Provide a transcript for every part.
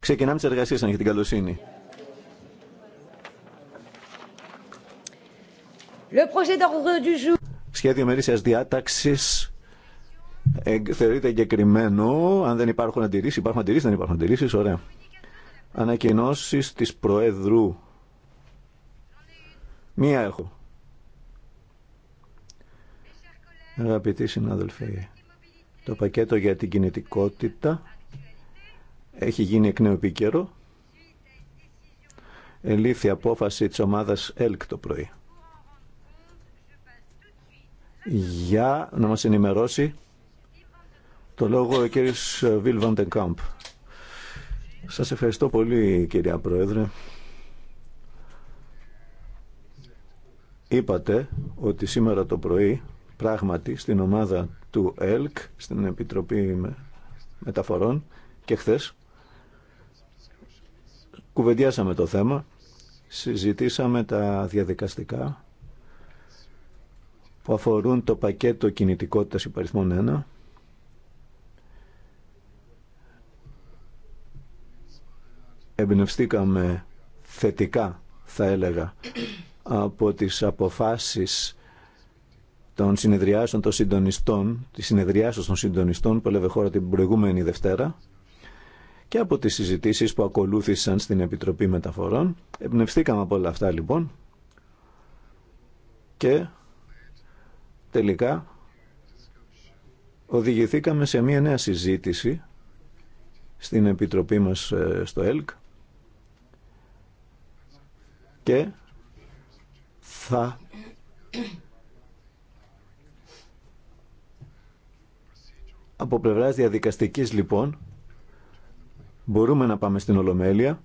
Ξεκινάμε τι εργασίε, αν έχει την καλοσύνη. Σχέδιο μερίσιας διάταξης θεωρείται εγκεκριμένο. Αν δεν υπάρχουν αντιρρήσει, υπάρχουν αντιρρήσει, δεν υπάρχουν αντιρρήσει. Ωραία. Ανακοινώσει τη Προέδρου. Μία έχω. Αγαπητοί συνάδελφοι, το πακέτο για την κινητικότητα έχει γίνει εκ νέου επίκαιρο. Ελήφθη απόφαση της ομάδας ΕΛΚ το πρωί για να μας ενημερώσει το λόγο ο κύριος Βιλ Βαντεκάμπ. Σας ευχαριστώ πολύ κυρία Πρόεδρε. Είπατε ότι σήμερα το πρωί πράγματι στην ομάδα του ΕΛΚ, στην Επιτροπή Μεταφορών και χθες Κουβεντιάσαμε το θέμα, συζητήσαμε τα διαδικαστικά που αφορούν το πακέτο κινητικότητας υπαριθμών 1 εμπνευστήκαμε θετικά θα έλεγα από τις αποφάσεις των συνεδριάσεων των συντονιστών, τη συνεδριάσεως των συντονιστών που έλεγε χώρα την προηγούμενη Δευτέρα και από τις συζητήσεις που ακολούθησαν στην Επιτροπή Μεταφορών. Εμπνευστήκαμε από όλα αυτά λοιπόν και τελικά οδηγηθήκαμε σε μια νέα συζήτηση στην Επιτροπή μας ε, στο ΕΛΚ και θα από πλευράς διαδικαστικής λοιπόν Μπορούμε να πάμε στην Ολομέλεια,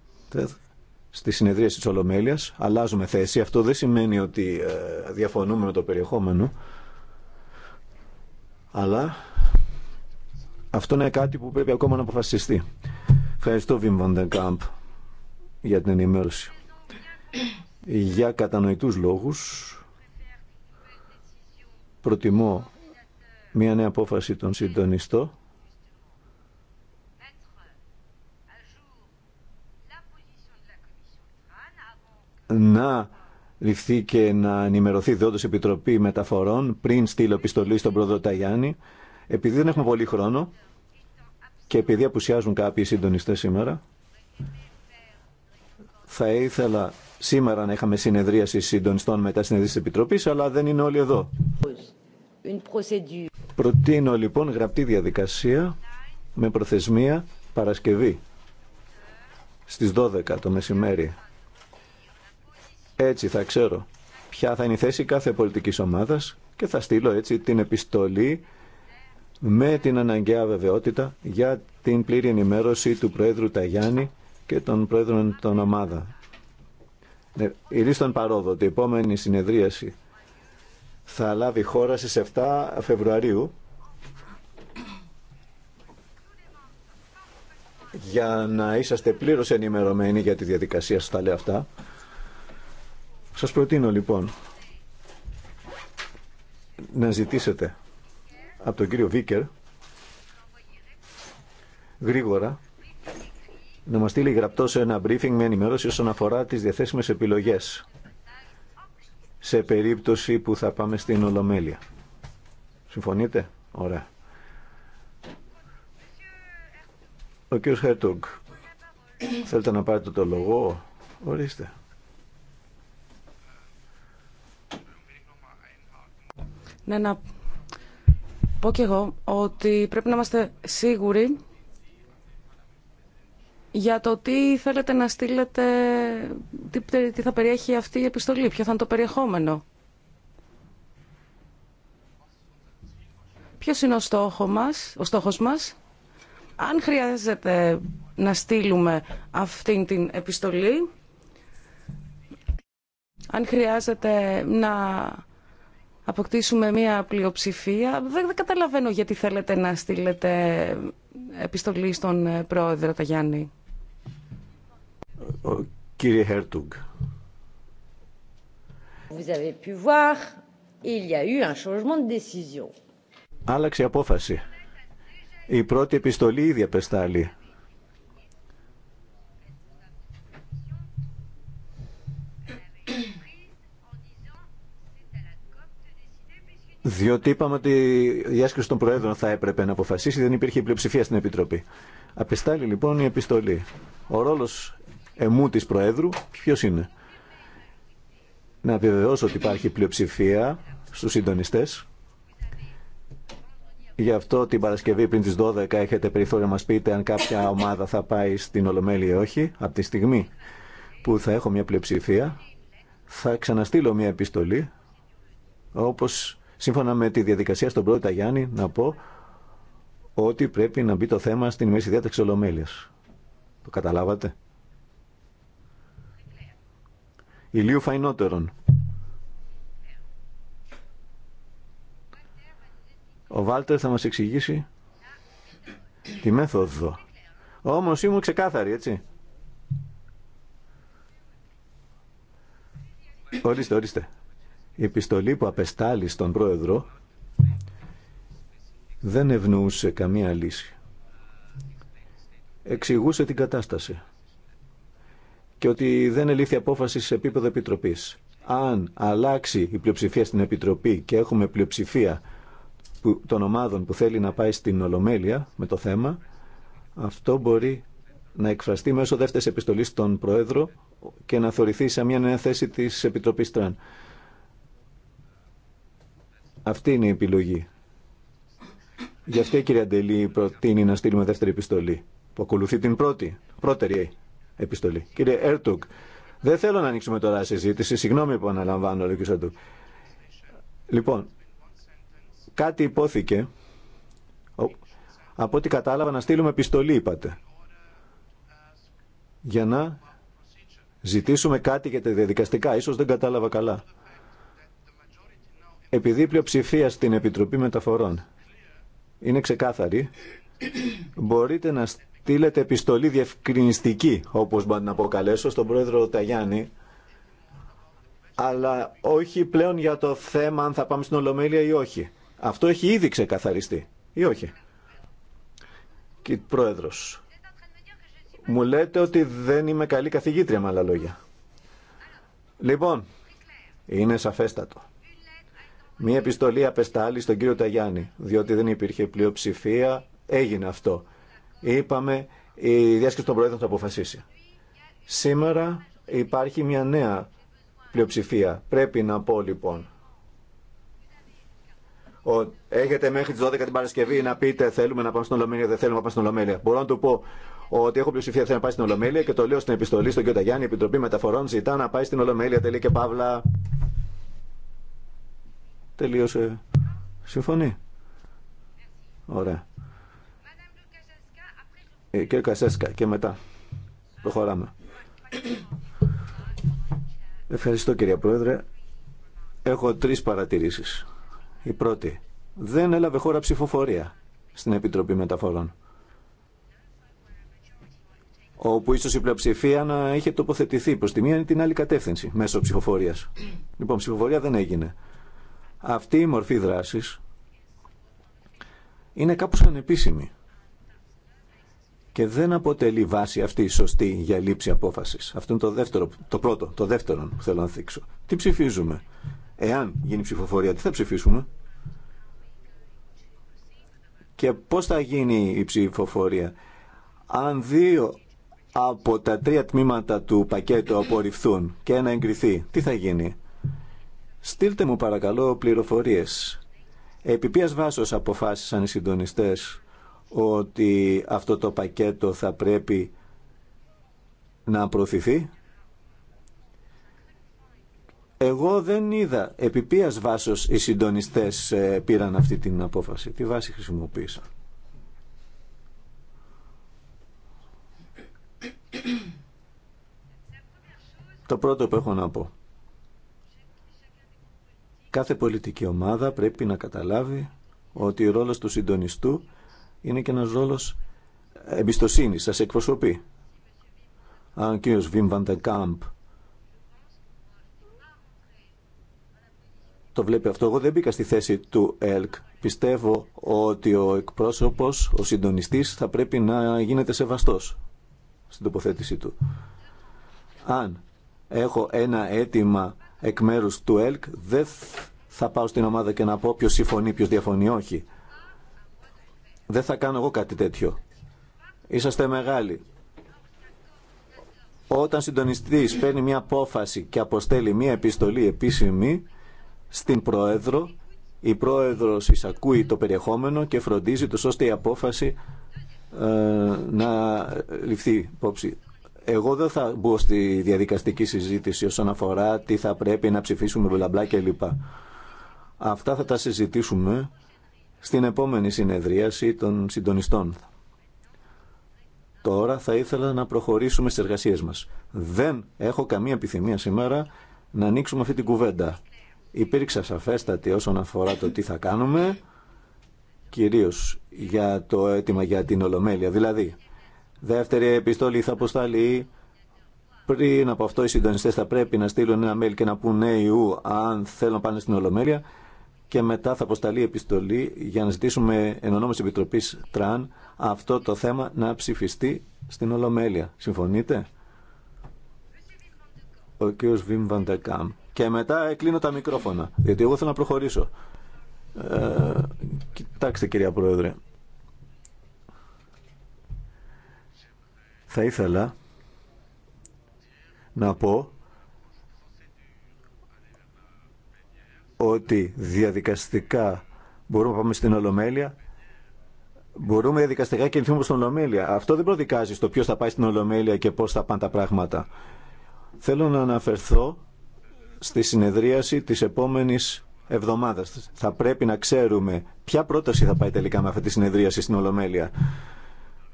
στη συνεδρίαση της Ολομέλειας, αλλάζουμε θέση. Αυτό δεν σημαίνει ότι ε, διαφωνούμε με το περιεχόμενο, αλλά αυτό είναι κάτι που πρέπει ακόμα να αποφασιστεί. Ευχαριστώ, Βιμ Βαντεγκάμπ, για την ενημέρωση. Για κατανοητούς λόγους, προτιμώ μια νέα απόφαση των συντονιστών να ληφθεί και να ενημερωθεί διόντως η Επιτροπή Μεταφορών πριν στείλω επιστολή στον πρόεδρο Ταγιάννη. Επειδή δεν έχουμε πολύ χρόνο και επειδή απουσιάζουν κάποιοι συντονιστέ σήμερα, θα ήθελα σήμερα να είχαμε συνεδρίαση συντονιστών μετά συνεδρίαση της Επιτροπής, αλλά δεν είναι όλοι εδώ. Προτείνω λοιπόν γραπτή διαδικασία με προθεσμία Παρασκευή στις 12 το μεσημέρι. Έτσι θα ξέρω ποια θα είναι η θέση κάθε πολιτικής ομάδας και θα στείλω έτσι την επιστολή με την αναγκαία βεβαιότητα για την πλήρη ενημέρωση του Πρόεδρου Ταγιάννη και των Πρόεδρων των Ομάδα. Ε, Ηρίστον παρόδο, η επόμενη συνεδρίαση θα λάβει χώρα στις 7 Φεβρουαρίου για να είσαστε πλήρως ενημερωμένοι για τη διαδικασία, σας τα λέω αυτά. Σας προτείνω λοιπόν να ζητήσετε από τον κύριο Βίκερ γρήγορα να μας στείλει γραπτό σε ένα briefing με ενημέρωση όσον αφορά τις διαθέσιμες επιλογές σε περίπτωση που θα πάμε στην Ολομέλεια. Συμφωνείτε? Ωραία. Ο κύριος Χέρτογκ, θέλετε να πάρετε το λόγο. Ορίστε. Ναι, να πω κι εγώ ότι πρέπει να είμαστε σίγουροι για το τι θέλετε να στείλετε, τι θα περιέχει αυτή η επιστολή, ποιο θα είναι το περιεχόμενο. Ποιος είναι ο, στόχο μας, ο στόχος μας. Αν χρειάζεται να στείλουμε αυτή την επιστολή, αν χρειάζεται να αποκτήσουμε μία πλειοψηφία. Δεν, καταλαβαίνω γιατί θέλετε να στείλετε επιστολή στον ε, πρόεδρο Ταγιάννη. κύριε Χέρτουγκ. Vous avez pu voir, il y a eu un changement de décision. Άλλαξε απόφαση. Η πρώτη επιστολή ήδη απεστάλλει. Διότι είπαμε ότι η άσκηση των Προέδρων θα έπρεπε να αποφασίσει, δεν υπήρχε πλειοψηφία στην Επιτροπή. Απεστάλλει λοιπόν η επιστολή. Ο ρόλο εμού τη Προέδρου ποιο είναι. Να βεβαιώσω ότι υπάρχει πλειοψηφία στου συντονιστέ. Γι' αυτό την Παρασκευή πριν τι 12 έχετε περιθώριο να μα πείτε αν κάποια ομάδα θα πάει στην Ολομέλη ή όχι. Από τη στιγμή που θα έχω μια πλειοψηφία θα ξαναστείλω μια επιστολή όπως Σύμφωνα με τη διαδικασία στον πρώτο Ταγιάννη να πω ότι πρέπει να μπει το θέμα στην ημέρηση διάταξη ολομέλειας. Το καταλάβατε. Ηλίου φαϊνότερον. Ο Βάλτερ θα μας εξηγήσει τη μέθοδο. Όμως ήμουν ξεκάθαρη, έτσι. Ορίστε, ορίστε. Η επιστολή που απεστάλει στον πρόεδρο δεν ευνοούσε καμία λύση. Εξηγούσε την κατάσταση και ότι δεν ελήφθη απόφαση σε επίπεδο επιτροπής. Αν αλλάξει η πλειοψηφία στην επιτροπή και έχουμε πλειοψηφία των ομάδων που θέλει να πάει στην Ολομέλεια με το θέμα, αυτό μπορεί να εκφραστεί μέσω δεύτερης επιστολής στον Πρόεδρο και να θεωρηθεί σε μια νέα θέση της Επιτροπής Τραν. Αυτή είναι η επιλογή. Γι' αυτό η κυρία Ντελή προτείνει να στείλουμε δεύτερη επιστολή, που ακολουθεί την πρώτη, πρώτερη επιστολή. Κύριε Έρτουγκ, δεν θέλω να ανοίξουμε τώρα συζήτηση. Συγγνώμη που αναλαμβάνω, λέει ο Λοιπόν, κάτι υπόθηκε. Από ό,τι κατάλαβα, να στείλουμε επιστολή, είπατε. Για να ζητήσουμε κάτι για τα διαδικαστικά. Ίσως δεν κατάλαβα καλά επειδή η πλειοψηφία στην Επιτροπή Μεταφορών είναι ξεκάθαρη, μπορείτε να στείλετε επιστολή διευκρινιστική, όπως μπορείτε να αποκαλέσω, στον πρόεδρο Ταγιάννη, αλλά όχι πλέον για το θέμα αν θα πάμε στην Ολομέλεια ή όχι. Αυτό έχει ήδη ξεκαθαριστεί ή όχι. Και πρόεδρος, μου λέτε ότι δεν είμαι καλή καθηγήτρια με άλλα λόγια. Λοιπόν, είναι σαφέστατο. Μία επιστολή απεστάλη στον κύριο Ταγιάννη, διότι δεν υπήρχε πλειοψηφία, έγινε αυτό. Είπαμε, η διάσκεψη των Προέδρων θα αποφασίσει. Σήμερα υπάρχει μια νέα πλειοψηφία. Πρέπει να πω λοιπόν ότι έχετε μέχρι τι 12 την Παρασκευή να πείτε θέλουμε να πάμε στην Ολομέλεια, δεν θέλουμε να πάμε στην Ολομέλεια. Μπορώ να του πω ότι έχω πλειοψηφία θέλω να πάει στην Ολομέλεια και το λέω στην επιστολή στον κ. Ταγιάννη, Επιτροπή Μεταφορών ζητά να πάει στην Ολομέλεια. Τελεί και παύλα. Τελείωσε. Συμφωνεί. Ωραία. Ε, κύριε Κασέσκα και μετά. Προχωράμε. Ευχαριστώ κύριε Πρόεδρε. Έχω τρεις παρατηρήσεις. Η πρώτη. Δεν έλαβε χώρα ψηφοφορία στην Επιτροπή Μεταφορών. Όπου ίσως η πλειοψηφία να είχε τοποθετηθεί προς τη μία ή την άλλη κατεύθυνση μέσω ψηφοφορίας. Λοιπόν, ψηφοφορία δεν έγινε. Αυτή η μορφή δράσης είναι κάπως ανεπίσημη και δεν αποτελεί βάση αυτή η σωστή για λήψη απόφασης. Αυτό είναι το, δεύτερο, το πρώτο, το δεύτερο που θέλω να θίξω. Τι ψηφίζουμε. Εάν γίνει ψηφοφορία, τι θα ψηφίσουμε και πώς θα γίνει η ψηφοφορία. Αν δύο από τα τρία τμήματα του πακέτου απορριφθούν και ένα εγκριθεί, τι θα γίνει. Στείλτε μου παρακαλώ πληροφορίες. Επί ποιας βάσος αποφάσισαν οι συντονιστές ότι αυτό το πακέτο θα πρέπει να προωθηθεί. Εγώ δεν είδα επί ποιας βάσος οι συντονιστές ε, πήραν αυτή την απόφαση. Τι βάση χρησιμοποίησαν. Το πρώτο που έχω να πω Κάθε πολιτική ομάδα πρέπει να καταλάβει ότι ο ρόλος του συντονιστού είναι και ένας ρόλος εμπιστοσύνης, σας εκπροσωπεί. Αν ο κύριος Βιμ το βλέπει αυτό, εγώ δεν μπήκα στη θέση του ΕΛΚ. Πιστεύω ότι ο εκπρόσωπος, ο συντονιστής θα πρέπει να γίνεται σεβαστός στην τοποθέτησή του. Αν έχω ένα αίτημα εκ μέρους του ΕΛΚ. Δεν θα πάω στην ομάδα και να πω ποιος συμφωνεί, ποιος διαφωνεί, όχι. Δεν θα κάνω εγώ κάτι τέτοιο. Είσαστε μεγάλοι. Όταν συντονιστής παίρνει μια απόφαση και αποστέλει μια επιστολή επίσημη στην Πρόεδρο, η Πρόεδρος εισακούει το περιεχόμενο και φροντίζει του ώστε η απόφαση ε, να ληφθεί υπόψη. Εγώ δεν θα μπω στη διαδικαστική συζήτηση όσον αφορά τι θα πρέπει να ψηφίσουμε μπλα μπλα κλπ. Αυτά θα τα συζητήσουμε στην επόμενη συνεδρίαση των συντονιστών. Τώρα θα ήθελα να προχωρήσουμε στις εργασίες μας. Δεν έχω καμία επιθυμία σήμερα να ανοίξουμε αυτή την κουβέντα. Υπήρξα σαφέστατη όσον αφορά το τι θα κάνουμε, κυρίως για το αίτημα για την Ολομέλεια. Δηλαδή, Δεύτερη επιστολή θα αποσταλεί. Πριν από αυτό οι συντονιστέ θα πρέπει να στείλουν ένα mail και να πούν ναι ου αν θέλουν να πάνε στην Ολομέλεια και μετά θα αποσταλεί επιστολή για να ζητήσουμε εν ονόμως Επιτροπής Τραν αυτό το θέμα να ψηφιστεί στην Ολομέλεια. Συμφωνείτε? Ο κ. Βιμ Βαντεκάμ. Και μετά κλείνω τα μικρόφωνα, γιατί εγώ θέλω να προχωρήσω. Ε, κοιτάξτε κυρία Πρόεδρε, θα ήθελα να πω ότι διαδικαστικά μπορούμε να πάμε στην Ολομέλεια Μπορούμε διαδικαστικά να κινηθούμε στην Ολομέλεια. Αυτό δεν προδικάζει στο ποιο θα πάει στην Ολομέλεια και πώ θα πάνε τα πράγματα. Θέλω να αναφερθώ στη συνεδρίαση τη επόμενη εβδομάδα. Θα πρέπει να ξέρουμε ποια πρόταση θα πάει τελικά με αυτή τη συνεδρίαση στην Ολομέλεια.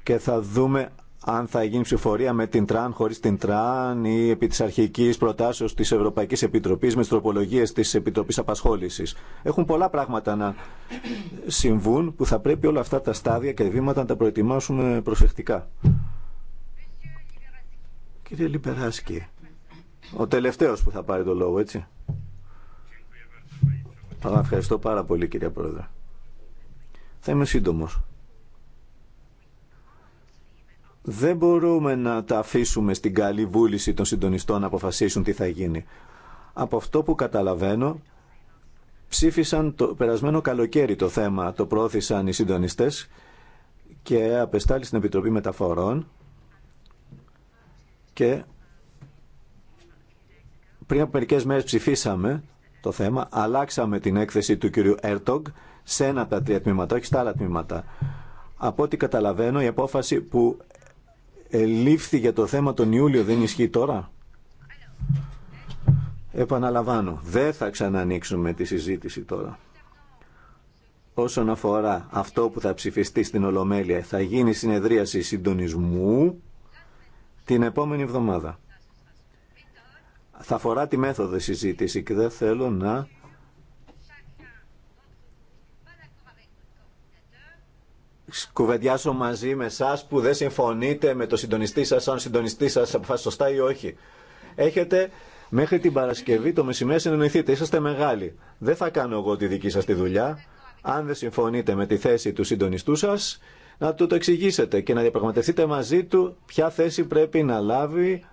Και θα δούμε αν θα γίνει ψηφορία με την Τραν, χωρίς την Τραν ή επί της αρχικής προτάσεως της Ευρωπαϊκής Επιτροπής με τις τροπολογίες της Επιτροπής Απασχόλησης. Έχουν πολλά πράγματα να συμβούν που θα πρέπει όλα αυτά τα στάδια και βήματα να τα προετοιμάσουμε προσεκτικά. Κύριε Λιπεράσκη, ο τελευταίος που θα πάρει το λόγο, έτσι. Ευχαριστώ πάρα πολύ κύριε Πρόεδρε. Θα είμαι σύντομος δεν μπορούμε να τα αφήσουμε στην καλή βούληση των συντονιστών να αποφασίσουν τι θα γίνει. Από αυτό που καταλαβαίνω, ψήφισαν το περασμένο καλοκαίρι το θέμα, το πρόθεσαν οι συντονιστές και απεστάλει στην Επιτροπή Μεταφορών και πριν από μερικές μέρες ψηφίσαμε το θέμα, αλλάξαμε την έκθεση του κυρίου Έρτογκ σε ένα από τα τρία τμήματα, όχι στα άλλα τμήματα. Από ό,τι καταλαβαίνω, η απόφαση που Ελήφθη για το θέμα τον Ιούλιο δεν ισχύει τώρα. Επαναλαμβάνω, δεν θα ξανανοίξουμε τη συζήτηση τώρα. Όσον αφορά αυτό που θα ψηφιστεί στην Ολομέλεια, θα γίνει συνεδρίαση συντονισμού την επόμενη εβδομάδα. Θα αφορά τη μέθοδο συζήτηση και δεν θέλω να κουβεντιάσω μαζί με εσά που δεν συμφωνείτε με το συντονιστή σα, αν ο συντονιστή σα αποφάσισε σωστά ή όχι. Έχετε μέχρι την Παρασκευή το μεσημέρι συνεννοηθείτε. Είσαστε μεγάλοι. Δεν θα κάνω εγώ τη δική σα τη δουλειά. Αν δεν συμφωνείτε με τη θέση του συντονιστού σα, να του το εξηγήσετε και να διαπραγματευτείτε μαζί του ποια θέση πρέπει να λάβει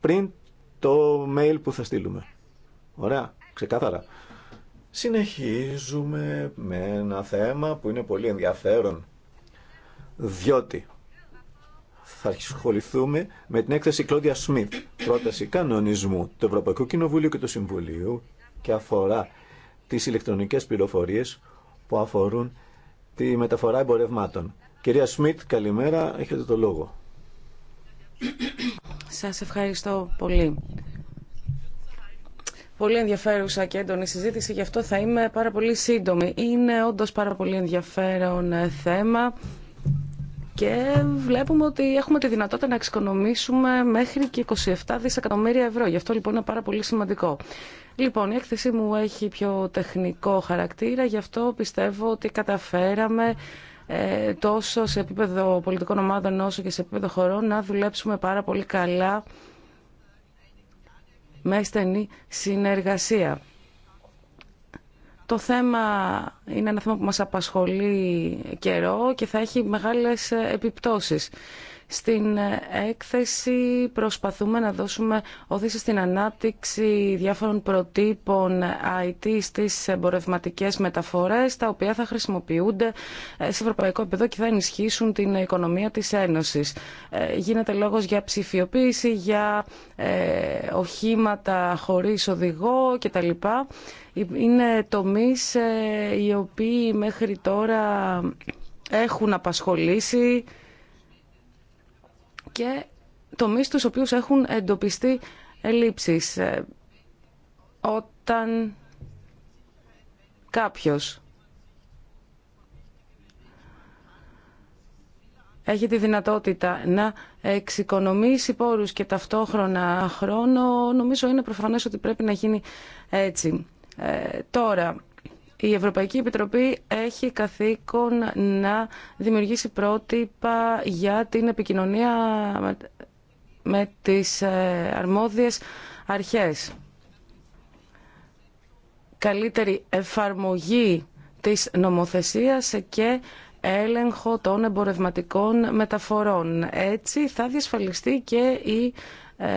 πριν το mail που θα στείλουμε. Ωραία, ξεκάθαρα. Συνεχίζουμε με ένα θέμα που είναι πολύ ενδιαφέρον διότι θα ασχοληθούμε με την έκθεση Κλόντια Σμιθ, πρόταση κανονισμού του Ευρωπαϊκού Κοινοβουλίου και του Συμβουλίου και αφορά τις ηλεκτρονικές πληροφορίες που αφορούν τη μεταφορά εμπορευμάτων. Κυρία Σμιτ, καλημέρα, έχετε το λόγο. Σας ευχαριστώ πολύ. Πολύ ενδιαφέρουσα και έντονη συζήτηση, γι' αυτό θα είμαι πάρα πολύ σύντομη. Είναι όντως πάρα πολύ ενδιαφέρον ε, θέμα και βλέπουμε ότι έχουμε τη δυνατότητα να εξοικονομήσουμε μέχρι και 27 δισεκατομμύρια ευρώ. Γι' αυτό λοιπόν είναι πάρα πολύ σημαντικό. Λοιπόν, η έκθεσή μου έχει πιο τεχνικό χαρακτήρα, γι' αυτό πιστεύω ότι καταφέραμε ε, τόσο σε επίπεδο πολιτικών ομάδων όσο και σε επίπεδο χωρών να δουλέψουμε πάρα πολύ καλά με στενή συνεργασία. Το θέμα είναι ένα θέμα που μας απασχολεί καιρό και θα έχει μεγάλες επιπτώσεις. Στην έκθεση προσπαθούμε να δώσουμε όθηση στην ανάπτυξη διάφορων προτύπων IT στις εμπορευματικέ μεταφορές, τα οποία θα χρησιμοποιούνται ε, σε ευρωπαϊκό επίπεδο και θα ενισχύσουν την οικονομία της Ένωσης. Ε, γίνεται λόγος για ψηφιοποίηση, για ε, οχήματα χωρίς οδηγό κτλ. Είναι τομείς οι οποίοι μέχρι τώρα έχουν απασχολήσει και τομείς στους οποίους έχουν εντοπιστεί ελλείψεις. Ε, όταν κάποιος έχει τη δυνατότητα να εξοικονομήσει πόρους και ταυτόχρονα χρόνο, νομίζω είναι προφανές ότι πρέπει να γίνει έτσι. Ε, τώρα, η Ευρωπαϊκή Επιτροπή έχει καθήκον να δημιουργήσει πρότυπα για την επικοινωνία με τις ε, αρμόδιες αρχές. Καλύτερη εφαρμογή της νομοθεσίας και έλεγχο των εμπορευματικών μεταφορών. Έτσι θα διασφαλιστεί και η ε,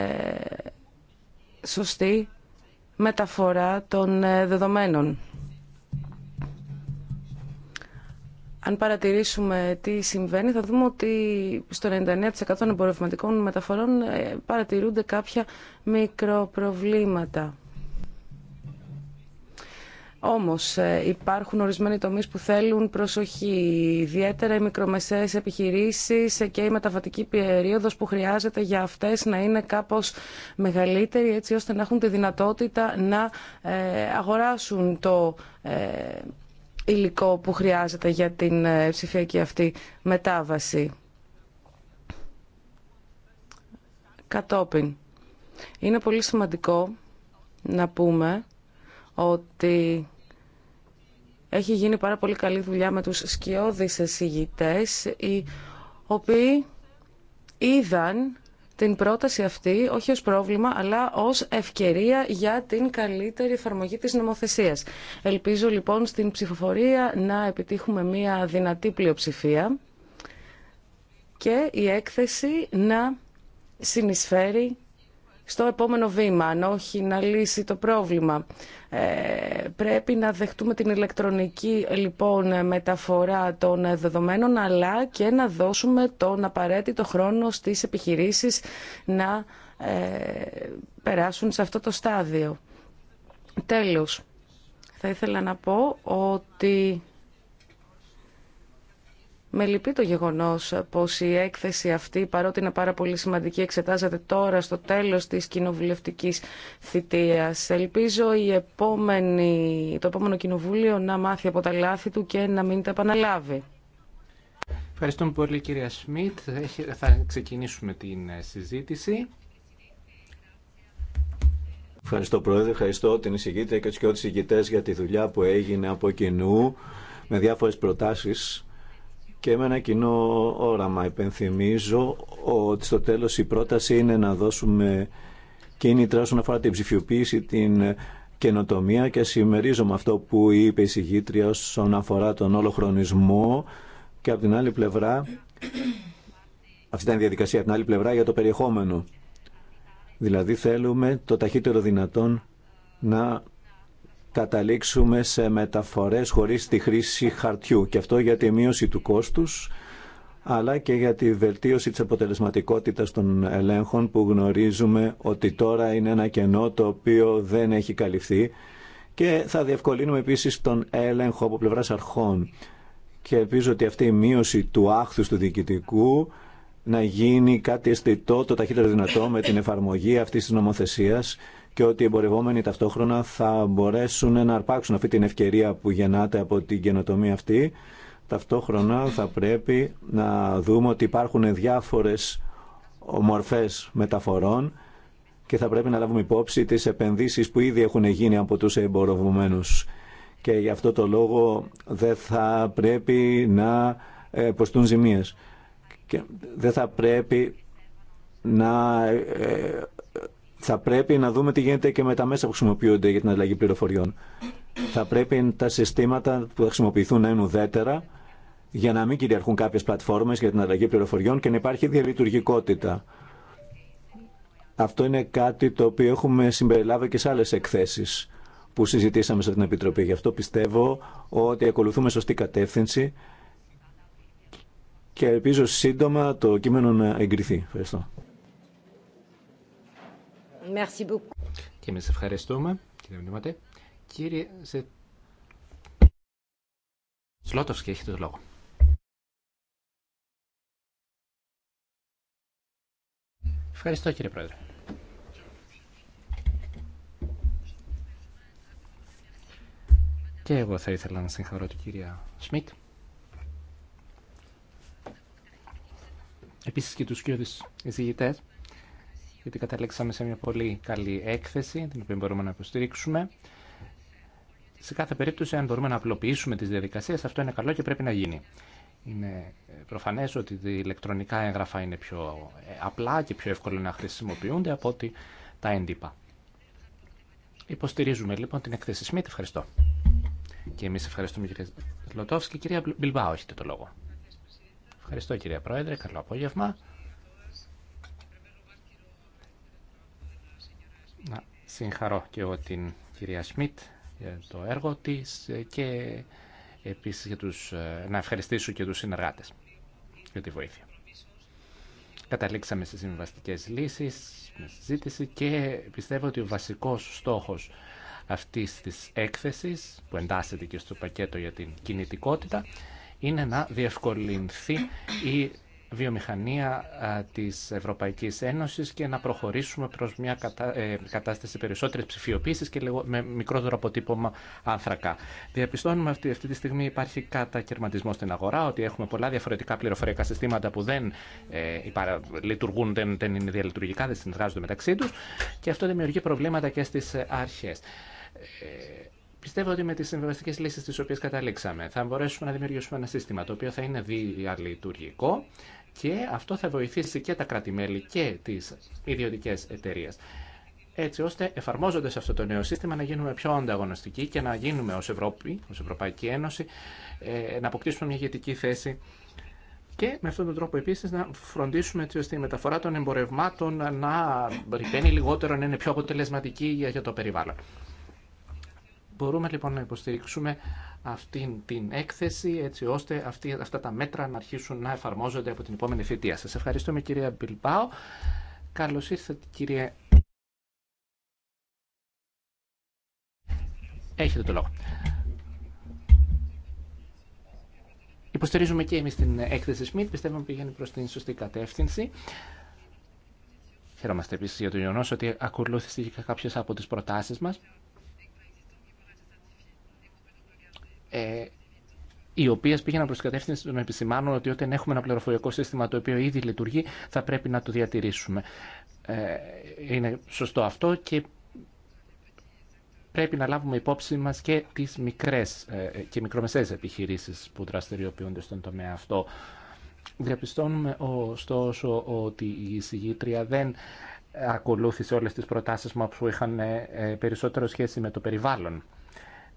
σωστή μεταφορά των ε, δεδομένων. Αν παρατηρήσουμε τι συμβαίνει, θα δούμε ότι στο 99% των εμπορευματικών μεταφορών ε, παρατηρούνται κάποια μικροπροβλήματα. Όμως ε, υπάρχουν ορισμένοι τομείς που θέλουν προσοχή, ιδιαίτερα οι μικρομεσαίες επιχειρήσεις και η μεταβατική περίοδος που χρειάζεται για αυτές να είναι κάπως μεγαλύτερη έτσι ώστε να έχουν τη δυνατότητα να ε, αγοράσουν το υλικό που χρειάζεται για την ε, ψηφιακή αυτή μετάβαση. Κατόπιν, είναι πολύ σημαντικό να πούμε ότι έχει γίνει πάρα πολύ καλή δουλειά με τους σκιώδεις εισηγητές, οι οποίοι είδαν την πρόταση αυτή όχι ως πρόβλημα αλλά ως ευκαιρία για την καλύτερη εφαρμογή της νομοθεσίας. Ελπίζω λοιπόν στην ψηφοφορία να επιτύχουμε μια δυνατή πλειοψηφία και η έκθεση να συνεισφέρει στο επόμενο βήμα, αν όχι να λύσει το πρόβλημα. Ε, πρέπει να δεχτούμε την ηλεκτρονική λοιπόν μεταφορά των δεδομένων, αλλά και να δώσουμε τον απαραίτητο χρόνο στις επιχειρήσεις να ε, περάσουν σε αυτό το στάδιο. Τέλος, θα ήθελα να πω ότι με λυπεί το γεγονός πως η έκθεση αυτή, παρότι είναι πάρα πολύ σημαντική, εξετάζεται τώρα στο τέλος τη κοινοβουλευτική θητείας. Ελπίζω η επόμενη, το επόμενο κοινοβούλιο να μάθει από τα λάθη του και να μην τα επαναλάβει. Ευχαριστούμε πολύ κυρία Σμιτ. Θα ξεκινήσουμε την ε, συζήτηση. Ευχαριστώ Πρόεδρε, ευχαριστώ την εισηγήτρια και τους και για τη δουλειά που έγινε από κοινού με διάφορες προτάσεις και με ένα κοινό όραμα. Υπενθυμίζω ότι στο τέλος η πρόταση είναι να δώσουμε κίνητρα όσον αφορά την ψηφιοποίηση, την καινοτομία και με αυτό που είπε η συγγήτρια όσον αφορά τον όλο χρονισμό και από την άλλη πλευρά, αυτή ήταν η διαδικασία, από την άλλη πλευρά για το περιεχόμενο. Δηλαδή θέλουμε το ταχύτερο δυνατόν να καταλήξουμε σε μεταφορές χωρίς τη χρήση χαρτιού και αυτό για τη μείωση του κόστους αλλά και για τη βελτίωση της αποτελεσματικότητας των ελέγχων που γνωρίζουμε ότι τώρα είναι ένα κενό το οποίο δεν έχει καλυφθεί και θα διευκολύνουμε επίσης τον έλεγχο από πλευράς αρχών και ελπίζω ότι αυτή η μείωση του άχθους του διοικητικού να γίνει κάτι αισθητό το ταχύτερο δυνατό με την εφαρμογή αυτής της νομοθεσίας και ότι οι εμπορευόμενοι ταυτόχρονα θα μπορέσουν να αρπάξουν αυτή την ευκαιρία που γεννάται από την καινοτομία αυτή. Ταυτόχρονα θα πρέπει να δούμε ότι υπάρχουν διάφορες μορφές μεταφορών και θα πρέπει να λάβουμε υπόψη τις επενδύσεις που ήδη έχουν γίνει από τους εμπορευμένους. Και γι' αυτό το λόγο δεν θα πρέπει να ε, ποστούν ζημίες. Και δεν θα πρέπει να ε, θα πρέπει να δούμε τι γίνεται και με τα μέσα που χρησιμοποιούνται για την αλλαγή πληροφοριών. Θα πρέπει τα συστήματα που θα χρησιμοποιηθούν να είναι ουδέτερα για να μην κυριαρχούν κάποιες πλατφόρμες για την αλλαγή πληροφοριών και να υπάρχει διαλειτουργικότητα. Αυτό είναι κάτι το οποίο έχουμε συμπεριλάβει και σε άλλες εκθέσεις που συζητήσαμε σε την Επιτροπή. Γι' αυτό πιστεύω ότι ακολουθούμε σωστή κατεύθυνση και ελπίζω σύντομα το κείμενο να εγκριθεί. Ευχαριστώ. Merci beaucoup. Και εμεί ευχαριστούμε, κύριε Μνηματέ. Κύριε Ζε... και έχετε το λόγο. Ευχαριστώ κύριε Πρόεδρε. Και εγώ θα ήθελα να συγχαρώ την κυρία Σμιτ. Επίσης και τους κύριους εισηγητές γιατί καταλήξαμε σε μια πολύ καλή έκθεση, την οποία μπορούμε να υποστηρίξουμε. Σε κάθε περίπτωση, αν μπορούμε να απλοποιήσουμε τις διαδικασίες, αυτό είναι καλό και πρέπει να γίνει. Είναι προφανές ότι τα ηλεκτρονικά έγγραφα είναι πιο ε, απλά και πιο εύκολο να χρησιμοποιούνται από ότι τα έντυπα. Υποστηρίζουμε λοιπόν την εκθέση Σμιτ. Ευχαριστώ. Και εμείς ευχαριστούμε κυρία Λοτόφσκη. Κυρία Μπιλμπάου, έχετε το λόγο. Ευχαριστώ κυρία Πρόεδρε. Καλό απόγευμα. να συγχαρώ και εγώ την κυρία Σμιτ για το έργο της και επίσης για τους, ε, να ευχαριστήσω και τους συνεργάτες για τη βοήθεια. Καταλήξαμε σε συμβαστικές λύσεις, με συζήτηση και πιστεύω ότι ο βασικός στόχος αυτής της έκθεσης που εντάσσεται και στο πακέτο για την κινητικότητα είναι να διευκολυνθεί η βιομηχανία της Ευρωπαϊκής Ένωσης και να προχωρήσουμε προς μια ε, κατάσταση περισσότερης ψηφιοποίησης και με μικρότερο αποτύπωμα άνθρακα. Διαπιστώνουμε ότι αυτή τη στιγμή υπάρχει κατακαιρματισμό στην αγορά, ότι έχουμε πολλά διαφορετικά πληροφοριακά συστήματα που δεν ε, λειτουργούν, δεν, δεν είναι διαλειτουργικά, δεν συνεργάζονται μεταξύ τους και αυτό δημιουργεί προβλήματα και στις ε, αρχές. Πιστεύω ότι με τι συμβιβαστικέ λύσει τι οποίε καταλήξαμε θα μπορέσουμε να δημιουργήσουμε ένα σύστημα το οποίο θα είναι διαλειτουργικό, και αυτό θα βοηθήσει και τα κράτη-μέλη και τις ιδιωτικές εταιρείες έτσι ώστε εφαρμόζοντας αυτό το νέο σύστημα να γίνουμε πιο ανταγωνιστικοί και να γίνουμε ως Ευρώπη, ως Ευρωπαϊκή Ένωση, ε, να αποκτήσουμε μια ηγετική θέση και με αυτόν τον τρόπο επίσης να φροντίσουμε έτσι ώστε η μεταφορά των εμπορευμάτων να ρηπαίνει λιγότερο, να είναι πιο αποτελεσματική για το περιβάλλον. Μπορούμε λοιπόν να υποστηρίξουμε αυτή την έκθεση έτσι ώστε αυτή, αυτά τα μέτρα να αρχίσουν να εφαρμόζονται από την επόμενη θητεία. Σας ευχαριστούμε κυρία Μπιλμπάου. Καλώς ήρθατε κυρία... Έχετε το λόγο. Υποστηρίζουμε και εμείς την έκθεση Σμιτ, πιστεύουμε ότι πηγαίνει προς την σωστή κατεύθυνση. Χαιρόμαστε επίσης για το γεγονό ότι ακολούθησε και από τις προτάσεις μας. ε, οι οποίε πήγαιναν προ κατεύθυνση να επισημάνουν ότι όταν έχουμε ένα πληροφοριακό σύστημα το οποίο ήδη λειτουργεί, θα πρέπει να το διατηρήσουμε. Ε, είναι σωστό αυτό και πρέπει να λάβουμε υπόψη μας και τις μικρές ε, και μικρομεσαίες επιχειρήσεις που δραστηριοποιούνται στον τομέα αυτό. Διαπιστώνουμε ωστόσο ότι η συγγήτρια δεν ακολούθησε όλες τις προτάσεις μας που είχαν ε, περισσότερο σχέση με το περιβάλλον.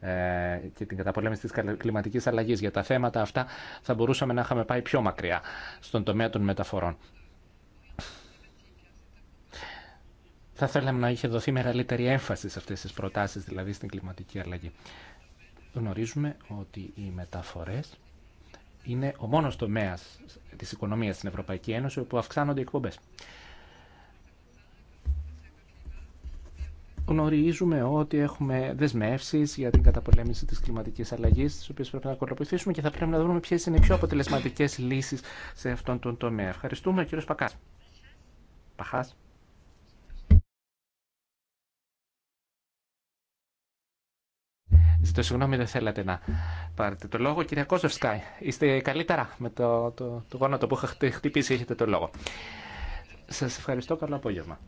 Ε, και την καταπολέμηση της κλιματικής αλλαγής. Για τα θέματα αυτά θα μπορούσαμε να είχαμε πάει πιο μακριά στον τομέα των μεταφορών. Θα θέλαμε να είχε δοθεί μεγαλύτερη έμφαση σε αυτές τις προτάσεις, δηλαδή στην κλιματική αλλαγή. Γνωρίζουμε ότι οι μεταφορές είναι ο μόνος τομέας της οικονομίας στην Ευρωπαϊκή Ένωση όπου αυξάνονται οι εκπομπές. γνωρίζουμε ότι έχουμε δεσμεύσει για την καταπολέμηση τη κλιματική αλλαγή, τι οποίε πρέπει να ακολουθήσουμε και θα πρέπει να δούμε ποιε είναι οι πιο αποτελεσματικέ λύσει σε αυτόν τον τομέα. Ευχαριστούμε, κύριο Πακά. Παχά. Ζητώ συγγνώμη, δεν θέλατε να πάρετε το λόγο. Κυρία Κόζευσκάι, είστε καλύτερα με το, το, το γόνατο που έχετε χτυπήσει, έχετε το λόγο. Σας ευχαριστώ, καλό απόγευμα.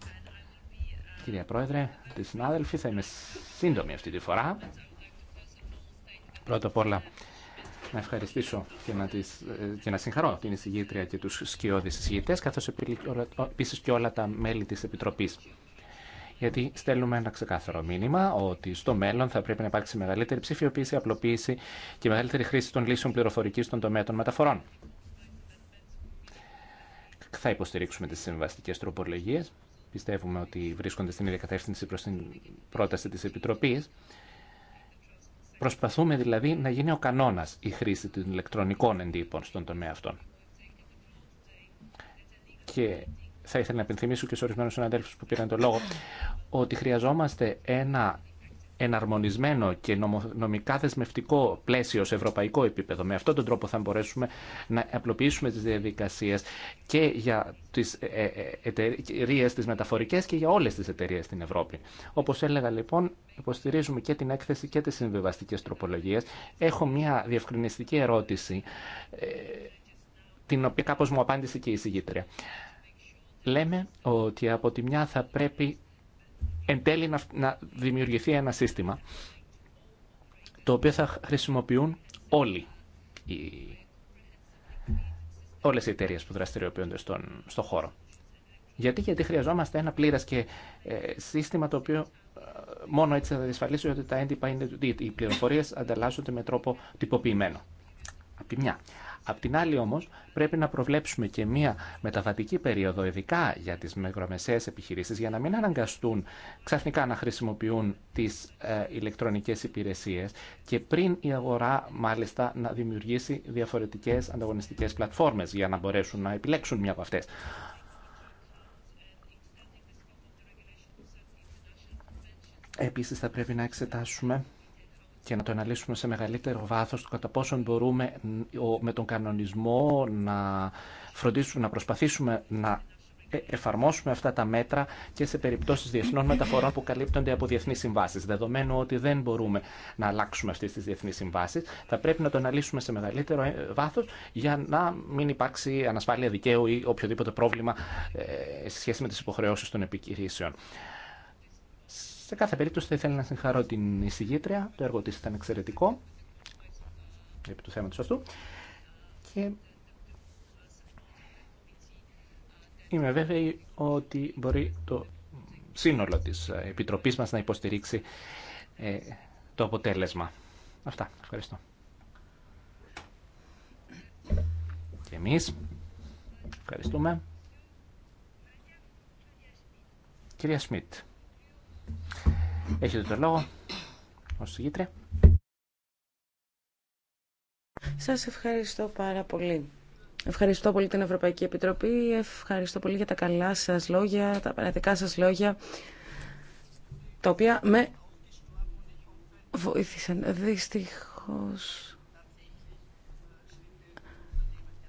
Κυρία Πρόεδρε, τη συνάδελφοι, θα είμαι σύντομη αυτή τη φορά. Πρώτα απ' όλα, να ευχαριστήσω και να, τις, ε, και να συγχαρώ την εισηγήτρια και τους σκιώδεις εισηγητές, καθώς επίσης και όλα τα μέλη της Επιτροπής. Γιατί στέλνουμε ένα ξεκάθαρο μήνυμα ότι στο μέλλον θα πρέπει να υπάρξει μεγαλύτερη ψηφιοποίηση, απλοποίηση και μεγαλύτερη χρήση των λύσεων πληροφορικής στον τομέα των μεταφορών. Θα υποστηρίξουμε τις συμβαστικές τροπολογίες πιστεύουμε ότι βρίσκονται στην ίδια κατεύθυνση προς την πρόταση της Επιτροπής. Προσπαθούμε δηλαδή να γίνει ο κανόνας η χρήση των ηλεκτρονικών εντύπων στον τομέα αυτόν. Και θα ήθελα να επενθυμίσω και στους ορισμένου συναδέλφους που πήραν το λόγο ότι χρειαζόμαστε ένα εναρμονισμένο και νομικά δεσμευτικό πλαίσιο σε ευρωπαϊκό επίπεδο. Με αυτόν τον τρόπο θα μπορέσουμε να απλοποιήσουμε τις διαδικασίες και για τις ε, ε, ε, εταιρείε τι μεταφορικέ και για όλες τις εταιρείε στην Ευρώπη. Όπως έλεγα λοιπόν, υποστηρίζουμε και την έκθεση και τις συμβιβαστικέ τροπολογίες. Έχω μια διευκρινιστική ερώτηση, την οποία κάπως μου απάντησε και η συγγήτρια. Λέμε ότι από τη μια θα πρέπει εν τέλει να, δημιουργηθεί ένα σύστημα το οποίο θα χρησιμοποιούν όλοι οι, όλες οι εταιρείε που δραστηριοποιούνται στον, στο χώρο. Γιατί, γιατί χρειαζόμαστε ένα πλήρας και ε, σύστημα το οποίο ε, μόνο έτσι θα διασφαλίσει ότι τα έντυπα είναι, οι πληροφορίες ανταλλάσσονται με τρόπο τυποποιημένο. Απ' την άλλη όμως πρέπει να προβλέψουμε και μία μεταβατική περίοδο, ειδικά για τις μικρομεσαίες επιχειρήσεις, για να μην αναγκαστούν ξαφνικά να χρησιμοποιούν τις ε, ηλεκτρονικές υπηρεσίες και πριν η αγορά μάλιστα να δημιουργήσει διαφορετικές ανταγωνιστικές πλατφόρμες για να μπορέσουν να επιλέξουν μία από αυτές. Επίσης θα πρέπει να εξετάσουμε και να το αναλύσουμε σε μεγαλύτερο βάθος κατά πόσον μπορούμε με τον κανονισμό να φροντίσουμε, να προσπαθήσουμε να ε, εφαρμόσουμε αυτά τα μέτρα και σε περιπτώσεις διεθνών μεταφορών που καλύπτονται από διεθνείς συμβάσεις. Δεδομένου ότι δεν μπορούμε να αλλάξουμε αυτές τις διεθνείς συμβάσεις, θα πρέπει να το αναλύσουμε σε μεγαλύτερο ε, βάθος για να μην υπάρξει ανασφάλεια δικαίου ή οποιοδήποτε πρόβλημα ε, σε σχέση με τις υποχρεώσεις των επιχειρήσεων. Σε κάθε περίπτωση θα ήθελα να συγχαρώ την εισηγήτρια. Το έργο της ήταν εξαιρετικό επί του θέματος αυτού. Και είμαι βέβαιη ότι μπορεί το σύνολο της Επιτροπής μας να υποστηρίξει ε, το αποτέλεσμα. Αυτά. Ευχαριστώ. Και εμείς. Ευχαριστούμε. Κυρία Σμιτ. Έχετε το λόγο ω συγγήτρια. Σας ευχαριστώ πάρα πολύ. Ευχαριστώ πολύ την Ευρωπαϊκή Επιτροπή, ευχαριστώ πολύ για τα καλά σα λόγια, τα παραδικά σα λόγια, τα οποία με βοήθησαν. Δυστυχώς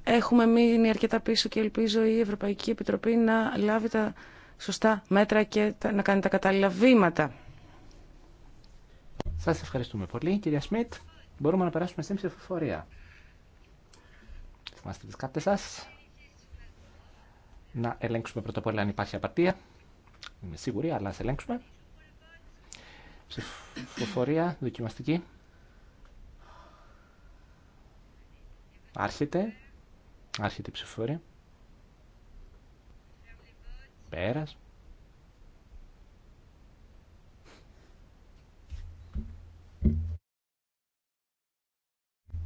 έχουμε μείνει αρκετά πίσω και ελπίζω η Ευρωπαϊκή Επιτροπή να λάβει τα σωστά μέτρα και να κάνει τα κατάλληλα βήματα. Σας ευχαριστούμε πολύ, κυρία Σμιτ. Μπορούμε να περάσουμε στην ψηφοφορία. Θυμάστε τις κάρτε σα. Να ελέγξουμε πρώτα απ' όλα αν υπάρχει απαρτία. Είμαι σίγουρη, αλλά α ελέγξουμε. Ψηφοφορία δοκιμαστική. Άρχεται. Άρχεται η ψηφοφορία. Πέρας.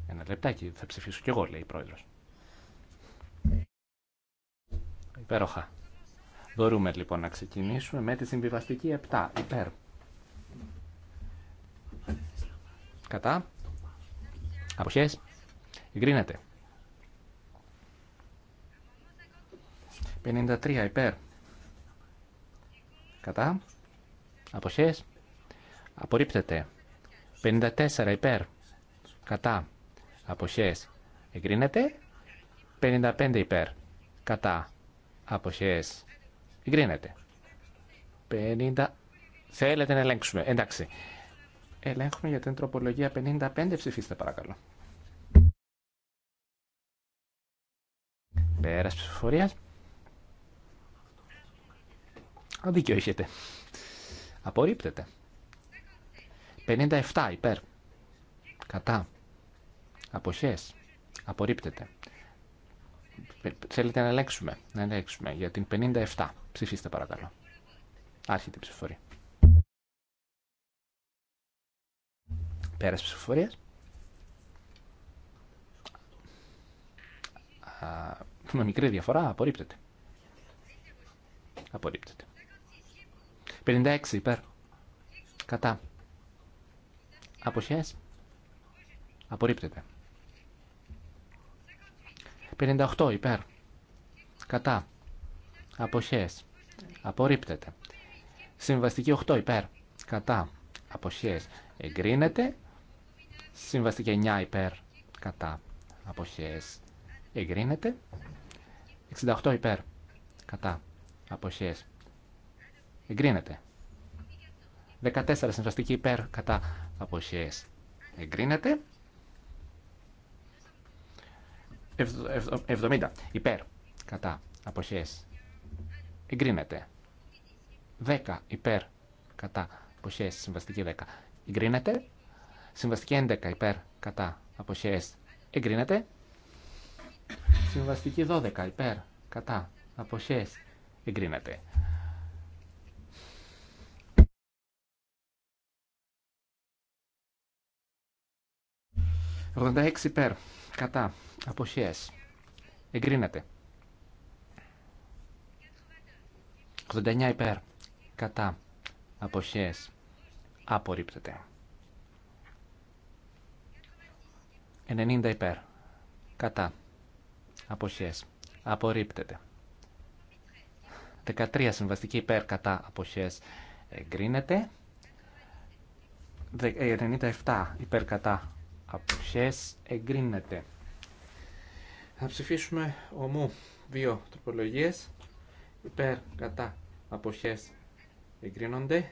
Ένα λεπτάκι, θα ψηφίσω κι εγώ, λέει η πρόεδρος. Υπέροχα. Μπορούμε λοιπόν να ξεκινήσουμε με τη συμβιβαστική 7, υπέρ. Κατά. Αποχές. Γκρίνεται. 53 υπέρ. Κατά. Αποχές. Απορρίπτεται. 54 υπέρ. Κατά. Αποχές. Εγκρίνεται. 55 υπέρ. Κατά. Αποχές. Εγκρίνεται. 50. Θέλετε να ελέγξουμε. Εντάξει. Ελέγχουμε για την τροπολογία 55. Ψηφίστε παρακαλώ. Πέρας ψηφοφορίας. Αδίκιο έχετε. Απορρίπτεται. 57 υπέρ. Κατά. Αποχές. Απορρίπτεται. Θέλετε να ελέγξουμε. Να ελέγξουμε για την 57. Ψηφίστε παρακαλώ. Άρχεται η ψηφοφορία. Πέρας ψηφοφορίας. με μικρή διαφορά απορρίπτεται. Απορρίπτεται. 56 υπέρ. Κατά. Αποχές. Απορρίπτεται. 58 υπέρ. Κατά. Αποχές. Απορρίπτεται. Συμβαστική 8 υπέρ. Κατά. Αποχές. Εγκρίνεται. Συμβαστική 9 υπέρ. Κατά. Αποχές. Εγκρίνεται. 68 υπέρ. Κατά. Αποχές εγκρίνεται. 14 συμβαστική υπέρ κατά αποχές εγκρίνεται. 70 υπέρ κατά αποχές εγκρίνεται. 10 υπέρ κατά αποχές συμβαστική 10 εγκρίνεται. Συμβαστική 11 υπέρ κατά αποχές εγκρίνεται. Συμβαστική 12 υπέρ κατά αποχές εγκρίνεται. 86 υπέρ. Κατά. Αποχές. Εγκρίνεται. 89 υπέρ. Κατά. Αποχές. Απορρίπτεται. 90 υπέρ. Κατά. Αποχές. Απορρίπτεται. 13 συμβαστική υπέρ κατά αποχές εγκρίνεται. 97 ε, υπέρ κατά αποχές εγκρίνεται. Θα ψηφίσουμε ομού δύο τροπολογίες υπέρ κατά αποχές εγκρίνονται.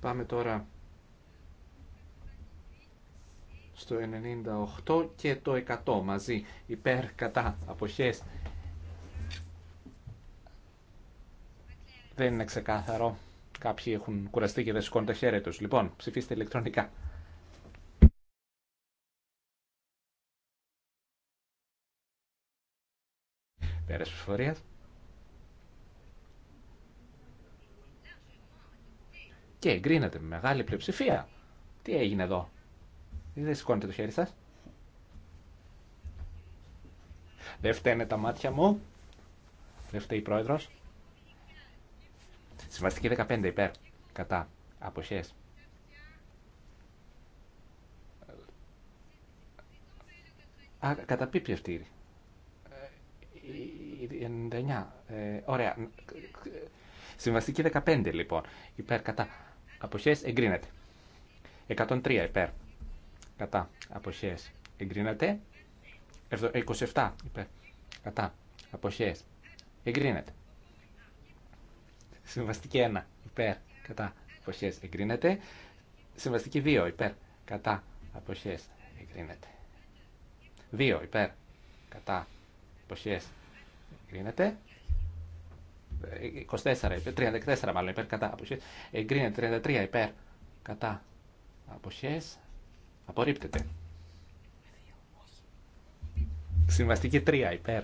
Πάμε τώρα στο 98 και το 100 μαζί υπέρ κατά αποχές Δεν είναι ξεκάθαρο. Κάποιοι έχουν κουραστεί και δεν σηκώνουν τα χέρια τους. Λοιπόν, ψηφίστε ηλεκτρονικά. Πέρας ψηφορίας. Και εγκρίνεται με μεγάλη πλειοψηφία. Τι έγινε εδώ. Δεν σηκώνετε το χέρι σας. Δεν φταίνε τα μάτια μου. Δεν φταίει η πρόεδρος. Συμβαστική 15 υπέρ. Κατά. Αποχέ. Α, κατά αυτή Ε, 99. Ε, ωραία. Συμβαστική 15 λοιπόν. Υπέρ κατά. Αποχέ εγκρίνεται. 103 υπέρ. Κατά. Αποχέ εγκρίνεται. 27 υπέρ. Κατά. Αποχέ εγκρίνεται. Συμβαστική 1 υπέρ κατά αποχές εγκρίνεται. Συμβαστική 2 υπέρ κατά αποχές εγκρίνεται. 2 υπέρ κατά αποχές εγκρίνεται. 24 υπέρ, 34 μάλλον υπέρ κατά αποχές. Εγκρίνεται 33 υπέρ κατά αποχές. Απορρίπτεται. Συμβαστική 3 υπέρ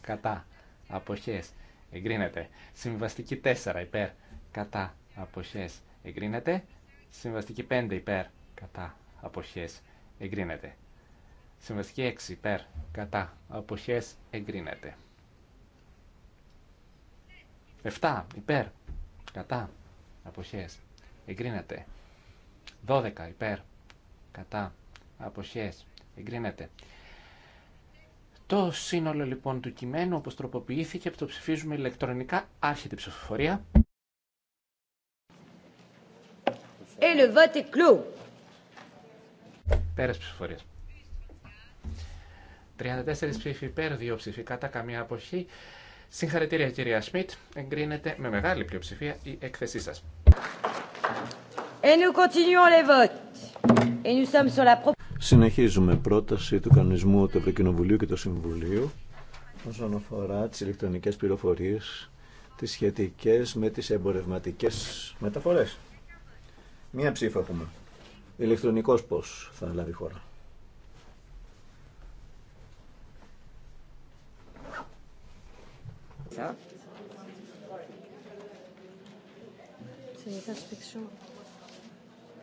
κατά αποχές εγκρίνεται. Συμβαστική 4 υπέρ κατά Αποχέ. εγκρίνεται. Συμβαστική 5 υπέρ κατά αποχέ, εγκρίνεται. Συμβαστική 6 υπέρ κατά Αποχέ. εγκρίνεται. 7 υπέρ κατά Αποχέ. εγκρίνεται. 12 υπέρ κατά Αποχέ. εγκρίνεται. Το σύνολο λοιπόν του κειμένου όπως τροποποιήθηκε το ψηφίζουμε ηλεκτρονικά άρχεται η ψηφοφορία. Et le Πέρας ψηφοφορίας. 34 ψήφοι υπέρ, 2 ψήφοι κατά καμία αποχή. Συγχαρητήρια κυρία Σμιτ, εγκρίνεται με μεγάλη πλειοψηφία η έκθεσή σας. Et nous continuons Συνεχίζουμε πρόταση του κανονισμού του Ευρωκοινοβουλίου και του Συμβουλίου όσον αφορά τις ηλεκτρονικές πληροφορίες τις σχετικές με τις εμπορευματικές μεταφορές. Μία ψήφα έχουμε. Ηλεκτρονικός πώς θα λάβει χώρα.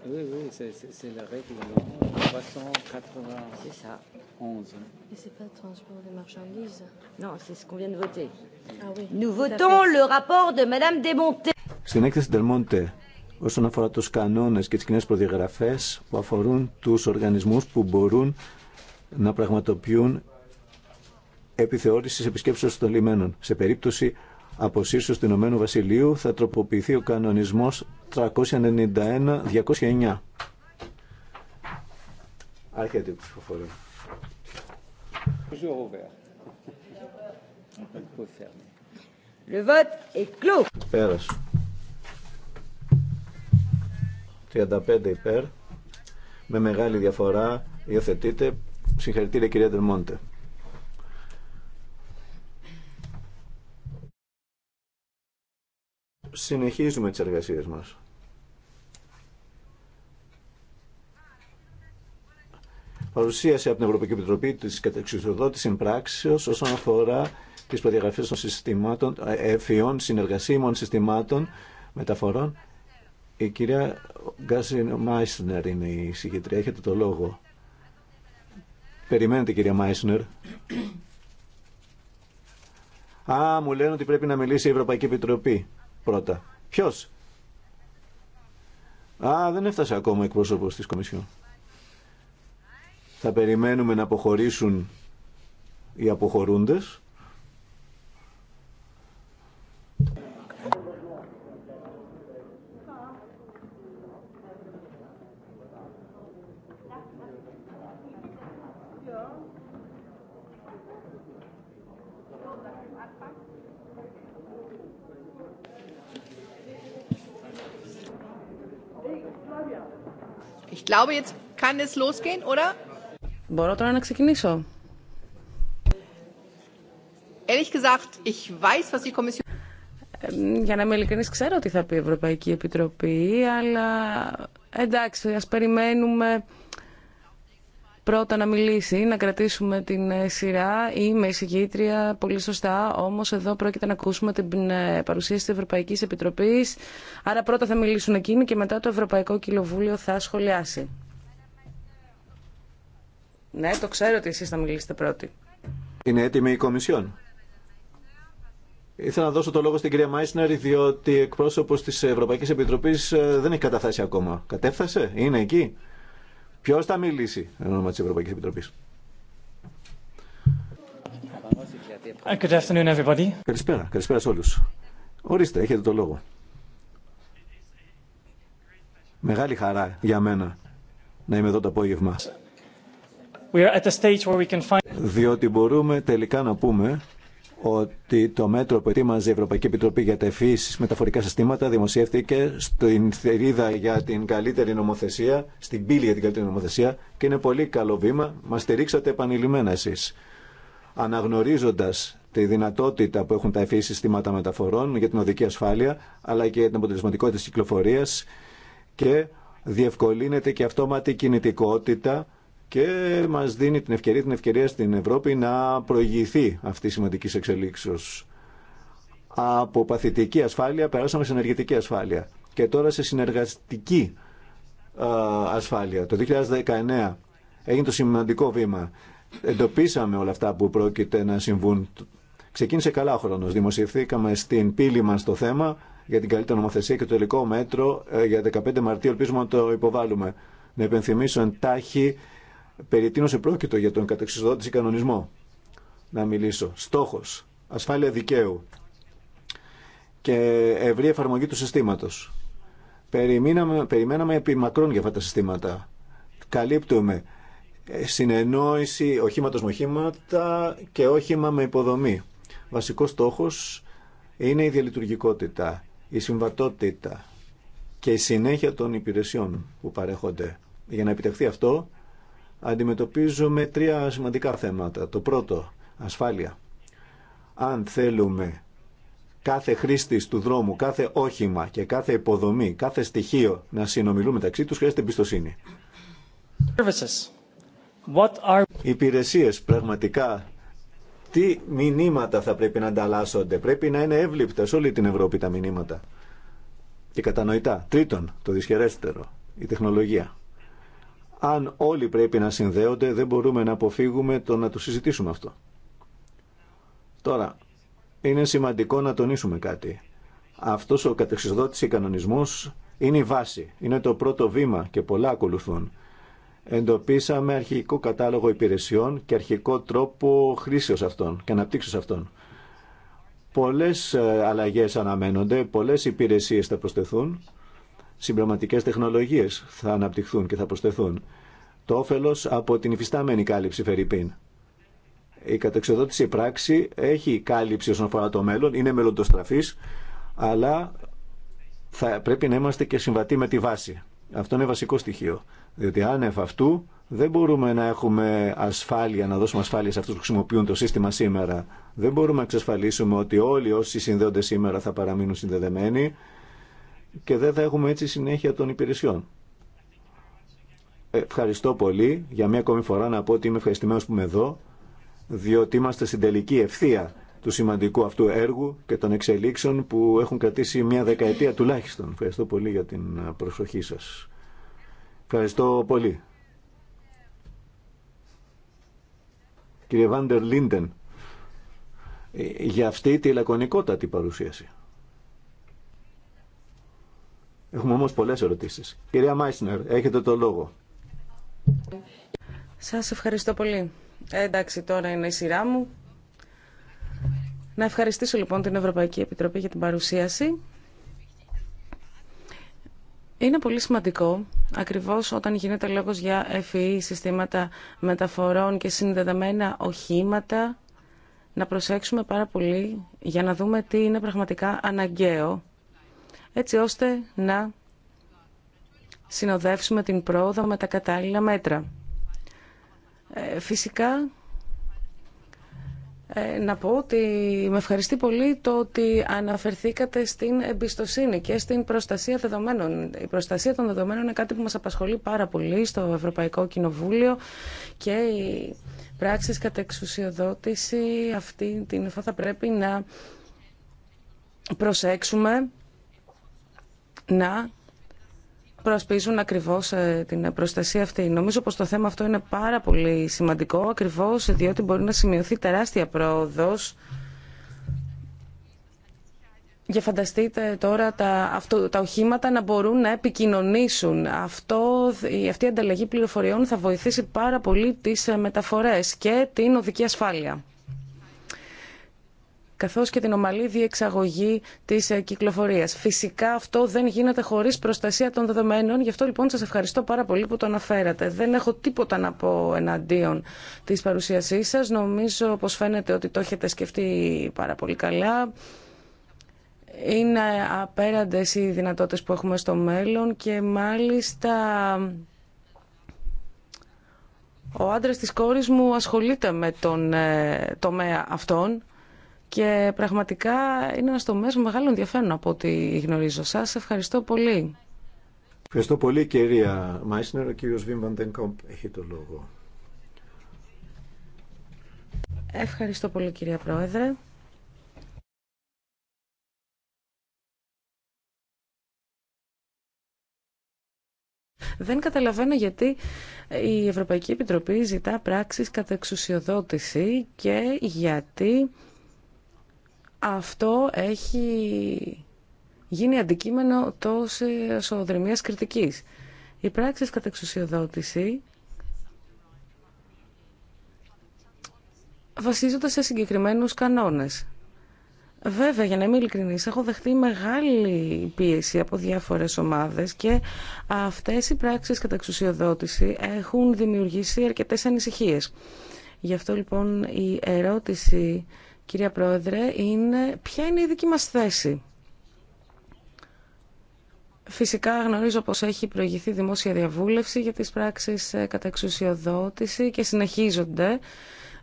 Oui, oui, c'est le règlement 11. Et c'est pas le transport des marchandises Non, c'est ce qu'on vient de voter. Ah, oui. Nous votons le rapport de Madame Desmonté. Στην έκθεση Δελμόντε, όσον αφορά τους κανόνες και τις κοινέ προδιαγραφές που αφορούν τους οργανισμούς που μπορούν να πραγματοποιούν επιθεώρησης επισκέψεως των λιμένων σε περίπτωση αποσύρσεως του Ηνωμένου Βασιλείου θα τροποποιηθεί ο κανονισμός 391-209. Άρχεται η ψηφοφορία. Le vote est clos. 35 υπέρ. Με μεγάλη διαφορά υιοθετείται. Συγχαρητήρια κυρία Τερμόντε. συνεχίζουμε τις εργασίες μας. Παρουσίαση από την Ευρωπαϊκή Επιτροπή της καταξιδοδότησης συμπράξεως όσον αφορά τις προδιαγραφές των συστημάτων, εφιών, συνεργασίμων συστημάτων μεταφορών. Η κυρία Γκάσιν Μάισνερ είναι η συγκεκριά. Έχετε το λόγο. Περιμένετε κυρία Μάισνερ. Α, μου λένε ότι πρέπει να μιλήσει η Ευρωπαϊκή Επιτροπή πρώτα. Ποιο. Α, δεν έφτασε ακόμα εκπρόσωπο της Κομισιόν. Θα περιμένουμε να αποχωρήσουν οι αποχωρούντες glaube, jetzt kann es losgehen, oder? Μπορώ τώρα να ξεκινήσω. Ehrlich gesagt, ich weiß, was die Kommission... Ε, για να είμαι ειλικρινής, ξέρω τι θα πει η Ευρωπαϊκή Επιτροπή, αλλά εντάξει, ας περιμένουμε πρώτα να μιλήσει, να κρατήσουμε την ε, σειρά. Είμαι εισηγήτρια, πολύ σωστά, όμως εδώ πρόκειται να ακούσουμε την ε, παρουσίαση της Ευρωπαϊκής Επιτροπής. Άρα πρώτα θα μιλήσουν εκείνοι και μετά το Ευρωπαϊκό Κοινοβούλιο θα σχολιάσει. Ναι, το ξέρω ότι εσείς θα μιλήσετε πρώτοι. Είναι έτοιμη η Κομισιόν. Ήθελα να δώσω το λόγο στην κυρία Μάισνερ, διότι εκπρόσωπος της Ευρωπαϊκής Επιτροπής ε, δεν έχει καταθέσει ακόμα. Κατέφτασε, είναι εκεί. Ποιο θα μιλήσει εν όνομα τη Ευρωπαϊκή Επιτροπή. Ε, καλησπέρα, καλησπέρα σε όλου. Ορίστε, έχετε το λόγο. Μεγάλη χαρά για μένα να είμαι εδώ το απόγευμα. Διότι μπορούμε τελικά να πούμε ότι το μέτρο που ετοίμαζε η Ευρωπαϊκή Επιτροπή για τα ευφύ μεταφορικά συστήματα δημοσιεύτηκε στην θερίδα για την καλύτερη νομοθεσία, στην πύλη για την καλύτερη νομοθεσία και είναι πολύ καλό βήμα. Μα στηρίξατε επανειλημμένα εσεί. Αναγνωρίζοντα τη δυνατότητα που έχουν τα ευφύ συστήματα μεταφορών για την οδική ασφάλεια αλλά και για την αποτελεσματικότητα τη κυκλοφορία και διευκολύνεται και αυτόματη κινητικότητα και μα δίνει την ευκαιρία, την ευκαιρία στην Ευρώπη να προηγηθεί αυτή η σημαντική εξελίξεω. Από παθητική ασφάλεια περάσαμε σε ενεργητική ασφάλεια και τώρα σε συνεργαστική ασφάλεια. Το 2019 έγινε το σημαντικό βήμα. Εντοπίσαμε όλα αυτά που πρόκειται να συμβούν. Ξεκίνησε καλά ο χρόνο. Δημοσιευθήκαμε στην πύλη μα το θέμα για την καλύτερη νομοθεσία και το τελικό μέτρο ε, για 15 Μαρτίου ελπίζουμε να το υποβάλουμε. Να υπενθυμίσω εντάχει περί τίνο επρόκειτο για τον καταξιδότηση κανονισμό να μιλήσω. Στόχος, ασφάλεια δικαίου και ευρύ εφαρμογή του συστήματος. Περιμέναμε, περιμέναμε επί μακρόν για αυτά τα συστήματα. Καλύπτουμε συνεννόηση οχήματος με οχήματα και όχημα με υποδομή. Βασικός στόχος είναι η διαλειτουργικότητα, η συμβατότητα και η συνέχεια των υπηρεσιών που παρέχονται. Για να επιτευχθεί αυτό αντιμετωπίζουμε τρία σημαντικά θέματα. Το πρώτο, ασφάλεια. Αν θέλουμε κάθε χρήστη του δρόμου, κάθε όχημα και κάθε υποδομή, κάθε στοιχείο να συνομιλούν μεταξύ του, χρειάζεται εμπιστοσύνη. Οι υπηρεσίε πραγματικά. Τι μηνύματα θα πρέπει να ανταλλάσσονται. Πρέπει να είναι εύληπτα σε όλη την Ευρώπη τα μηνύματα. Και κατανοητά. Τρίτον, το δυσχερέστερο, η τεχνολογία αν όλοι πρέπει να συνδέονται, δεν μπορούμε να αποφύγουμε το να το συζητήσουμε αυτό. Τώρα, είναι σημαντικό να τονίσουμε κάτι. Αυτός ο κατεξοδότηση κανονισμός είναι η βάση, είναι το πρώτο βήμα και πολλά ακολουθούν. Εντοπίσαμε αρχικό κατάλογο υπηρεσιών και αρχικό τρόπο χρήσεως αυτών και αναπτύξεως αυτών. Πολλές ε, αλλαγές αναμένονται, πολλές υπηρεσίες θα προσθεθούν συμπληρωματικές τεχνολογίες θα αναπτυχθούν και θα προσθεθούν. Το όφελος από την υφιστάμενη κάλυψη Φερρυπίν. Η κατεξοδότηση πράξη έχει κάλυψη όσον αφορά το μέλλον, είναι μελλοντοστραφής, αλλά θα πρέπει να είμαστε και συμβατοί με τη βάση. Αυτό είναι βασικό στοιχείο. Διότι εφ' αυτού δεν μπορούμε να έχουμε ασφάλεια, να δώσουμε ασφάλεια σε αυτούς που χρησιμοποιούν το σύστημα σήμερα. Δεν μπορούμε να εξασφαλίσουμε ότι όλοι όσοι συνδέονται σήμερα θα παραμείνουν συνδεδεμένοι και δεν θα έχουμε έτσι συνέχεια των υπηρεσιών. Ευχαριστώ πολύ για μια ακόμη φορά να πω ότι είμαι ευχαριστημένο που είμαι εδώ, διότι είμαστε στην τελική ευθεία του σημαντικού αυτού έργου και των εξελίξεων που έχουν κρατήσει μια δεκαετία τουλάχιστον. Ευχαριστώ πολύ για την προσοχή σας. Ευχαριστώ πολύ. Κύριε Βάντερ Λίντεν, για αυτή τη λακωνικότατη παρουσίαση. Έχουμε όμως πολλές ερωτήσεις. Κυρία Μάισνερ, έχετε το λόγο. Σας ευχαριστώ πολύ. Ε, εντάξει, τώρα είναι η σειρά μου. Να ευχαριστήσω λοιπόν την Ευρωπαϊκή Επιτροπή για την παρουσίαση. Είναι πολύ σημαντικό, ακριβώς όταν γίνεται λόγος για FEE, e, συστήματα μεταφορών και συνδεδεμένα οχήματα, να προσέξουμε πάρα πολύ για να δούμε τι είναι πραγματικά αναγκαίο έτσι ώστε να συνοδεύσουμε την πρόοδο με τα κατάλληλα μέτρα. Ε, φυσικά, ε, να πω ότι με ευχαριστεί πολύ το ότι αναφερθήκατε στην εμπιστοσύνη και στην προστασία δεδομένων. Η προστασία των δεδομένων είναι κάτι που μας απασχολεί πάρα πολύ στο Ευρωπαϊκό Κοινοβούλιο και οι πράξεις κατά εξουσιοδότηση αυτή την θα, θα πρέπει να προσέξουμε να προασπίζουν ακριβώς ε, την προστασία αυτή. Νομίζω πως το θέμα αυτό είναι πάρα πολύ σημαντικό, ακριβώς διότι μπορεί να σημειωθεί τεράστια πρόοδος Για φανταστείτε τώρα τα, αυτο, τα οχήματα να μπορούν να επικοινωνήσουν. Αυτό, αυτή η ανταλλαγή πληροφοριών θα βοηθήσει πάρα πολύ τις ε, μεταφορές και την οδική ασφάλεια καθώς και την ομαλή διεξαγωγή της ε, κυκλοφορίας. Φυσικά αυτό δεν γίνεται χωρίς προστασία των δεδομένων, γι' αυτό λοιπόν σας ευχαριστώ πάρα πολύ που το αναφέρατε. Δεν έχω τίποτα να πω εναντίον της παρουσίασής σας, νομίζω πως φαίνεται ότι το έχετε σκεφτεί πάρα πολύ καλά. Είναι απέραντες οι δυνατότητες που έχουμε στο μέλλον και μάλιστα ο άντρας της κόρης μου ασχολείται με τον ε, τομέα αυτόν και πραγματικά είναι ένα τομέα με μεγάλο ενδιαφέρον από ό,τι γνωρίζω σα. Ευχαριστώ πολύ. Ευχαριστώ πολύ κυρία Μάισνερ. Ο κύριος Βιμ Βαντενκόμπ έχει το λόγο. Ευχαριστώ πολύ κυρία Πρόεδρε. Δεν καταλαβαίνω γιατί η Ευρωπαϊκή Επιτροπή ζητά πράξεις κατά εξουσιοδότηση και γιατί αυτό έχει γίνει αντικείμενο τόση οδρυμίας κριτικής. Οι πράξεις κατά εξουσιοδότηση βασίζονται σε συγκεκριμένους κανόνες. Βέβαια, για να είμαι ειλικρινής, έχω δεχτεί μεγάλη πίεση από διάφορες ομάδες και αυτές οι πράξεις κατά εξουσιοδότηση έχουν δημιουργήσει αρκετές ανησυχίες. Γι' αυτό λοιπόν η ερώτηση κυρία Πρόεδρε, είναι ποια είναι η δική μας θέση. Φυσικά γνωρίζω πως έχει προηγηθεί δημόσια διαβούλευση για τις πράξεις ε, κατά εξουσιοδότηση και συνεχίζονται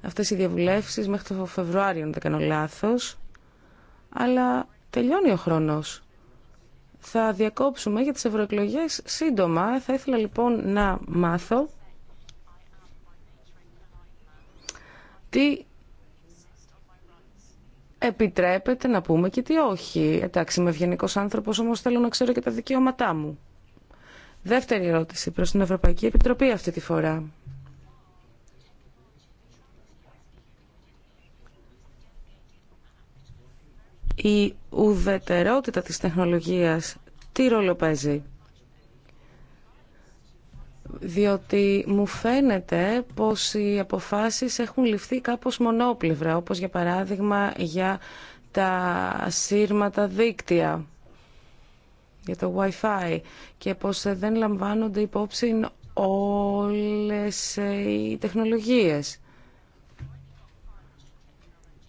αυτές οι διαβουλεύσεις μέχρι το Φεβρουάριο, αν δεν κάνω λάθος. Αλλά τελειώνει ο χρόνος. Θα διακόψουμε για τις ευρωεκλογέ σύντομα. Θα ήθελα λοιπόν να μάθω τι επιτρέπεται να πούμε και τι όχι. Εντάξει, είμαι ευγενικό άνθρωπο, όμω θέλω να ξέρω και τα δικαιώματά μου. Δεύτερη ερώτηση προς την Ευρωπαϊκή Επιτροπή αυτή τη φορά. Η ουδετερότητα της τεχνολογίας τι ρόλο παίζει διότι μου φαίνεται πως οι αποφάσεις έχουν ληφθεί κάπως μονόπλευρα, όπως για παράδειγμα για τα σύρματα δίκτυα, για το Wi-Fi και πως δεν λαμβάνονται υπόψη όλες οι τεχνολογίες.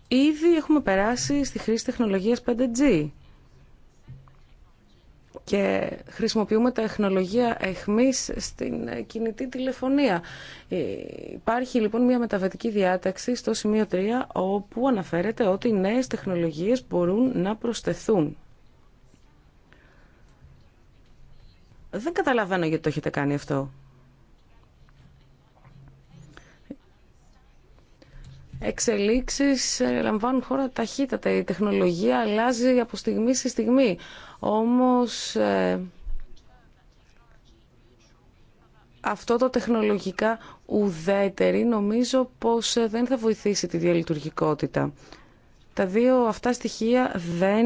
Ήδη έχουμε περάσει στη χρήση τεχνολογίας 5G και χρησιμοποιούμε τεχνολογία εχμής στην ε, κινητή τηλεφωνία. Ε, υπάρχει λοιπόν μια μεταβατική διάταξη στο σημείο 3 όπου αναφέρεται ότι οι νέες τεχνολογίες μπορούν να προσθεθούν. Δεν καταλαβαίνω γιατί το έχετε κάνει αυτό. εξελίξεις ε, λαμβάνουν χώρα ταχύτατα. Η τεχνολογία αλλάζει από στιγμή σε στιγμή. Όμως ε, αυτό το τεχνολογικά ουδέτερη νομίζω πως ε, δεν θα βοηθήσει τη διαλειτουργικότητα. Τα δύο αυτά στοιχεία δεν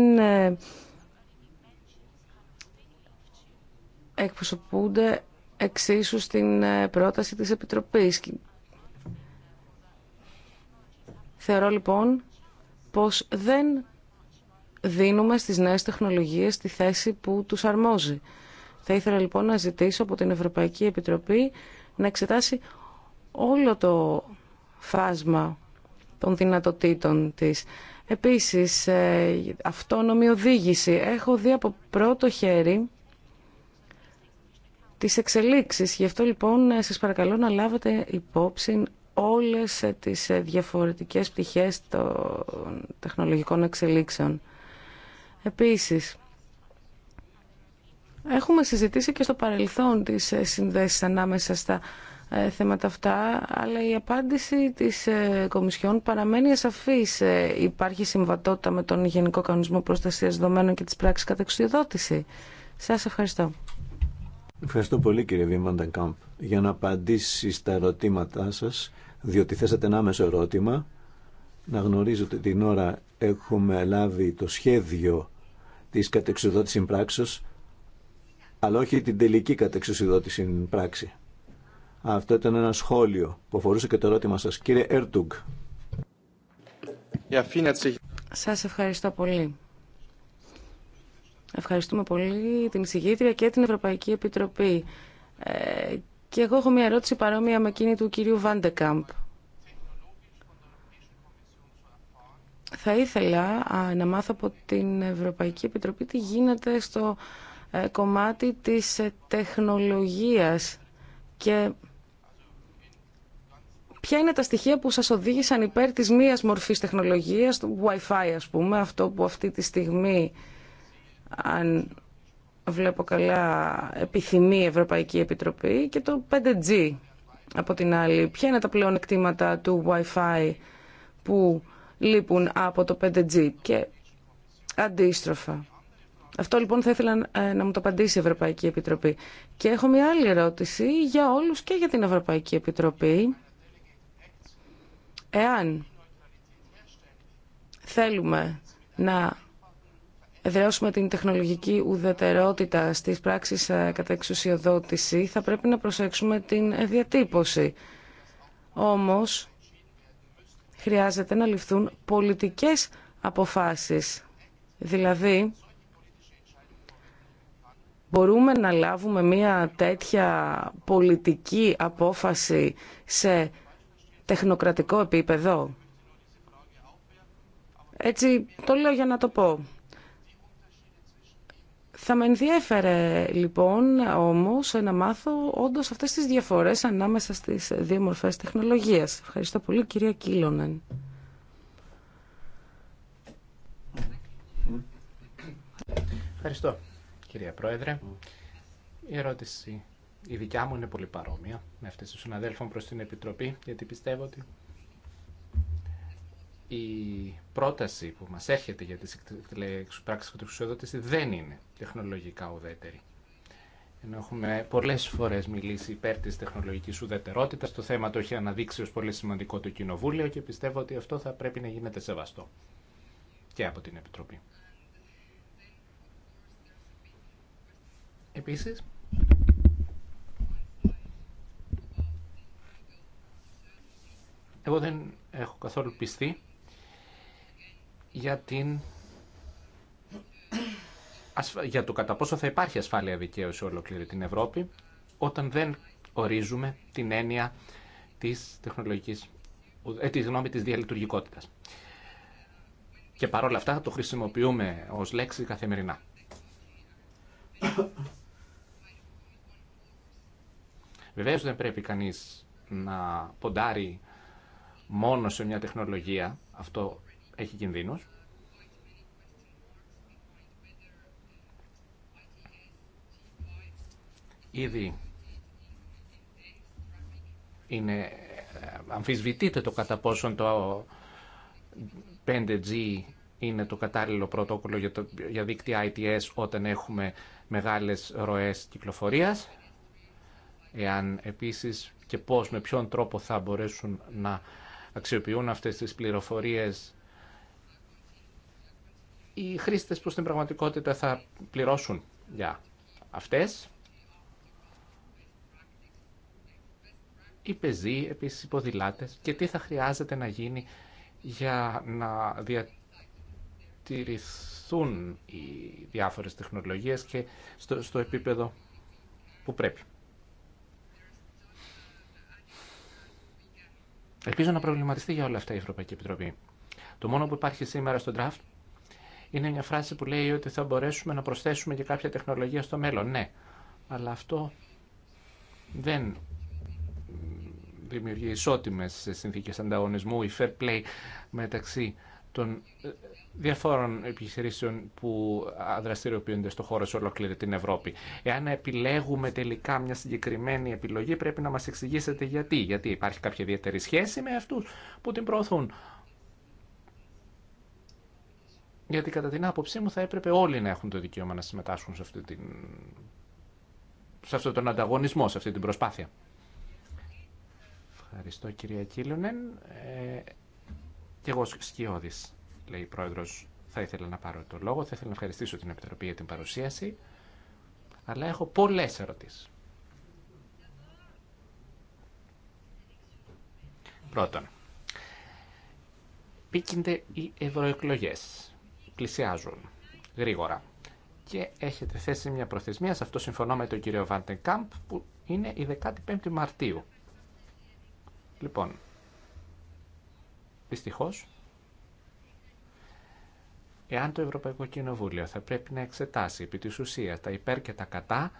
εκπροσωπούνται εξίσου στην πρόταση της Επιτροπής. Θεωρώ λοιπόν πως δεν δίνουμε στις νέες τεχνολογίες τη θέση που τους αρμόζει. Θα ήθελα λοιπόν να ζητήσω από την Ευρωπαϊκή Επιτροπή να εξετάσει όλο το φάσμα των δυνατοτήτων της. Επίσης, ε, αυτόνομη οδήγηση. Έχω δει από πρώτο χέρι τις εξελίξεις. Γι' αυτό λοιπόν ε, σας παρακαλώ να λάβετε υπόψη όλες ε, τις ε, διαφορετικές πτυχές των τεχνολογικών εξελίξεων. Επίσης, έχουμε συζητήσει και στο παρελθόν τις ε, συνδέσεις ανάμεσα στα θέματα αυτά, αλλά η απάντηση της Κομισιόν παραμένει ασαφής. Υπάρχει συμβατότητα με τον Γενικό Κανονισμό Προστασίας Δεδομένων και της πράξης κατεξουδότηση. Σας ευχαριστώ. Ευχαριστώ πολύ κύριε Βίμαντα Κάμπ για να απαντήσει στα ερωτήματά σας διότι θέσατε ένα άμεσο ερώτημα. Να γνωρίζετε την ώρα έχουμε λάβει το σχέδιο της κατεξοδότησης πράξεως, αλλά όχι την τελική κατεξοδότηση πράξη. Αυτό ήταν ένα σχόλιο που αφορούσε και το ερώτημα σας. Κύριε Έρτουγκ. Σας ευχαριστώ πολύ. Ευχαριστούμε πολύ την εισηγήτρια και την Ευρωπαϊκή Επιτροπή ε, και εγώ έχω μια ερώτηση παρόμοια με εκείνη του κυρίου Βάντεκαμπ. Θα ήθελα να μάθω από την Ευρωπαϊκή Επιτροπή τι γίνεται στο ε, κομμάτι της ε, τεχνολογίας και ποια είναι τα στοιχεία που σας οδήγησαν υπέρ της μίας μορφής τεχνολογίας, του Wi-Fi ας πούμε, αυτό που αυτή τη στιγμή αν βλέπω καλά, επιθυμεί η Ευρωπαϊκή Επιτροπή και το 5G από την άλλη. Ποια είναι τα πλεονεκτήματα του Wi-Fi που λείπουν από το 5G και αντίστροφα. Αυτό λοιπόν θα ήθελα ε, να μου το απαντήσει η Ευρωπαϊκή Επιτροπή. Και έχω μια άλλη ερώτηση για όλους και για την Ευρωπαϊκή Επιτροπή. Εάν θέλουμε να εδραιώσουμε την τεχνολογική ουδετερότητα στις πράξεις ε, κατά εξουσιοδότηση, θα πρέπει να προσέξουμε την ε, διατύπωση. Όμως, χρειάζεται να ληφθούν πολιτικές αποφάσεις. Δηλαδή, μπορούμε να λάβουμε μια τέτοια πολιτική απόφαση σε τεχνοκρατικό επίπεδο. Έτσι, το λέω για να το πω. Θα με ενδιέφερε λοιπόν όμως να μάθω όντως αυτές τις διαφορές ανάμεσα στις δύο μορφές τεχνολογίας. Ευχαριστώ πολύ κυρία Κίλονεν. Ευχαριστώ κυρία Πρόεδρε. Η ερώτηση η δικιά μου είναι πολύ παρόμοια με αυτές των συναδέλφων προς την Επιτροπή γιατί πιστεύω ότι η πρόταση που μας έρχεται για τις πράξεις κατεξουσιοδότηση δεν είναι τεχνολογικά ουδέτερη. Ενώ έχουμε πολλές φορές μιλήσει υπέρ της τεχνολογικής ουδετερότητας, το θέμα το έχει αναδείξει ως πολύ σημαντικό το Κοινοβούλιο και πιστεύω ότι αυτό θα πρέπει να γίνεται σεβαστό και από την Επιτροπή. Επίσης, εγώ δεν έχω καθόλου πιστεί για, την... για το κατά πόσο θα υπάρχει ασφάλεια δικαίωση σε ολόκληρη την Ευρώπη όταν δεν ορίζουμε την έννοια της τεχνολογικής, ε, τη γνώμη της διαλειτουργικότητας. Και παρόλα αυτά το χρησιμοποιούμε ως λέξη καθημερινά. Βεβαίως δεν πρέπει κανείς να ποντάρει μόνο σε μια τεχνολογία. Αυτό έχει κινδύνους. Ήδη είναι, ε, αμφισβητείται το κατά πόσον το 5G είναι το κατάλληλο πρωτόκολλο για, για δίκτυα ITS όταν έχουμε μεγάλες ροές κυκλοφορίας. Εάν επίσης και πώς, με ποιον τρόπο θα μπορέσουν να αξιοποιούν αυτές τις πληροφορίες οι χρήστες που στην πραγματικότητα θα πληρώσουν για αυτές. Οι πεζοί, επίσης οι ποδηλάτες και τι θα χρειάζεται να γίνει για να διατηρηθούν οι διάφορες τεχνολογίες και στο, επίπεδο που πρέπει. Ελπίζω να προβληματιστεί για όλα αυτά η Ευρωπαϊκή Επιτροπή. Το μόνο που υπάρχει σήμερα στο draft είναι μια φράση που λέει ότι θα μπορέσουμε να προσθέσουμε και κάποια τεχνολογία στο μέλλον. Ναι, αλλά αυτό δεν δημιουργεί ισότιμες συνθήκες ανταγωνισμού ή fair play μεταξύ των ε, διαφόρων επιχειρήσεων που δραστηριοποιούνται στο χώρο σε ολόκληρη την Ευρώπη. Εάν επιλέγουμε τελικά μια συγκεκριμένη επιλογή, πρέπει να μας εξηγήσετε γιατί. Γιατί υπάρχει κάποια ιδιαίτερη σχέση με αυτούς που την προωθούν γιατί κατά την άποψή μου θα έπρεπε όλοι να έχουν το δικαίωμα να συμμετάσχουν σε, αυτή την... σε αυτόν τον ανταγωνισμό, σε αυτή την προσπάθεια. Ευχαριστώ κυρία Κίλωνεν. Ε, και εγώ σκιώδης, λέει η πρόεδρος, θα ήθελα να πάρω το λόγο, θα ήθελα να ευχαριστήσω την Επιτροπή για την παρουσίαση, αλλά έχω πολλές ερωτήσεις. Πρώτον, πήκυνται οι ευρωεκλογές πλησιάζουν γρήγορα. Και έχετε θέσει μια προθεσμία, σε αυτό συμφωνώ με τον κύριο Βάντεν Κάμπ, που είναι η 15η Μαρτίου. Λοιπόν, δυστυχώς, εάν το Ευρωπαϊκό Κοινοβούλιο θα πρέπει να εξετάσει επί της ουσίας τα υπέρ και τα κατά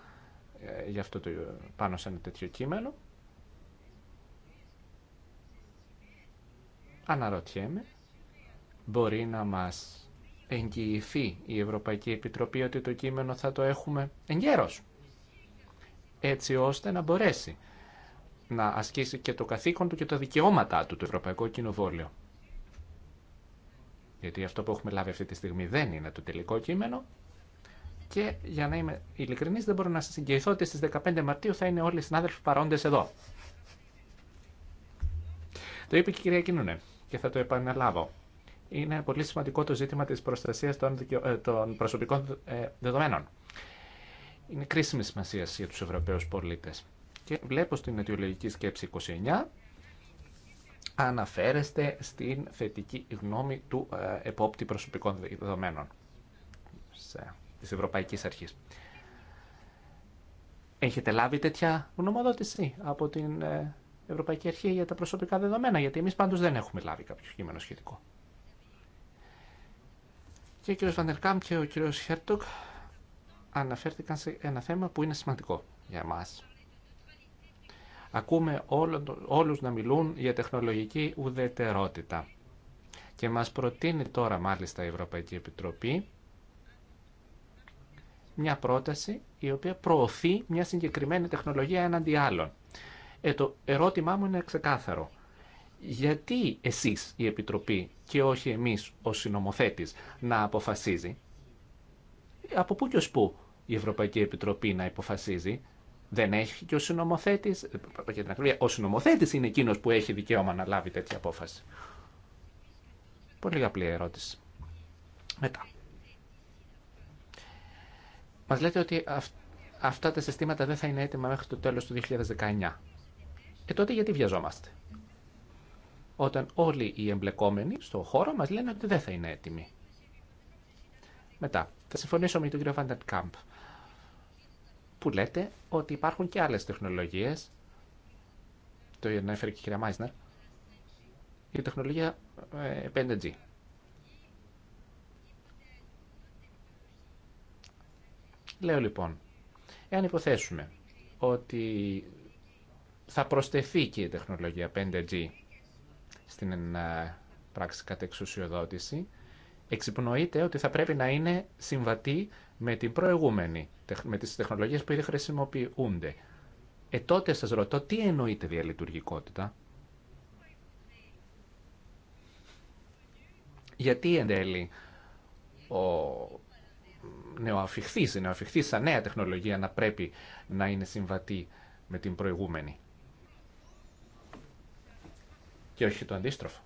ε, για αυτό το, πάνω σε ένα τέτοιο κείμενο, αναρωτιέμαι, μπορεί να μας εγγυηθεί η Ευρωπαϊκή Επιτροπή ότι το κείμενο θα το έχουμε εγκαίρως, έτσι ώστε να μπορέσει να ασκήσει και το καθήκον του και τα δικαιώματά του το Ευρωπαϊκό Κοινοβόλιο. Γιατί αυτό που έχουμε λάβει αυτή τη στιγμή δεν είναι το τελικό κείμενο και για να είμαι ειλικρινής δεν μπορώ να σας εγγυηθώ ότι στις 15 Μαρτίου θα είναι όλοι οι συνάδελφοι παρόντες εδώ. Το είπε και η κυρία Κινούνε και θα το επαναλάβω είναι πολύ σημαντικό το ζήτημα της προστασίας των, ε, προσωπικών ε, δεδομένων. Είναι κρίσιμη σημασία για τους Ευρωπαίους πολίτες. Και βλέπω στην αιτιολογική σκέψη 29 αναφέρεστε στην θετική γνώμη του ε, επόπτη προσωπικών δεδομένων της Ευρωπαϊκής Αρχής. Έχετε λάβει τέτοια γνωμοδότηση από την Ευρωπαϊκή Αρχή για τα προσωπικά δεδομένα, γιατί εμείς πάντως δεν έχουμε λάβει κάποιο κείμενο σχετικό. Και ο κύριος Βαντερκάμ και ο κύριος Χέρτοκ αναφέρθηκαν σε ένα θέμα που είναι σημαντικό για μας. Ακούμε όλους να μιλούν για τεχνολογική ουδετερότητα. Και μας προτείνει τώρα μάλιστα η Ευρωπαϊκή Επιτροπή μια πρόταση η οποία προωθεί μια συγκεκριμένη τεχνολογία έναντι άλλων. Ε, το ερώτημά μου είναι ξεκάθαρο γιατί εσείς η Επιτροπή και όχι εμείς ο συνομοθέτης να αποφασίζει, από πού και ως πού η Ευρωπαϊκή Επιτροπή να υποφασίζει, δεν έχει και ο συνομοθέτης, ο συνομοθέτης είναι εκείνος που έχει δικαίωμα να λάβει τέτοια απόφαση. Πολύ απλή ερώτηση. Μετά. Μας λέτε ότι αυτά τα συστήματα δεν θα είναι έτοιμα μέχρι το τέλος του 2019. Και ε, τότε γιατί βιαζόμαστε όταν όλοι οι εμπλεκόμενοι στο χώρο μας λένε ότι δεν θα είναι έτοιμοι. Μετά, θα συμφωνήσω με τον κύριο Βάντερ Κάμπ, που λέτε ότι υπάρχουν και άλλες τεχνολογίες, το ανέφερε και η κυρία Μάισνερ, η τεχνολογία 5G. Ε, Λέω λοιπόν, εάν υποθέσουμε ότι θα προστεθεί και η τεχνολογία 5G στην ε, πράξη κατ' εξουσιοδότηση, εξυπνοείται ότι θα πρέπει να είναι συμβατή με την προηγούμενη, με τις τεχνολογίες που ήδη χρησιμοποιούνται. Ε, τότε σας ρωτώ, τι εννοείται διαλειτουργικότητα. Γιατί εν τέλει ο νεοαφιχθής, η νεοαφιχθής σαν νέα τεχνολογία να πρέπει να είναι συμβατή με την προηγούμενη και όχι το αντίστροφο.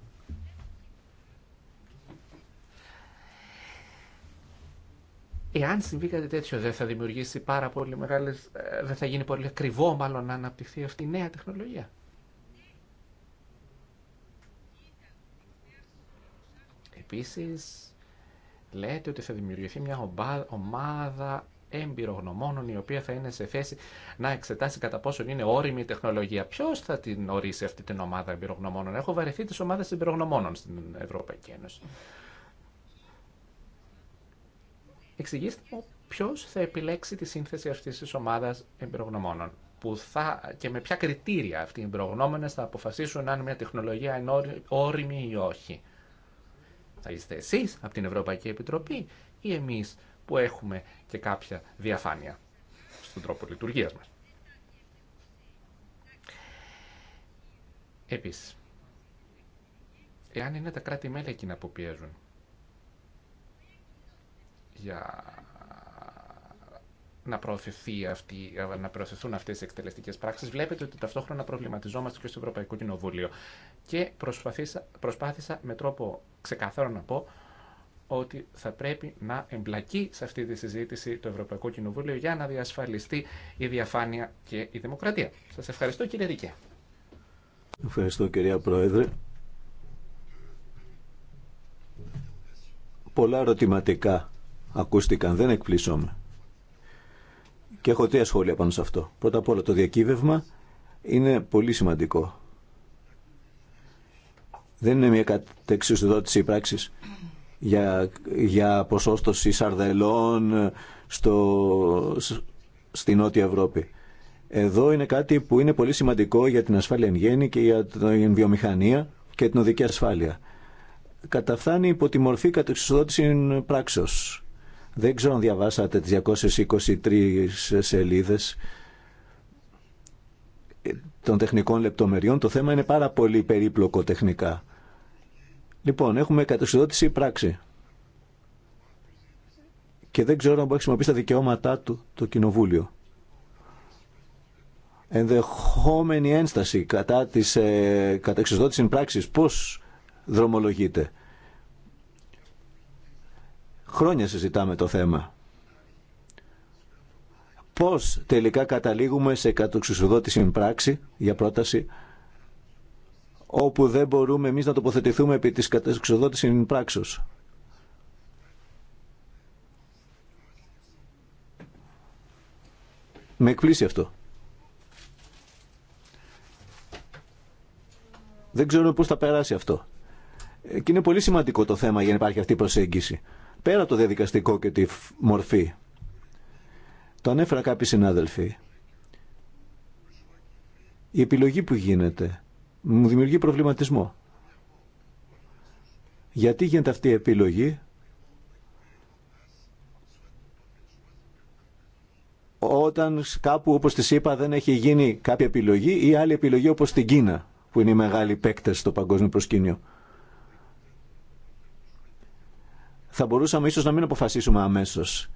Εάν συμβεί κάτι τέτοιο, δεν θα δημιουργήσει πάρα πολύ ε, δεν θα γίνει πολύ ακριβό μάλλον να αναπτυχθεί αυτή η νέα τεχνολογία. Επίση, λέτε ότι θα δημιουργηθεί μια ομάδα εμπειρογνωμόνων η οποία θα είναι σε θέση να εξετάσει κατά πόσο είναι όριμη η τεχνολογία. Ποιο θα την ορίσει αυτή την ομάδα εμπειρογνωμόνων. Έχω βαρεθεί τι ομάδε εμπειρογνωμόνων στην Ευρωπαϊκή Ένωση. Εξηγήστε μου ποιο θα επιλέξει τη σύνθεση αυτή τη ομάδα εμπειρογνωμόνων. Που θα, και με ποια κριτήρια αυτοί οι εμπειρογνώμονε θα αποφασίσουν αν μια τεχνολογία είναι όρημη ή όχι. Θα είστε εσεί από την Ευρωπαϊκή Επιτροπή ή εμείς που έχουμε και κάποια διαφάνεια στον τρόπο λειτουργίας μας. Επίσης, εάν είναι τα κράτη-μέλη εκείνα που πιέζουν για να, προωθηθεί αυτή, να προωθηθούν αυτές οι εκτελεστικές πράξεις, βλέπετε ότι ταυτόχρονα προβληματιζόμαστε και στο Ευρωπαϊκό Κοινοβούλιο. Και προσπάθησα, προσπάθησα με τρόπο ξεκαθαρό να πω ότι θα πρέπει να εμπλακεί σε αυτή τη συζήτηση το Ευρωπαϊκό Κοινοβούλιο για να διασφαλιστεί η διαφάνεια και η δημοκρατία. Σας ευχαριστώ κύριε δικέ. Ευχαριστώ κυρία Πρόεδρε. Πολλά ερωτηματικά ακούστηκαν, δεν εκπλήσωμαι. Και έχω τρία σχόλια πάνω σε αυτό. Πρώτα απ' όλα το διακύβευμα είναι πολύ σημαντικό. Δεν είναι μια κατεξουσιοδότηση πράξη για, για ποσόστοση σαρδελών στο, στη Νότια Ευρώπη. Εδώ είναι κάτι που είναι πολύ σημαντικό για την ασφάλεια εν γέννη και για την βιομηχανία και την οδική ασφάλεια. Καταφθάνει υπό τη μορφή κατεξοδότηση πράξεως. Δεν ξέρω αν διαβάσατε τις 223 σελίδες των τεχνικών λεπτομεριών. Το θέμα είναι πάρα πολύ περίπλοκο τεχνικά. Λοιπόν, έχουμε κατεξοδότηση πράξη. Και δεν ξέρω αν μπορεί να χρησιμοποιήσει τα δικαιώματά του το Κοινοβούλιο. Ενδεχόμενη ένσταση κατά της ε, κατεξοδότησης πράξης, πώς δρομολογείται. Χρόνια συζητάμε το θέμα. Πώς τελικά καταλήγουμε σε κατεξοδότηση πράξη για πρόταση όπου δεν μπορούμε εμείς να τοποθετηθούμε επί της κατεξοδότησης πράξεως. Με εκπλήσει αυτό. Δεν ξέρω πώς θα περάσει αυτό. Ε, και είναι πολύ σημαντικό το θέμα για να υπάρχει αυτή η προσέγγιση. Πέρα το διαδικαστικό και τη μορφή. Το ανέφερα κάποιοι συνάδελφοι. Η επιλογή που γίνεται μου δημιουργεί προβληματισμό. Γιατί γίνεται αυτή η επιλογή όταν κάπου όπως τις είπα δεν έχει γίνει κάποια επιλογή ή άλλη επιλογή όπως στην Κίνα που είναι οι μεγάλοι παίκτες στο παγκόσμιο προσκήνιο. Θα μπορούσαμε ίσως να μην αποφασίσουμε αμέσως.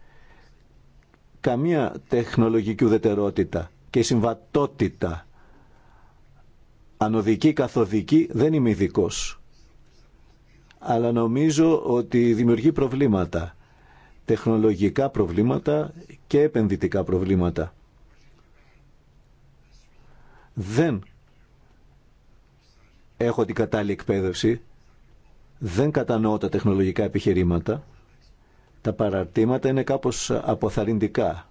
Καμία τεχνολογική ουδετερότητα και συμβατότητα Ανοδική, καθοδική, δεν είμαι ειδικό. Αλλά νομίζω ότι δημιουργεί προβλήματα. Τεχνολογικά προβλήματα και επενδυτικά προβλήματα. Δεν έχω την κατάλληλη εκπαίδευση. Δεν κατανοώ τα τεχνολογικά επιχειρήματα. Τα παραρτήματα είναι κάπως αποθαρρυντικά.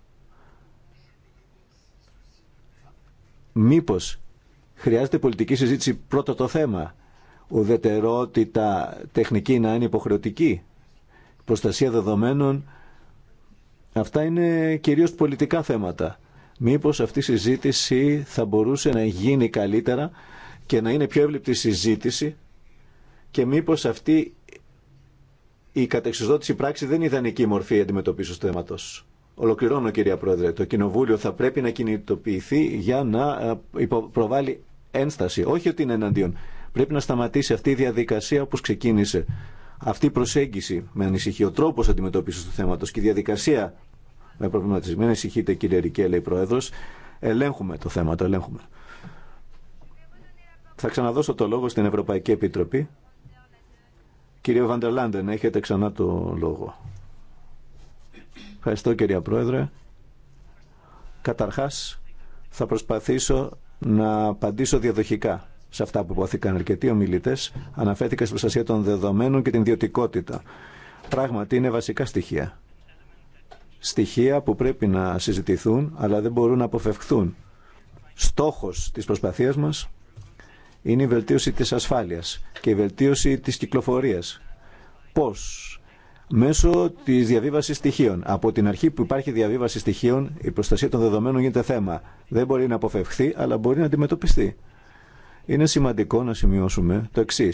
Μήπως Χρειάζεται πολιτική συζήτηση πρώτα το θέμα. Ουδετερότητα τεχνική να είναι υποχρεωτική. Προστασία δεδομένων. Αυτά είναι κυρίως πολιτικά θέματα. Μήπως αυτή η συζήτηση θα μπορούσε να γίνει καλύτερα και να είναι πιο εύληπτη συζήτηση και μήπως αυτή η κατεξοδότηση πράξη δεν είναι ιδανική μορφή αντιμετωπίσεως του θέματος. Ολοκληρώνω κυρία Πρόεδρε. Το Κοινοβούλιο θα πρέπει να κινητοποιηθεί για να ε, προβάλλει ένσταση. Όχι ότι είναι εναντίον. Πρέπει να σταματήσει αυτή η διαδικασία όπω ξεκίνησε. Αυτή η προσέγγιση με ανησυχεί ο τρόπο αντιμετώπιση του θέματο και η διαδικασία με προβληματισμό. Μην ανησυχείτε, κύριε Ρικέ, λέει πρόεδρο. Ελέγχουμε το θέμα, το ελέγχουμε. Θα ξαναδώσω το λόγο στην Ευρωπαϊκή Επιτροπή. Κύριε Βαντερλάντεν, έχετε ξανά το λόγο. Ευχαριστώ, κύριε Πρόεδρε. Καταρχάς, θα προσπαθήσω να απαντήσω διαδοχικά σε αυτά που υπόθηκαν. Αρκετοί ομιλητέ Αναφέρθηκα στην προστασία των δεδομένων και την ιδιωτικότητα. Πράγματι είναι βασικά στοιχεία. Στοιχεία που πρέπει να συζητηθούν, αλλά δεν μπορούν να αποφευχθούν. Στόχος της προσπαθία μα είναι η βελτίωση της ασφάλειας και η βελτίωση της κυκλοφορία. Πώ μέσω τη διαβίβαση στοιχείων. Από την αρχή που υπάρχει διαβίβαση στοιχείων, η προστασία των δεδομένων γίνεται θέμα. Δεν μπορεί να αποφευχθεί, αλλά μπορεί να αντιμετωπιστεί. Είναι σημαντικό να σημειώσουμε το εξή.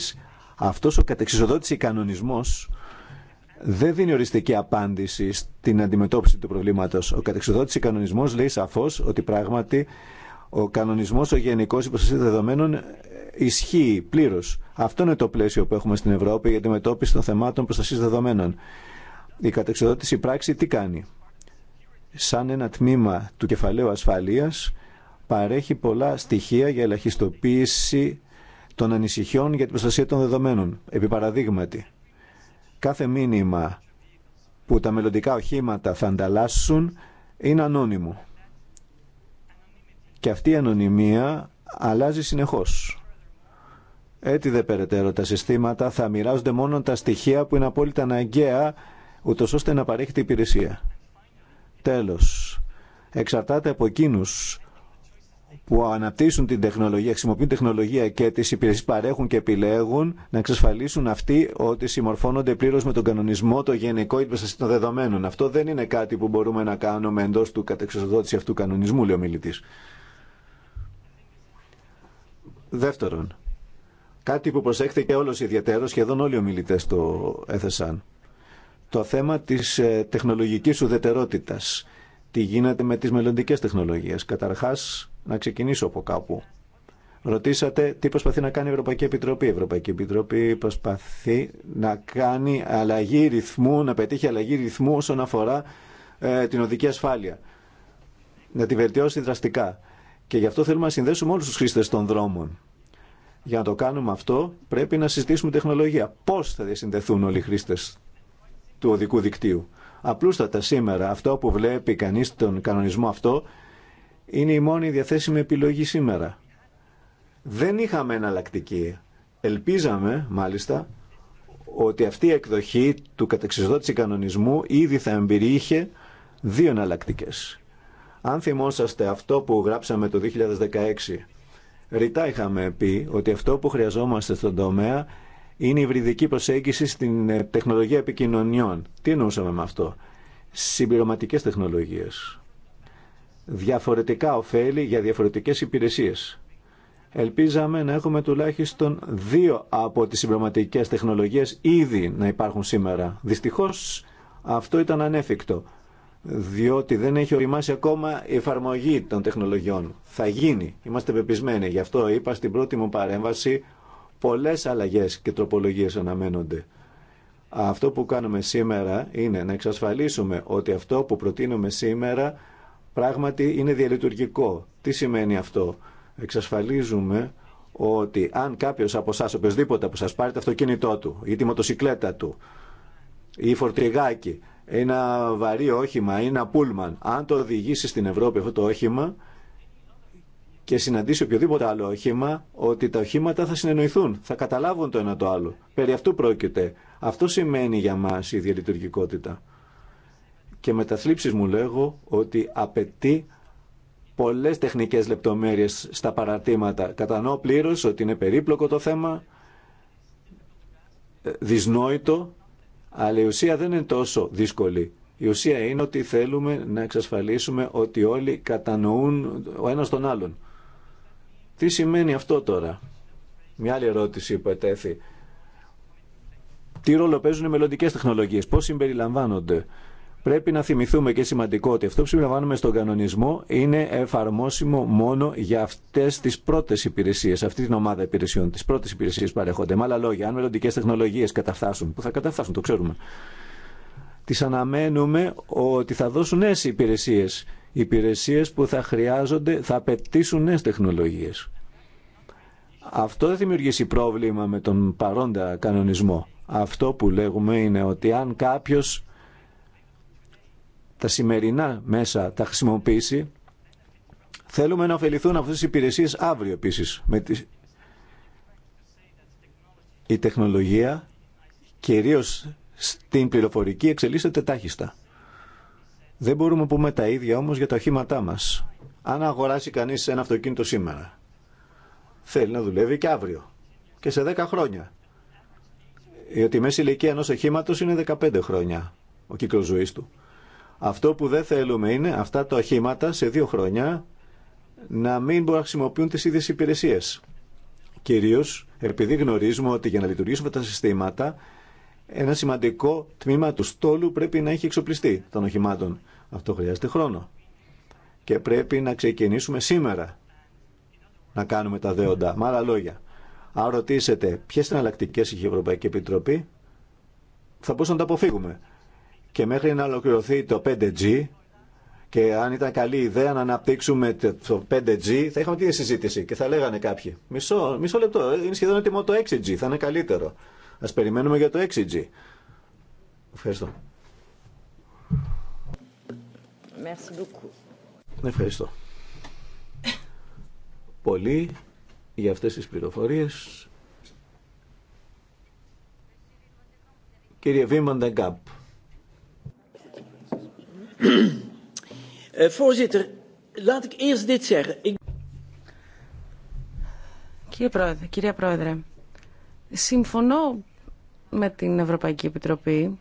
Αυτό ο κατεξισοδότηση κανονισμό δεν δίνει οριστική απάντηση στην αντιμετώπιση του προβλήματο. Ο κατεξοδότηση κανονισμό λέει σαφώ ότι πράγματι ο κανονισμό, ο γενικό προστασία δεδομένων ισχύει πλήρω. Αυτό είναι το πλαίσιο που έχουμε στην Ευρώπη για τη μετώπιση των θεμάτων προστασία δεδομένων. Η κατεξοδότηση πράξη τι κάνει. Σαν ένα τμήμα του κεφαλαίου ασφαλείας παρέχει πολλά στοιχεία για ελαχιστοποίηση των ανησυχιών για την προστασία των δεδομένων. Επί παραδείγματι, κάθε μήνυμα που τα μελλοντικά οχήματα θα ανταλλάσσουν είναι ανώνυμο. Και αυτή η ανωνυμία αλλάζει συνεχώς. Έτσι δεν περαιτέρω τα συστήματα θα μοιράζονται μόνο τα στοιχεία που είναι απόλυτα αναγκαία ούτω ώστε να παρέχει την υπηρεσία. Τέλο, εξαρτάται από εκείνου που αναπτύσσουν την τεχνολογία, χρησιμοποιούν τεχνολογία και τι υπηρεσίες παρέχουν και επιλέγουν να εξασφαλίσουν αυτοί ότι συμμορφώνονται πλήρω με τον κανονισμό, το γενικό ύπνος των δεδομένων. Αυτό δεν είναι κάτι που μπορούμε να κάνουμε εντό του κατεξοδότηση αυτού κανονισμού, λέει ο μιλητή. Δεύτερον, Κάτι που προσέχθηκε όλος ιδιαίτερο, σχεδόν όλοι οι ομιλητές το έθεσαν. Το θέμα της ε, τεχνολογικής ουδετερότητας. Τι γίνεται με τις μελλοντικέ τεχνολογίες. Καταρχάς, να ξεκινήσω από κάπου. Ρωτήσατε τι προσπαθεί να κάνει η Ευρωπαϊκή Επιτροπή. Η Ευρωπαϊκή Επιτροπή προσπαθεί να κάνει αλλαγή ρυθμού, να πετύχει αλλαγή ρυθμού όσον αφορά ε, την οδική ασφάλεια. Να τη βελτιώσει δραστικά. Και γι' αυτό θέλουμε να συνδέσουμε όλους τους χρήστε των δρόμων για να το κάνουμε αυτό πρέπει να συζητήσουμε τεχνολογία. Πώς θα διασυνδεθούν όλοι οι χρήστες του οδικού δικτύου. Απλούστατα σήμερα αυτό που βλέπει κανείς τον κανονισμό αυτό είναι η μόνη διαθέσιμη επιλογή σήμερα. Δεν είχαμε εναλλακτική. Ελπίζαμε μάλιστα ότι αυτή η εκδοχή του κατεξιδότηση κανονισμού ήδη θα εμπειρήχε δύο εναλλακτικέ. Αν θυμόσαστε αυτό που γράψαμε το 2016 Ρητά είχαμε πει ότι αυτό που χρειαζόμαστε στον τομέα είναι η βρυδική προσέγγιση στην ε, τεχνολογία επικοινωνιών. Τι εννοούσαμε με αυτό. Συμπληρωματικές τεχνολογίες. Διαφορετικά ωφέλη για διαφορετικές υπηρεσίες. Ελπίζαμε να έχουμε τουλάχιστον δύο από τις συμπληρωματικές τεχνολογίες ήδη να υπάρχουν σήμερα. Δυστυχώς αυτό ήταν ανέφικτο διότι δεν έχει οριμάσει ακόμα η εφαρμογή των τεχνολογιών. Θα γίνει, είμαστε πεπισμένοι. Γι' αυτό είπα στην πρώτη μου παρέμβαση, πολλές αλλαγές και τροπολογίες αναμένονται. Αυτό που κάνουμε σήμερα είναι να εξασφαλίσουμε ότι αυτό που προτείνουμε σήμερα πράγματι είναι διαλειτουργικό. Τι σημαίνει αυτό. Εξασφαλίζουμε ότι αν κάποιο από εσά, οποιοδήποτε από σας πάρει το αυτοκίνητό του ή τη μοτοσυκλέτα του ή φορτηγάκι ένα βαρύ όχημα ένα πούλμαν, αν το οδηγήσει στην Ευρώπη αυτό το όχημα και συναντήσει οποιοδήποτε άλλο όχημα, ότι τα οχήματα θα συνεννοηθούν, θα καταλάβουν το ένα το άλλο. Περί αυτού πρόκειται. Αυτό σημαίνει για μας η διαλειτουργικότητα. Και με τα θλίψεις μου λέγω ότι απαιτεί πολλές τεχνικές λεπτομέρειες στα παρατήματα. Κατανοώ πλήρω ότι είναι περίπλοκο το θέμα, ε, δυσνόητο αλλά η ουσία δεν είναι τόσο δύσκολη. Η ουσία είναι ότι θέλουμε να εξασφαλίσουμε ότι όλοι κατανοούν ο ένας τον άλλον. Τι σημαίνει αυτό τώρα. Μια άλλη ερώτηση που ετέθη. Τι ρόλο παίζουν οι μελλοντικές τεχνολογίες, πώς συμπεριλαμβάνονται Πρέπει να θυμηθούμε και σημαντικό ότι αυτό που συμπεριλαμβάνουμε στον κανονισμό είναι εφαρμόσιμο μόνο για αυτέ τι πρώτε υπηρεσίε, αυτή την ομάδα υπηρεσιών, τι πρώτε υπηρεσίε που παρέχονται. Με άλλα λόγια, αν μελλοντικέ τεχνολογίε καταφτάσουν, που θα καταφτάσουν, το ξέρουμε, τι αναμένουμε ότι θα δώσουν νέε υπηρεσίε. Υπηρεσίε που θα χρειάζονται, θα απαιτήσουν νέε τεχνολογίε. Αυτό δεν δημιουργήσει πρόβλημα με τον παρόντα κανονισμό. Αυτό που λέγουμε είναι ότι αν κάποιος τα σημερινά μέσα τα χρησιμοποιήσει, θέλουμε να ωφεληθούν αυτές τις υπηρεσίες αύριο επίση. Με τη... Η τεχνολογία, κυρίως στην πληροφορική, εξελίσσεται τάχιστα. Δεν μπορούμε να πούμε τα ίδια όμως για τα οχήματά μας. Αν αγοράσει κανείς ένα αυτοκίνητο σήμερα, θέλει να δουλεύει και αύριο και σε 10 χρόνια. Γιατί η μέση ηλικία ενός οχήματο είναι 15 χρόνια ο κύκλος ζωής του. Αυτό που δεν θέλουμε είναι αυτά τα οχήματα σε δύο χρόνια να μην μπορούν να χρησιμοποιούν τις ίδιες υπηρεσίες. Κυρίως επειδή γνωρίζουμε ότι για να λειτουργήσουμε τα συστήματα ένα σημαντικό τμήμα του στόλου πρέπει να έχει εξοπλιστεί των οχημάτων. Αυτό χρειάζεται χρόνο. Και πρέπει να ξεκινήσουμε σήμερα να κάνουμε τα δέοντα. Με άλλα λόγια, αν ρωτήσετε ποιε εναλλακτικέ έχει η Ευρωπαϊκή Επιτροπή, θα μπορούσαμε να τα αποφύγουμε και μέχρι να ολοκληρωθεί το 5G και αν ήταν καλή ιδέα να αναπτύξουμε το 5G, θα είχαμε τη συζήτηση και θα λέγανε κάποιοι. Μισό, μισό λεπτό, είναι σχεδόν έτοιμο το 6G, θα είναι καλύτερο. Ας περιμένουμε για το 6G. Ευχαριστώ. Ευχαριστώ. Πολύ για αυτές τις πληροφορίες. Κύριε Βίμαν Δεγκάπ. Eh, Κύριε Πρόεδρε, κυρία Πρόεδρε, συμφωνώ με την Ευρωπαϊκή Επιτροπή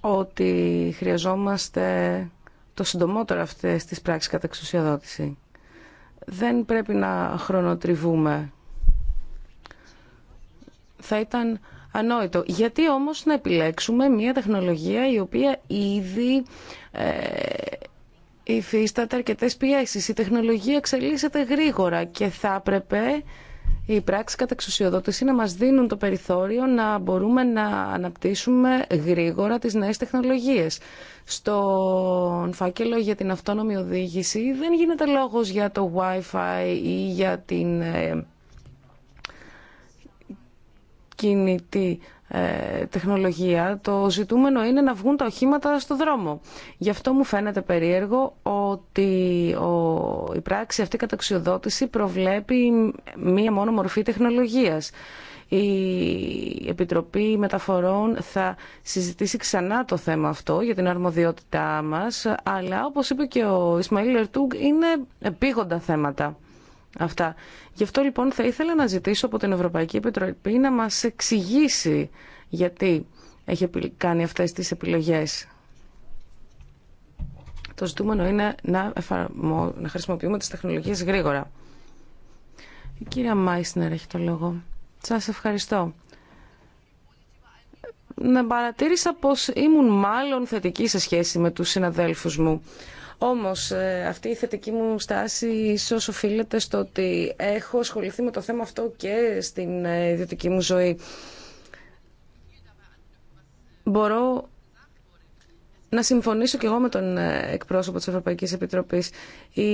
ότι χρειαζόμαστε το συντομότερο αυτές τις πράξεις κατά Δεν πρέπει να χρονοτριβούμε. Θα ήταν ανόητο. Γιατί όμως να επιλέξουμε μια τεχνολογία η οποία ήδη ε, υφίσταται αρκετές πιέσει. Η τεχνολογία εξελίσσεται γρήγορα και θα έπρεπε οι πράξη κατά εξουσιοδότηση να μας δίνουν το περιθώριο να μπορούμε να αναπτύσσουμε γρήγορα τις νέες τεχνολογίες. Στον φάκελο για την αυτόνομη οδήγηση δεν γίνεται λόγος για το Wi-Fi ή για την ε, κινητή ε, τεχνολογία, το ζητούμενο είναι να βγουν τα οχήματα στο δρόμο. Γι' αυτό μου φαίνεται περίεργο ότι ο, η πράξη αυτή καταξιοδότηση προβλέπει μία μόνο μορφή τεχνολογίας. Η Επιτροπή Μεταφορών θα συζητήσει ξανά το θέμα αυτό για την αρμοδιότητά μας, αλλά όπως είπε και ο Ισμαήλ Ερτούγκ είναι επίγοντα θέματα αυτά. Γι' αυτό λοιπόν θα ήθελα να ζητήσω από την Ευρωπαϊκή Επιτροπή να μας εξηγήσει γιατί έχει κάνει αυτές τις επιλογές. Το ζητούμενο είναι να, να χρησιμοποιούμε τις τεχνολογίες γρήγορα. Η κυρία Μάισνερ έχει το λόγο. Σας ευχαριστώ. Να παρατήρησα πως ήμουν μάλλον θετική σε σχέση με τους συναδέλφους μου. Όμως ε, αυτή η θετική μου στάση ίσως οφείλεται στο ότι έχω ασχοληθεί με το θέμα αυτό και στην ε, ιδιωτική μου ζωή. Μπορώ να συμφωνήσω και εγώ με τον ε, εκπρόσωπο της Ευρωπαϊκής Επιτροπής. Η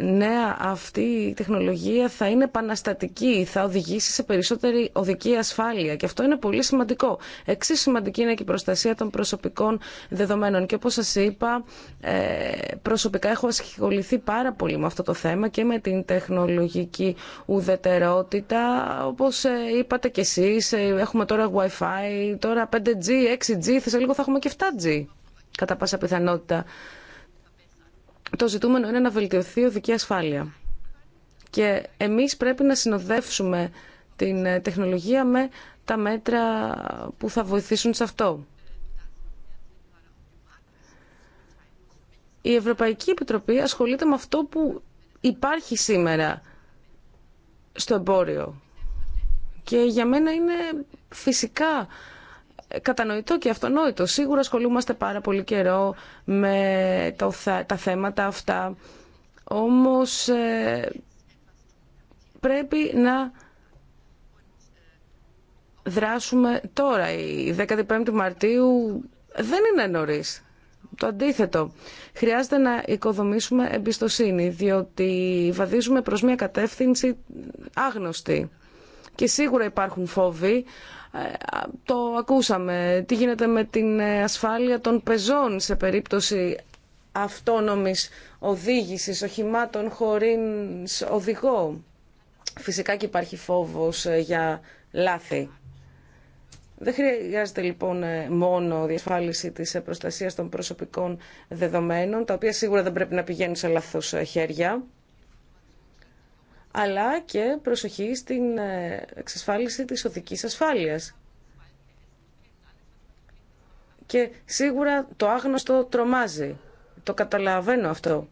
νέα αυτή τεχνολογία θα είναι επαναστατική, θα οδηγήσει σε περισσότερη οδική ασφάλεια και αυτό είναι πολύ σημαντικό. Εξίσου σημαντική είναι και η προστασία των προσωπικών δεδομένων και όπως σας είπα ε, προσωπικά έχω ασχοληθεί πάρα πολύ με αυτό το θέμα και με την τεχνολογική ουδετερότητα. Όπως ε, είπατε κι εσείς, έχουμε τώρα Wi-Fi, τώρα 5G, 6G, θα λίγο θα έχουμε και 7G κατά πάσα πιθανότητα. Το ζητούμενο είναι να βελτιωθεί η οδική ασφάλεια. Και εμείς πρέπει να συνοδεύσουμε την ε, τεχνολογία με τα μέτρα που θα βοηθήσουν σε αυτό. Η Ευρωπαϊκή Επιτροπή ασχολείται με αυτό που υπάρχει σήμερα στο εμπόριο. Και για μένα είναι φυσικά κατανοητό και αυτονόητο. Σίγουρα ασχολούμαστε πάρα πολύ καιρό με το, τα θέματα αυτά. Όμως ε, πρέπει να δράσουμε τώρα. Η 15η Μαρτίου δεν είναι νωρίς. Το αντίθετο. Χρειάζεται να οικοδομήσουμε εμπιστοσύνη, διότι βαδίζουμε προς μια κατεύθυνση άγνωστη. Και σίγουρα υπάρχουν φόβοι, το ακούσαμε. Τι γίνεται με την ε, ασφάλεια των πεζών σε περίπτωση αυτόνομης οδήγησης οχημάτων χωρίς οδηγό. Φυσικά και υπάρχει φόβος ε, για λάθη. Δεν χρειάζεται λοιπόν ε, μόνο διασφάλιση της προστασίας των προσωπικών δεδομένων, τα οποία σίγουρα δεν πρέπει να πηγαίνουν σε λάθος χέρια αλλά και προσοχή στην ε, εξασφάλιση της οδικής ασφάλειας. Και σίγουρα το άγνωστο τρομάζει. Το καταλαβαίνω αυτό.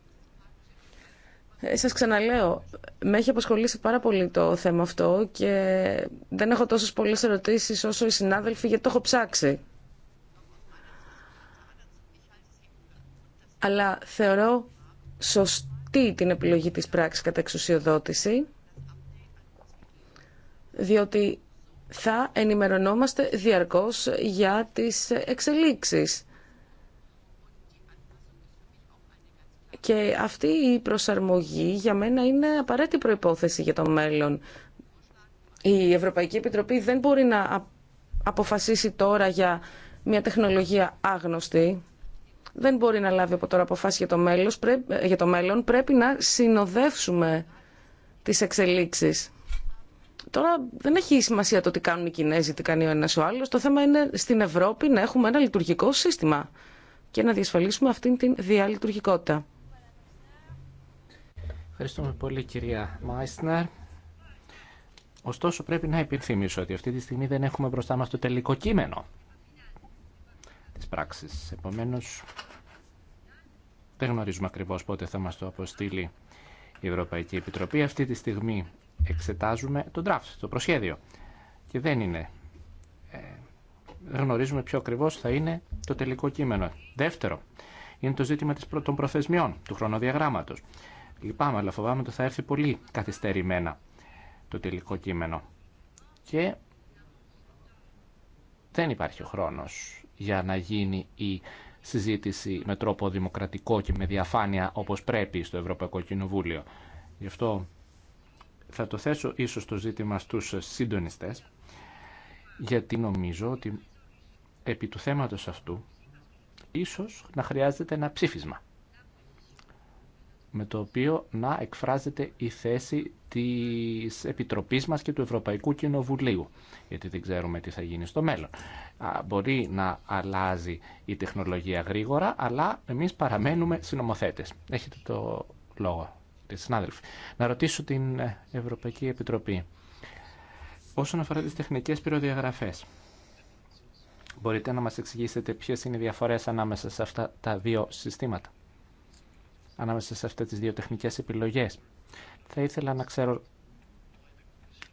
Ε, σας ξαναλέω, με έχει απασχολήσει πάρα πολύ το θέμα αυτό και δεν έχω τόσες πολλές ερωτήσεις όσο οι συνάδελφοι γιατί το έχω ψάξει. Αλλά θεωρώ σωστό την επιλογή της πράξης κατά εξουσιοδότηση, διότι θα ενημερωνόμαστε διαρκώς για τις εξελίξεις. Και αυτή η προσαρμογή για μένα είναι απαραίτητη προϋπόθεση για το μέλλον. Η Ευρωπαϊκή Επιτροπή δεν μπορεί να αποφασίσει τώρα για μια τεχνολογία άγνωστη δεν μπορεί να λάβει από τώρα αποφάσεις για το, μέλος, ε, για το μέλλον. Πρέπει να συνοδεύσουμε τις εξελίξεις. Τώρα δεν έχει σημασία το τι κάνουν οι Κινέζοι, τι κάνει ο ένας ο άλλος. Το θέμα είναι στην Ευρώπη να έχουμε ένα λειτουργικό σύστημα και να διασφαλίσουμε αυτήν την διαλειτουργικότητα. Ευχαριστούμε πολύ κυρία Μάισνερ. Ωστόσο πρέπει να υπενθυμίσω ότι αυτή τη στιγμή δεν έχουμε μπροστά μας το τελικό κείμενο της πράξης. Επομένως δεν γνωρίζουμε ακριβώ πότε θα μας το αποστείλει η Ευρωπαϊκή Επιτροπή. Αυτή τη στιγμή εξετάζουμε το draft, το προσχέδιο. Και δεν είναι... δεν γνωρίζουμε ποιο ακριβώ, θα είναι το τελικό κείμενο. Δεύτερο, είναι το ζήτημα των προθεσμιών, του χρονοδιαγράμματος. Λυπάμαι, αλλά φοβάμαι ότι θα έρθει πολύ καθυστερημένα το τελικό κείμενο. Και δεν υπάρχει ο χρόνος για να γίνει η συζήτηση με τρόπο δημοκρατικό και με διαφάνεια όπως πρέπει στο Ευρωπαϊκό Κοινοβούλιο. Γι' αυτό θα το θέσω ίσως το ζήτημα στους συντονιστές, γιατί νομίζω ότι επί του θέματος αυτού ίσως να χρειάζεται ένα ψήφισμα με το οποίο να εκφράζεται η θέση της Επιτροπής μας και του Ευρωπαϊκού Κοινοβουλίου, γιατί δεν ξέρουμε τι θα γίνει στο μέλλον. Μπορεί να αλλάζει η τεχνολογία γρήγορα, αλλά εμείς παραμένουμε συνομοθέτες. Έχετε το λόγο, συνάδελφοι. Να ρωτήσω την Ευρωπαϊκή Επιτροπή. Όσον αφορά τις τεχνικές πυροδιαγραφές, μπορείτε να μας εξηγήσετε ποιες είναι οι διαφορές ανάμεσα σε αυτά τα δύο συστήματα, ανάμεσα σε αυτές τις δύο τεχνικές επιλογές. Θα ήθελα να ξέρω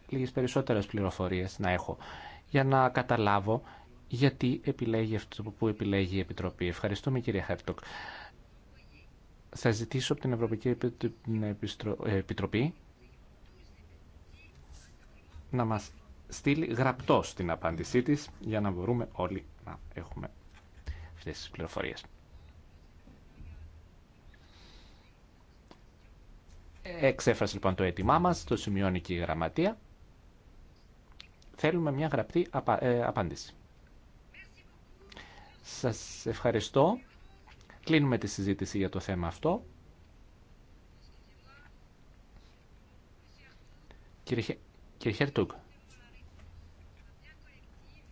λίγες περισσότερες πληροφορίες να έχω για να καταλάβω γιατί επιλέγει αυτό που επιλέγει η Επιτροπή. Ευχαριστούμε κύριε Χαρτοκ. Θα ζητήσω από την Ευρωπαϊκή ε, Επιτροπή να μας στείλει γραπτό την απάντησή της για να μπορούμε όλοι να έχουμε αυτές τις πληροφορίες. Εξέφρασε λοιπόν το αίτημά μας, το σημειώνει και η γραμματεία. Θέλουμε μια γραπτή ε, απάντηση. Σας ευχαριστώ. Κλείνουμε τη συζήτηση για το θέμα αυτό. Κύριε, Χερτούγκ.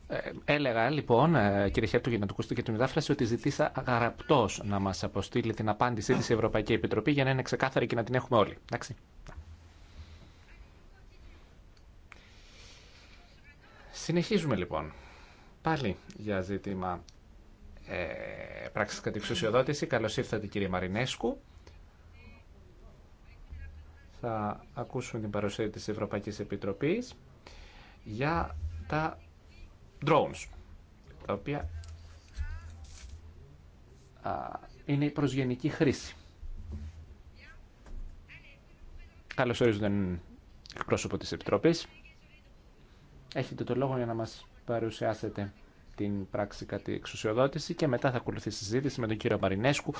Ε, έλεγα λοιπόν, ε, κύριε Χέρτου για να το ακούσετε και την μετάφραση, ότι ζητήσα γραπτό να μα αποστείλει την απάντησή τη Ευρωπαϊκή Επιτροπή για να είναι ξεκάθαρη και να την έχουμε όλοι. Εντάξει. Συνεχίζουμε λοιπόν. Πάλι για ζήτημα ε, πράξεις κατά εξουσιοδότηση. Καλώς ήρθατε κύριε Μαρινέσκου. Θα ακούσουμε την παρουσία της Ευρωπαϊκής Επιτροπής για τα drones, τα οποία είναι η προσγενική χρήση. Καλώς ήρθατε τον εκπρόσωπο της Επιτροπής. Έχετε το λόγο για να μας παρουσιάσετε την πράξη κατά εξουσιοδότηση και μετά θα ακολουθήσει συζήτηση με τον κύριο Μαρινέσκου,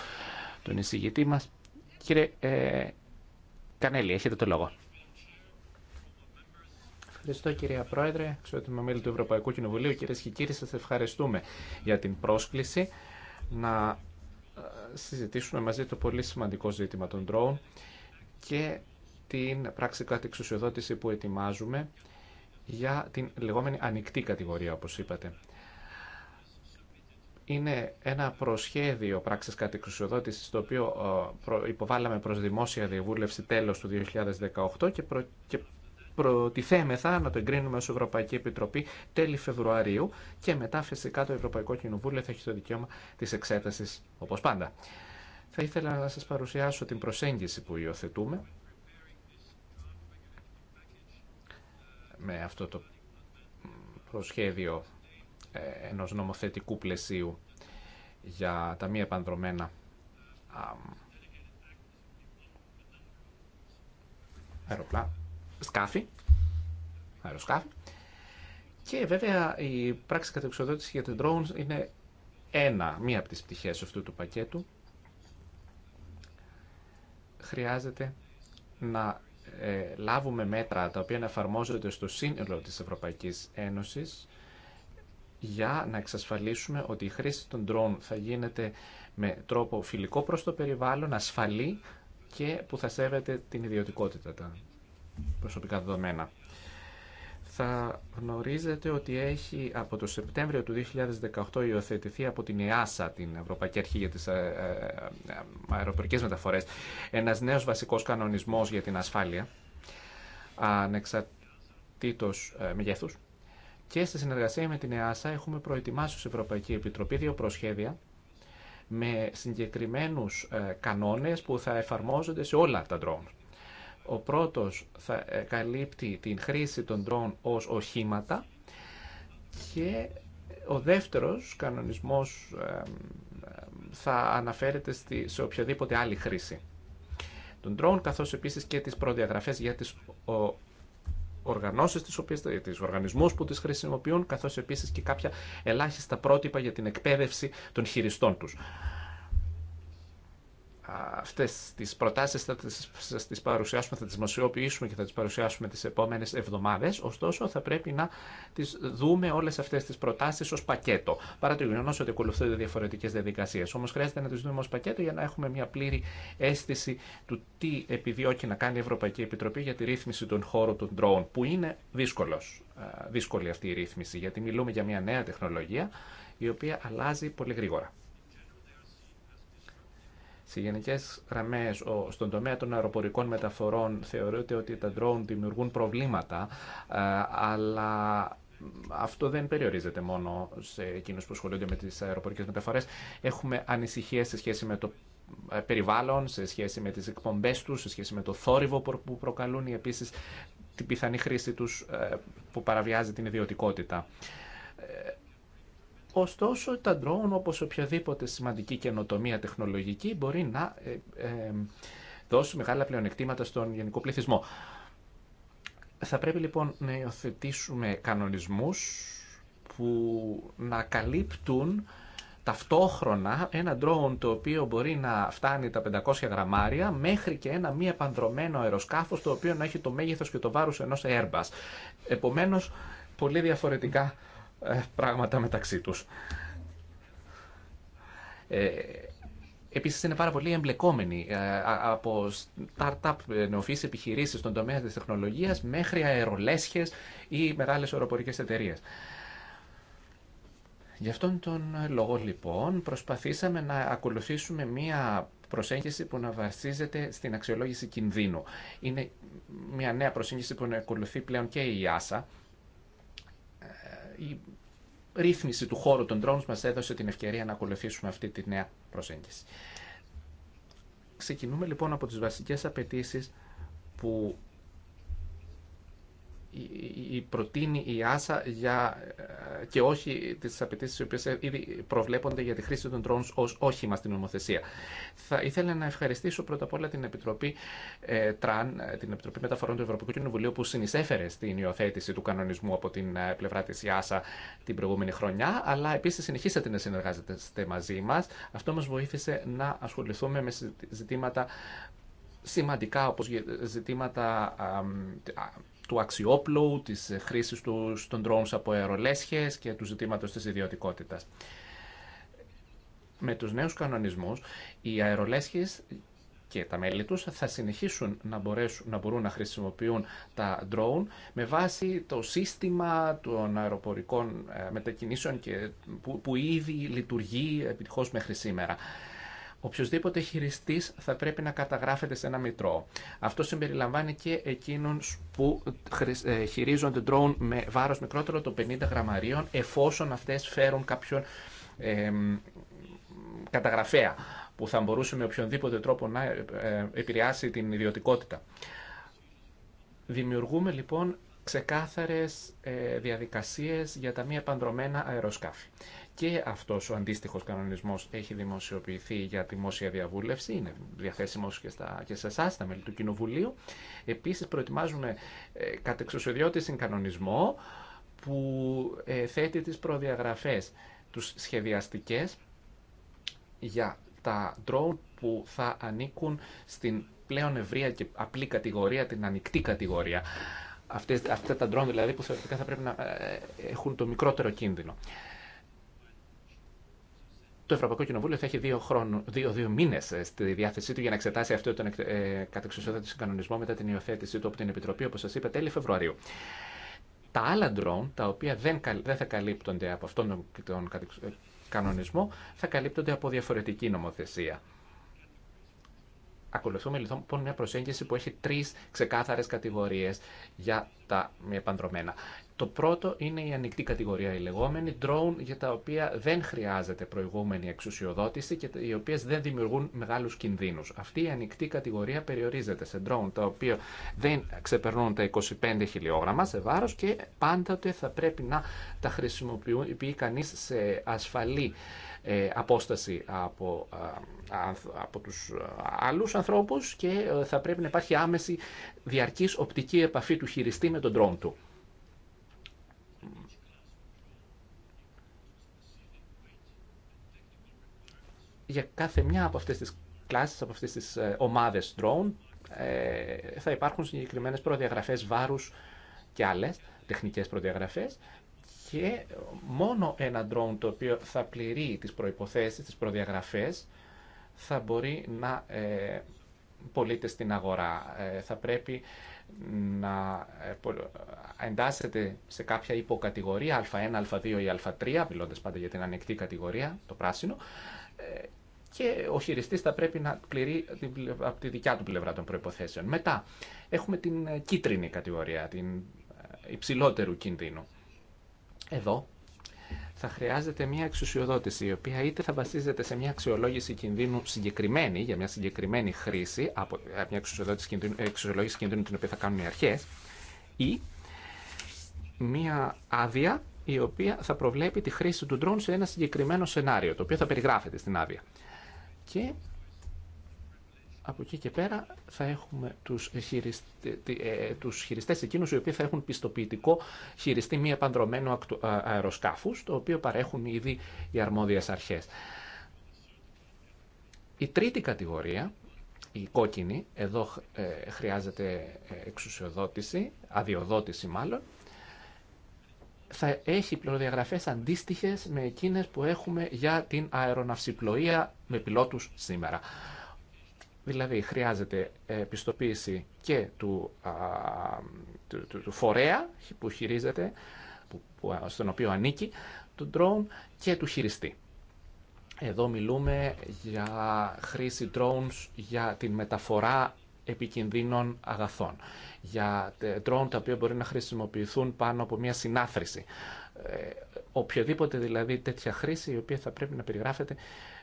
τον εισηγητή μας. Κύριε ε, Κανέλη, έχετε το λόγο. Ευχαριστώ κυρία Πρόεδρε, εξωτερικό μέλη του Ευρωπαϊκού Κοινοβουλίου. Κυρίε και κύριοι, σα ευχαριστούμε για την πρόσκληση να ε, συζητήσουμε μαζί το πολύ σημαντικό ζήτημα των ντρόουν και την πράξη κατά εξουσιοδότηση που ετοιμάζουμε για την λεγόμενη ανοιχτή κατηγορία, όπως είπατε είναι ένα προσχέδιο πράξης κατεξουσιοδότησης το οποίο ε, υποβάλαμε προς δημόσια διαβούλευση τέλος του 2018 και, και προτιθέμεθα να το εγκρίνουμε ως Ευρωπαϊκή Επιτροπή τέλη Φεβρουαρίου και μετά φυσικά το Ευρωπαϊκό Κοινοβούλιο θα έχει το δικαίωμα της εξέτασης όπως πάντα. Θα ήθελα να σας παρουσιάσω την προσέγγιση που υιοθετούμε με αυτό το προσχέδιο ε, ενός νομοθετικού πλαισίου για τα μη επανδρομένα αεροπλά, σκάφη, αεροσκάφη. Και βέβαια η πράξη κατεξοδότηση για τα drones είναι ένα, μία από τις πτυχές αυτού του πακέτου. Χρειάζεται να ε, λάβουμε μέτρα τα οποία να εφαρμόζονται στο σύνολο της Ευρωπαϊκής Ένωσης για να εξασφαλίσουμε ότι η χρήση των ντρόν θα γίνεται με τρόπο φιλικό προς το περιβάλλον, ασφαλή και που θα σέβεται την ιδιωτικότητα, τα προσωπικά δεδομένα. Θα γνωρίζετε ότι έχει από το Σεπτέμβριο του 2018 υιοθετηθεί από την ΕΑΣΑ, την Ευρωπαϊκή Αρχή για τις ε, ε, ε, Αεροπορικές Μεταφορές, ένας νέος βασικός κανονισμός για την ασφάλεια, ανεξαρτήτως μεγέθους, και στη συνεργασία με την ΕΑΣΑ έχουμε προετοιμάσει ως Ευρωπαϊκή Επιτροπή δύο προσχέδια με συγκεκριμένους ε, κανόνες που θα εφαρμόζονται σε όλα τα ντρόν. Ο πρώτος θα ε, καλύπτει την χρήση των ντρόν ως οχήματα και ο δεύτερος κανονισμός θα αναφέρεται σε οποιαδήποτε άλλη χρήση των ντρόν, καθώς επίσης και τις προδιαγραφές για τις οργανώσεις τις, οποίες, τις οργανισμούς που τις χρησιμοποιούν καθώς επίσης και κάποια ελάχιστα πρότυπα για την εκπαίδευση των χειριστών τους αυτές τις προτάσεις θα τις, παρουσιάσουμε, θα τις δημοσιοποιήσουμε και θα τις παρουσιάσουμε τις επόμενες εβδομάδες. Ωστόσο, θα πρέπει να τις δούμε όλες αυτές τις προτάσεις ως πακέτο, παρά το γεγονό ότι ακολουθούνται διαφορετικές διαδικασίες. Όμως χρειάζεται να τις δούμε ως πακέτο για να έχουμε μια πλήρη αίσθηση του τι επιδιώκει να κάνει η Ευρωπαϊκή Επιτροπή για τη ρύθμιση των χώρων των ντρόων, που είναι δύσκολη αυτή η ρύθμιση, γιατί μιλούμε για μια νέα τεχνολογία η οποία αλλάζει πολύ γρήγορα. Σε γενικέ γραμμέ, στον τομέα των αεροπορικών μεταφορών θεωρείται ότι τα drone δημιουργούν προβλήματα, ε, αλλά αυτό δεν περιορίζεται μόνο σε εκείνους που ασχολούνται με τι αεροπορικές μεταφορές. Έχουμε ανησυχίες σε σχέση με το ε, περιβάλλον, σε σχέση με τις εκπομπές τους, σε σχέση με το θόρυβο που προκαλούν ή επίσης την πιθανή χρήση τους ε, που παραβιάζει την ιδιωτικότητα. Ωστόσο, τα ντρόουν, όπως οποιαδήποτε σημαντική καινοτομία τεχνολογική, μπορεί να ε, ε, δώσει μεγάλα πλεονεκτήματα στον γενικό πληθυσμό. Θα πρέπει λοιπόν να υιοθετήσουμε κανονισμούς που να καλύπτουν ταυτόχρονα ένα drone το οποίο μπορεί να φτάνει τα 500 γραμμάρια μέχρι και ένα μη επανδρομένο αεροσκάφος το οποίο να έχει το μέγεθος και το βάρος ενός Airbus. Επομένως, πολύ διαφορετικά ε, πράγματα μεταξύ τους. Ε, Επίση, είναι πάρα πολύ εμπλεκόμενοι ε, από startup νεοφύ επιχειρήσει στον τομέα τη τεχνολογία μέχρι αερολέσχε ή μεγάλε αεροπορικέ εταιρείε. Γι' αυτόν τον λόγο, λοιπόν, προσπαθήσαμε να ακολουθήσουμε μία προσέγγιση που να βασίζεται στην αξιολόγηση κινδύνου. Είναι μια νέα προσέγγιση που ακολουθεί πλέον και η ΆΣΑ η ρύθμιση του χώρου των drones μας έδωσε την ευκαιρία να ακολουθήσουμε αυτή τη νέα προσέγγιση. Ξεκινούμε λοιπόν από τις βασικές απαιτήσεις που η προτείνει η ΆΣΑ για, ε, και όχι τι απαιτήσει οι οποίε ήδη προβλέπονται για τη χρήση των ντρόουν ω όχημα στην νομοθεσία. Θα ήθελα να ευχαριστήσω πρώτα απ' όλα την Επιτροπή ε, Τραν, ε, την Επιτροπή Μεταφορών του Ευρωπαϊκού Κοινοβουλίου, που συνεισέφερε στην υιοθέτηση του κανονισμού από την ε, πλευρά τη άσα την προηγούμενη χρονιά, αλλά επίση συνεχίσατε να συνεργάζεστε μαζί μα. Αυτό μα βοήθησε να ασχοληθούμε με ζητήματα σημαντικά όπως ζητήματα του αξιόπλου, της ε, χρήσης του των drones από αερολέσχε και του ζητήματο της ιδιωτικότητα. Με τους νέους κανονισμούς, οι αερολέσχε και τα μέλη τους θα συνεχίσουν να, μπορέσουν, να μπορούν να χρησιμοποιούν τα drone με βάση το σύστημα των αεροπορικών ε, μετακινήσεων και που, που ήδη λειτουργεί επιτυχώς μέχρι σήμερα. Οποιοδήποτε χειριστή θα πρέπει να καταγράφεται σε ένα μητρό. Αυτό συμπεριλαμβάνει και εκείνου που ε, ε, χειρίζονται drone με βάρο μικρότερο των 50 γραμμαρίων, εφόσον αυτέ φέρουν κάποιον καταγραφέα που θα μπορούσε με οποιονδήποτε τρόπο να ε, επηρεάσει την ιδιωτικότητα. Δημιουργούμε λοιπόν ξεκάθαρες ε, διαδικασίες για τα μη επανδρομένα αεροσκάφη. Και αυτός ο αντίστοιχος κανονισμός έχει δημοσιοποιηθεί για δημόσια διαβούλευση, είναι διαθέσιμος και, και σε εσά, στα μέλη του Κοινοβουλίου. Επίσης προετοιμάζουμε ε, κατ' κανονισμό που ε, θέτει τις προδιαγραφές, τους σχεδιαστικές για τα drone που θα ανήκουν στην πλέον ευρεία και απλή κατηγορία, την ανοιχτή κατηγορία αυτές, αυτά τα ντρόν δηλαδή που θεωρητικά θα πρέπει να ε, ε, έχουν το μικρότερο κίνδυνο. Το Ευρωπαϊκό Κοινοβούλιο θα έχει δύο, χρόνο, δύο, δύο μήνε ε, στη διάθεσή του για να εξετάσει αυτό τον ε, κανονισμό μετά την υιοθέτησή του από την Επιτροπή, όπω σα είπα, τέλη Φεβρουαρίου. Τα άλλα ντρόν, τα οποία δεν, θα καλύπτονται από αυτόν τον, τον κανονισμό, θα καλύπτονται από διαφορετική νομοθεσία. Ακολουθούμε λοιπόν μια προσέγγιση που έχει τρεις ξεκάθαρες κατηγορίες για τα μη επανδρομένα. Το πρώτο είναι η ανοιχτή κατηγορία, η λεγόμενη drone, για τα οποία δεν χρειάζεται προηγούμενη εξουσιοδότηση και οι οποίε δεν δημιουργούν μεγάλου κινδύνου. Αυτή η ανοιχτή κατηγορία περιορίζεται σε drone τα οποία δεν ξεπερνούν τα 25 χιλιόγραμμα σε βάρο και πάντοτε θα πρέπει να τα χρησιμοποιεί κανεί σε ασφαλή ε, απόσταση από, από τους άλλους ανθρώπους και ε, θα πρέπει να υπάρχει άμεση διαρκής οπτική επαφή του χειριστή με τον drone του. για κάθε μια από αυτές τις κλάσεις, από αυτές τις ε, ομάδες drone ε, θα υπάρχουν συγκεκριμένες προδιαγραφές βάρους και άλλες τεχνικές προδιαγραφές και μόνο ένα drone το οποίο θα πληρεί τις προϋποθέσεις, τις προδιαγραφές θα μπορεί να ε, πωλείται στην αγορά. Θα πρέπει να εντάσσεται σε κάποια υποκατηγορία α1, α2 ή α3, μιλώντας πάντα για την ανοιχτή κατηγορία, το πράσινο, και ο χειριστή θα πρέπει να πληρεί από τη δικιά του πλευρά των προποθέσεων. Μετά έχουμε την ε, κίτρινη κατηγορία, την ε, υψηλότερου κινδύνου. Εδώ θα χρειάζεται μια εξουσιοδότηση, η οποία είτε θα βασίζεται σε μια αξιολόγηση κινδύνου συγκεκριμένη, για μια συγκεκριμένη χρήση, από ε, μια εξουσιοδότηση κινδύνου, κινδύνου την οποία θα κάνουν οι αρχέ, ή μια άδεια η οποία θα προβλέπει τη χρήση του ντρόν σε ένα συγκεκριμένο σενάριο, το οποίο θα περιγράφεται στην άδεια και από εκεί και πέρα θα έχουμε τους, χειριστε, ε, τους χειριστές εκείνους οι οποίοι θα έχουν πιστοποιητικό χειριστή μη επανδρομένο αεροσκάφους, το οποίο παρέχουν ήδη οι αρμόδιες αρχές. Η τρίτη κατηγορία, η κόκκινη, εδώ ε, χρειάζεται ε, εξουσιοδότηση, αδειοδότηση μάλλον, θα έχει πλοδιαγραφές αντίστοιχες με εκείνες που έχουμε για την αεροναυσιπλοεία με πιλότους σήμερα. Δηλαδή χρειάζεται ε, πιστοποίηση και του, του, φορέα που χειρίζεται, που, στον οποίο ανήκει του drone και του χειριστή. Εδώ μιλούμε για χρήση drones για την μεταφορά επικινδύνων αγαθών, για τρόουν τα οποία μπορεί να χρησιμοποιηθούν πάνω από μια συνάθρηση. Ε, οποιοδήποτε δηλαδή τέτοια χρήση η οποία θα πρέπει να περιγράφεται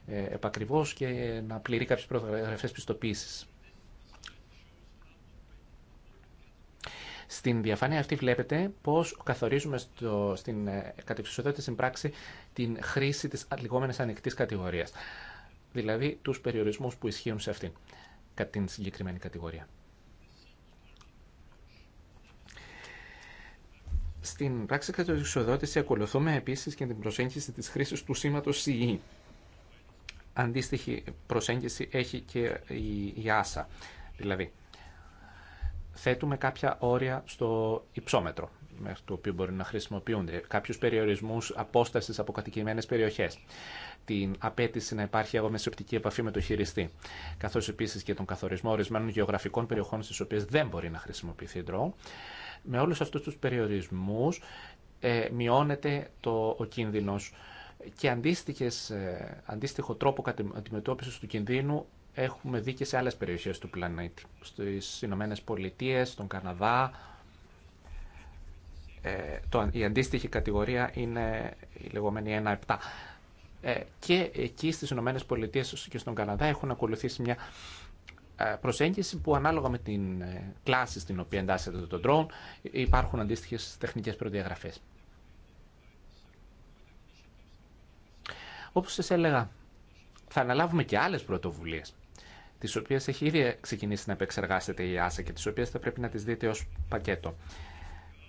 ε, επακριβώς και να πληρεί κάποιες προγραφές πιστοποίησης. Στην διαφάνεια αυτή βλέπετε πώς καθορίζουμε στο, στην ε, κατεξουσιοδότητα πράξη την χρήση της λιγόμενης ανοιχτής κατηγορίας, δηλαδή τους περιορισμούς που ισχύουν σε αυτήν κατά την συγκεκριμένη κατηγορία. Στην πράξη κατά ακολουθούμε επίσης και την προσέγγιση της χρήσης του σήματος CE. Αντίστοιχη προσέγγιση έχει και η άσα. Δηλαδή, θέτουμε κάποια όρια στο υψόμετρο μέχρι το οποίο μπορεί να χρησιμοποιούνται, κάποιου περιορισμού απόσταση από κατοικημένε περιοχέ, την απέτηση να υπάρχει αγομεσιοπτική επαφή με το χειριστή, καθώ επίση και τον καθορισμό ορισμένων γεωγραφικών περιοχών στι οποίε δεν μπορεί να χρησιμοποιηθεί ντρο. Με όλου αυτού του περιορισμού ε, μειώνεται το, ο κίνδυνο και ε, αντίστοιχο τρόπο αντιμετώπιση του κινδύνου έχουμε δει και σε άλλες περιοχές του πλανήτη, στις Ηνωμένε Πολιτείες, στον Καναδά, ε, το, η αντίστοιχη κατηγορία είναι η λεγόμενη 1-7. Ε, και εκεί στις Ηνωμένες Πολιτείες και στον Καναδά έχουν ακολουθήσει μια ε, προσέγγιση που ανάλογα με την κλάση στην οποία εντάσσεται το drone υπάρχουν αντίστοιχες τεχνικές προδιαγραφές. Όπως σας έλεγα, θα αναλάβουμε και άλλες πρωτοβουλίες τις οποίες έχει ήδη ξεκινήσει να επεξεργάσετε η ΆΣΑ και τις οποίες θα πρέπει να τις δείτε ως πακέτο.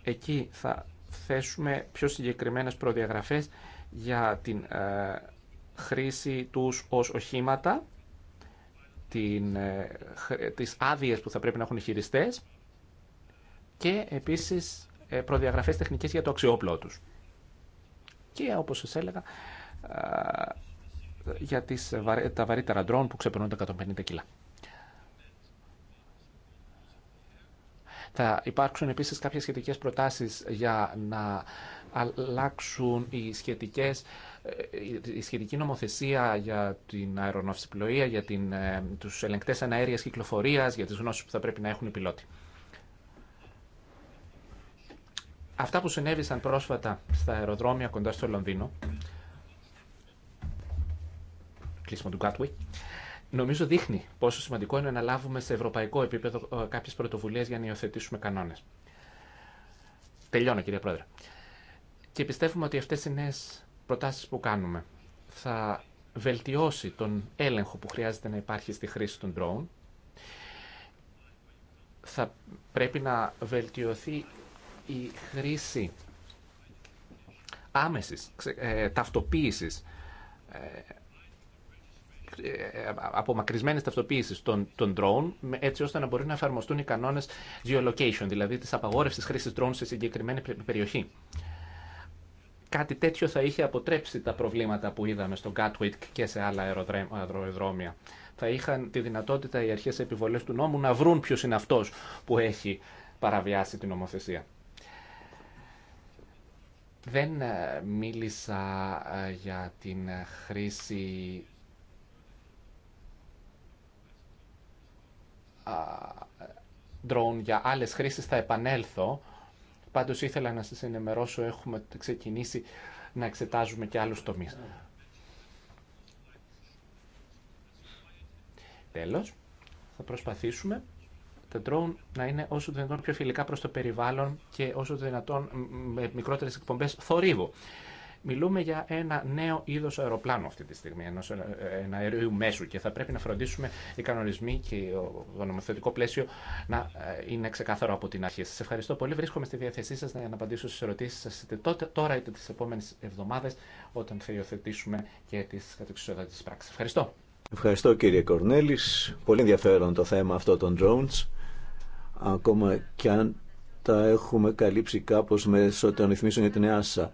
Εκεί θα θέσουμε πιο συγκεκριμένες προδιαγραφές για την ε, χρήση τους ως οχήματα, την, ε, τις άδειες που θα πρέπει να έχουν οι χειριστές και επίσης ε, προδιαγραφές τεχνικές για το αξιόπλο τους. Και όπως σας έλεγα, για τις, τα βαρύτερα ντρόν που ξεπερνούν τα 150 κιλά. Θα υπάρξουν επίσης κάποιες σχετικές προτάσεις για να αλλάξουν οι σχετικές ε, η σχετική νομοθεσία για την αεροναυσιπλοεία, για την, ε, τους ελεγκτές κυκλοφορία κυκλοφορίας, για τις γνώσεις που θα πρέπει να έχουν οι πιλότοι. Αυτά που συνέβησαν πρόσφατα στα αεροδρόμια κοντά στο Λονδίνο, Κλείσμα του Gatwick, νομίζω δείχνει πόσο σημαντικό είναι να λάβουμε σε ευρωπαϊκό επίπεδο ε, κάποιες πρωτοβουλίε για να υιοθετήσουμε κανόνες. Τελειώνω κύριε Πρόεδρε. Και πιστεύουμε ότι αυτές οι νέες προτάσεις που κάνουμε θα βελτιώσει τον έλεγχο που χρειάζεται να υπάρχει στη χρήση των drone. Θα πρέπει να βελτιωθεί η χρήση άμεσης ε, ταυτοποίησης ε, ε, ε, μακρισμένες ταυτοποίηση των, των drone, έτσι ώστε να μπορεί να εφαρμοστούν οι κανόνες geolocation, δηλαδή τη απαγόρευση χρήσης drone σε συγκεκριμένη περιοχή. Κάτι τέτοιο θα είχε αποτρέψει τα προβλήματα που είδαμε στο Gatwick και σε άλλα αεροδρόμια. Θα είχαν τη δυνατότητα οι αρχέ επιβολέ του νόμου να βρουν ποιο είναι αυτό που έχει παραβιάσει την νομοθεσία. Δεν ε, μίλησα για την χρήση drone για άλλες χρήσεις θα επανέλθω. Πάντως ήθελα να σας ενημερώσω, έχουμε ξεκινήσει να εξετάζουμε και άλλους τομείς. Τέλος, θα προσπαθήσουμε τα drone να είναι όσο δυνατόν πιο φιλικά προς το περιβάλλον και όσο το δυνατόν με μικρότερες εκπομπές θορύβου. Μιλούμε για ένα νέο είδο αεροπλάνου αυτή τη στιγμή, ενό ε, αερίου μέσου και θα πρέπει να φροντίσουμε οι κανονισμοί και το νομοθετικό πλαίσιο να ε, είναι ξεκάθαρο από την αρχή. σα. ευχαριστώ πολύ. Βρίσκομαι στη διάθεσή σα να απαντήσω στις ερωτήσει σα είτε τότε, τώρα είτε τι επόμενε εβδομάδε όταν θα υιοθετήσουμε και τις της πράξη. Ευχαριστώ. Ευχαριστώ κύριε Κορνέλη. Πολύ ενδιαφέρον το θέμα αυτό των drones. Ακόμα και αν τα έχουμε καλύψει κάπως μέσω των ρυθμίσεων για την ΕΑΣΑ.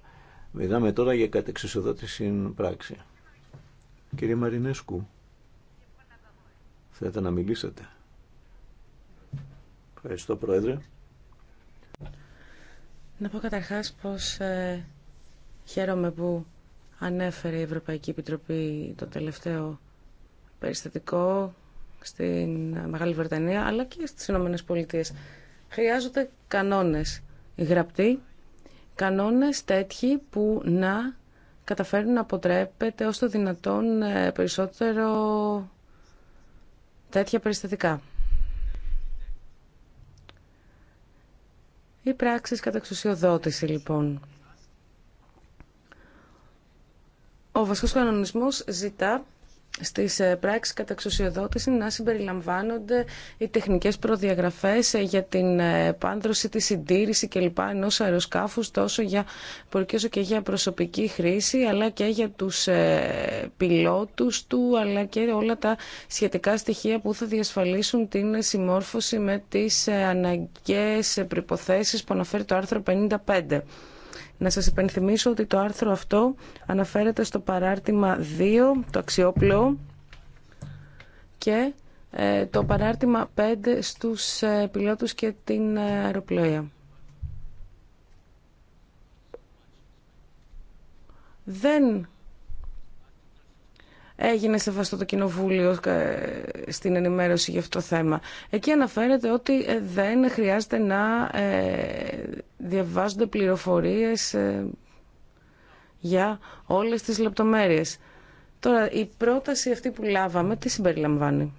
Μιλάμε τώρα για κατεξουσιοδότηση πράξη. Κύριε Μαρινέσκου, θέλετε να μιλήσετε. Ευχαριστώ, Πρόεδρε. Να πω καταρχάς πως ε, χαίρομαι που ανέφερε η Ευρωπαϊκή Επιτροπή το τελευταίο περιστατικό στην Μεγάλη Βρετανία αλλά και στις Ηνωμένες Πολιτείες. Χρειάζονται κανόνες γραπτοί κανόνες τέτοιοι που να καταφέρουν να αποτρέπεται ως το δυνατόν ε, περισσότερο τέτοια περιστατικά. Οι πράξεις κατά εξουσιοδότηση λοιπόν. Ο βασικός κανονισμός ζητά στις ε, πράξεις κατά εξουσιοδότηση να συμπεριλαμβάνονται οι τεχνικές προδιαγραφές ε, για την επάνδρωση, τη συντήρηση κλπ. ενό αεροσκάφους τόσο για πορική όσο και για προσωπική χρήση αλλά και για τους ε, πιλότους του αλλά και όλα τα σχετικά στοιχεία που θα διασφαλίσουν την συμμόρφωση με τις αναγκαίες προϋποθέσεις που αναφέρει το άρθρο 55. Να σας υπενθυμίσω ότι το άρθρο αυτό αναφέρεται στο παράρτημα 2, το αξιόπλο, και ε, το παράρτημα 5 στους ε, πιλότους και την ε, αεροπλοία. Δεν έγινε σεβαστό το Κοινοβούλιο ε, στην ενημέρωση για αυτό το θέμα. Εκεί αναφέρεται ότι ε, δεν χρειάζεται να ε, διαβάζονται πληροφορίες για όλες τις λεπτομέρειες. Τώρα, η πρόταση αυτή που λάβαμε, τι συμπεριλαμβάνει.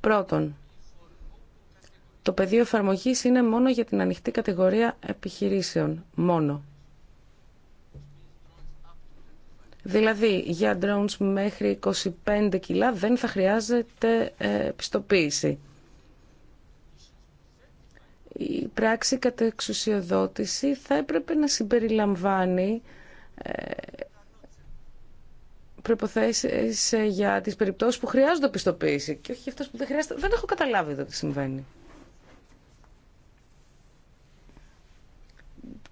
Πρώτον, το πεδίο εφαρμογής είναι μόνο για την ανοιχτή κατηγορία επιχειρήσεων. Μόνο. Δηλαδή, για drones μέχρι 25 κιλά δεν θα χρειάζεται ε, πιστοποίηση. Η πράξη κατά εξουσιοδότηση θα έπρεπε να συμπεριλαμβάνει ε, προϋποθέσεις ε, για τις περιπτώσεις που χρειάζονται πιστοποίηση και όχι για αυτές που δεν χρειάζεται. Δεν έχω καταλάβει εδώ τι συμβαίνει.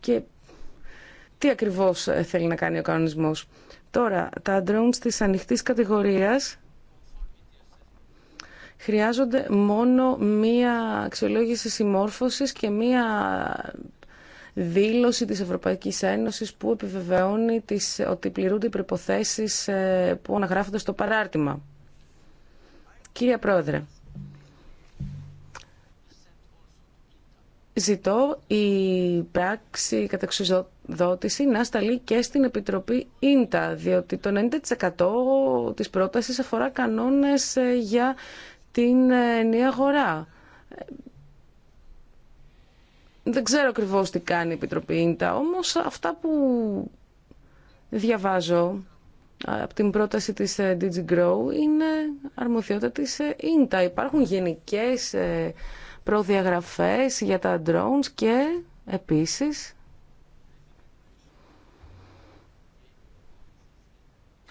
Και τι ακριβώς θέλει να κάνει ο κανονισμός. Τώρα, τα drones της ανοιχτής κατηγορίας χρειάζονται μόνο μία αξιολόγηση συμμόρφωσης και μία δήλωση της Ευρωπαϊκής Ένωσης που επιβεβαιώνει τις, ότι πληρούνται οι προϋποθέσεις ε, που αναγράφονται στο παράρτημα. Κύριε Πρόεδρε, ζητώ η πράξη καταξιζότητα δότηση να σταλεί και στην Επιτροπή ΙΝΤΑ, διότι το 90% της πρότασης αφορά κανόνες ε, για την ε, νέα αγορά. Δεν ξέρω ακριβώ τι κάνει η Επιτροπή ΙΝΤΑ, όμως αυτά που διαβάζω ε, από την πρόταση της DigiGrow είναι αρμοδιότητα της ΙΝΤΑ. Υπάρχουν γενικές προδιαγραφές για τα drones και επίσης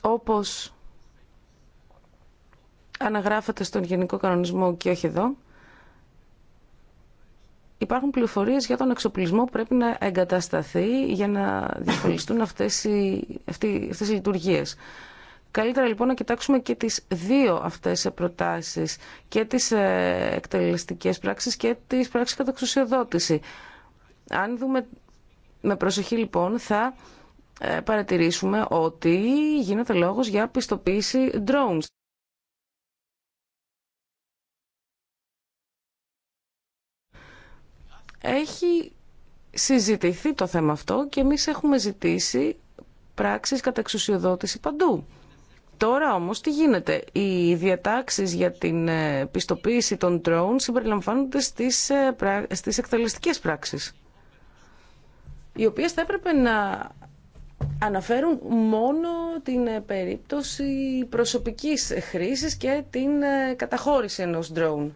όπως αναγράφεται στον Γενικό Κανονισμό και όχι εδώ, υπάρχουν πληροφορίες για τον εξοπλισμό που πρέπει να εγκατασταθεί για να διασφαλιστούν αυτές οι, αυτές οι λειτουργίες. Καλύτερα λοιπόν να κοιτάξουμε και τις δύο αυτές προτάσεις, και τις ε, εκτελεστικές πράξεις και τις πράξεις κατά εξουσιοδότηση. Αν δούμε με προσοχή λοιπόν θα ε, παρατηρήσουμε ότι γίνεται λόγος για πιστοποίηση drones. Έχει συζητηθεί το θέμα αυτό και εμείς έχουμε ζητήσει πράξεις κατά εξουσιοδότηση παντού. Τώρα όμως τι γίνεται. Οι διατάξεις για την ε, πιστοποίηση των drones συμπεριλαμβάνονται στις, ε, στις εκτελεστικές πράξεις οι οποίες θα έπρεπε να αναφέρουν μόνο την ε, περίπτωση προσωπικής χρήσης και την ε, καταχώρηση ενός drone.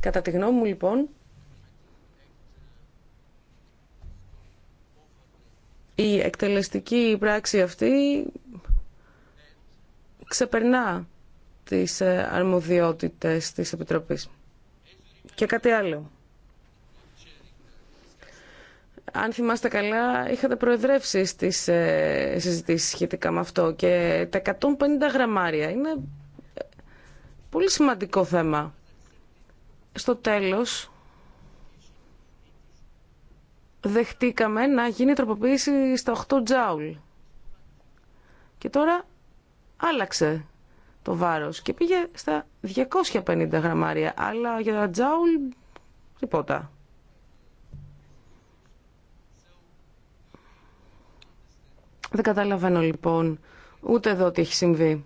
Κατά τη γνώμη μου λοιπόν, η εκτελεστική πράξη αυτή ξεπερνά τις ε, αρμοδιότητες της Επιτροπής. Και κάτι άλλο αν θυμάστε καλά, είχατε προεδρεύσει στις ε, σχετικά με αυτό και τα 150 γραμμάρια είναι ε, πολύ σημαντικό θέμα. Στο τέλος, δεχτήκαμε να γίνει τροποποίηση στα 8 τζάουλ. Και τώρα άλλαξε το βάρος και πήγε στα 250 γραμμάρια, αλλά για τα τζάουλ τίποτα. Δεν καταλαβαίνω λοιπόν ούτε εδώ τι έχει συμβεί.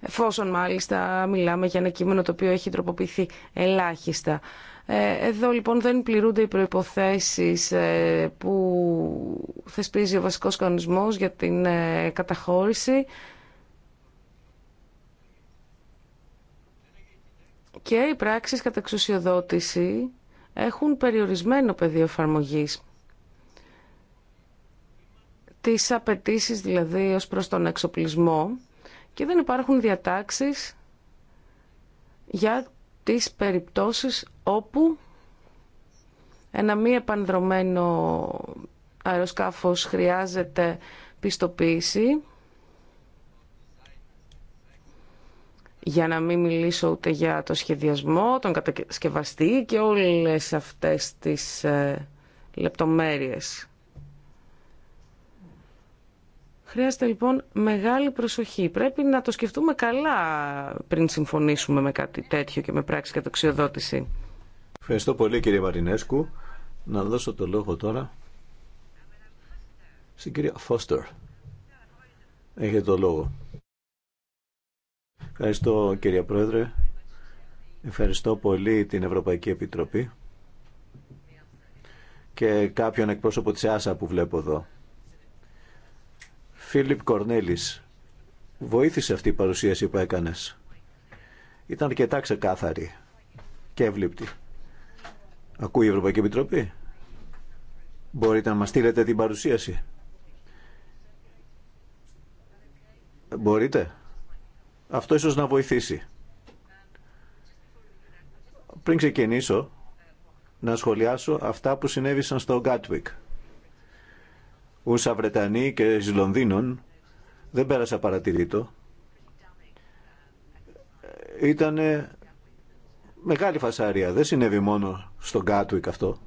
Εφόσον μάλιστα μιλάμε για ένα κείμενο το οποίο έχει τροποποιηθεί ελάχιστα. Ε, εδώ λοιπόν δεν πληρούνται οι προϋποθέσεις ε, που θεσπίζει ο βασικός κανονισμός για την ε, καταχώρηση και οι πράξεις εξουσιοδότηση έχουν περιορισμένο πεδίο εφαρμογή. τι απαιτήσει δηλαδή ως προς τον εξοπλισμό και δεν υπάρχουν διατάξεις για τις περιπτώσεις όπου ένα μη επανδρομένο αεροσκάφος χρειάζεται πιστοποίηση για να μην μιλήσω ούτε για το σχεδιασμό, τον κατασκευαστή και όλες αυτές τις ε, λεπτομέρειες. Χρειάζεται λοιπόν μεγάλη προσοχή. Πρέπει να το σκεφτούμε καλά πριν συμφωνήσουμε με κάτι τέτοιο και με πράξη κατοξιοδότηση. Ευχαριστώ πολύ κύριε Μαρινέσκου. Να δώσω το λόγο τώρα στην κυρία Φώστερ. Έχετε το λόγο. Ευχαριστώ κύριε Πρόεδρε. Ευχαριστώ πολύ την Ευρωπαϊκή Επιτροπή και κάποιον εκπρόσωπο της ΆΣΑ που βλέπω εδώ. Φίλιπ Κορνέλης, βοήθησε αυτή η παρουσίαση που έκανες. Ήταν αρκετά ξεκάθαρη και εύληπτη. Ακούει η Ευρωπαϊκή Επιτροπή. Μπορείτε να μας στείλετε την παρουσίαση. Μπορείτε. Αυτό ίσως να βοηθήσει. Πριν ξεκινήσω, να σχολιάσω αυτά που συνέβησαν στο Γκάτουικ. Ούσα Βρετανοί και Λονδίνων δεν πέρασα παρατηρήτο. Ήτανε μεγάλη φασαρία. Δεν συνέβη μόνο στο Γκάτουικ αυτό.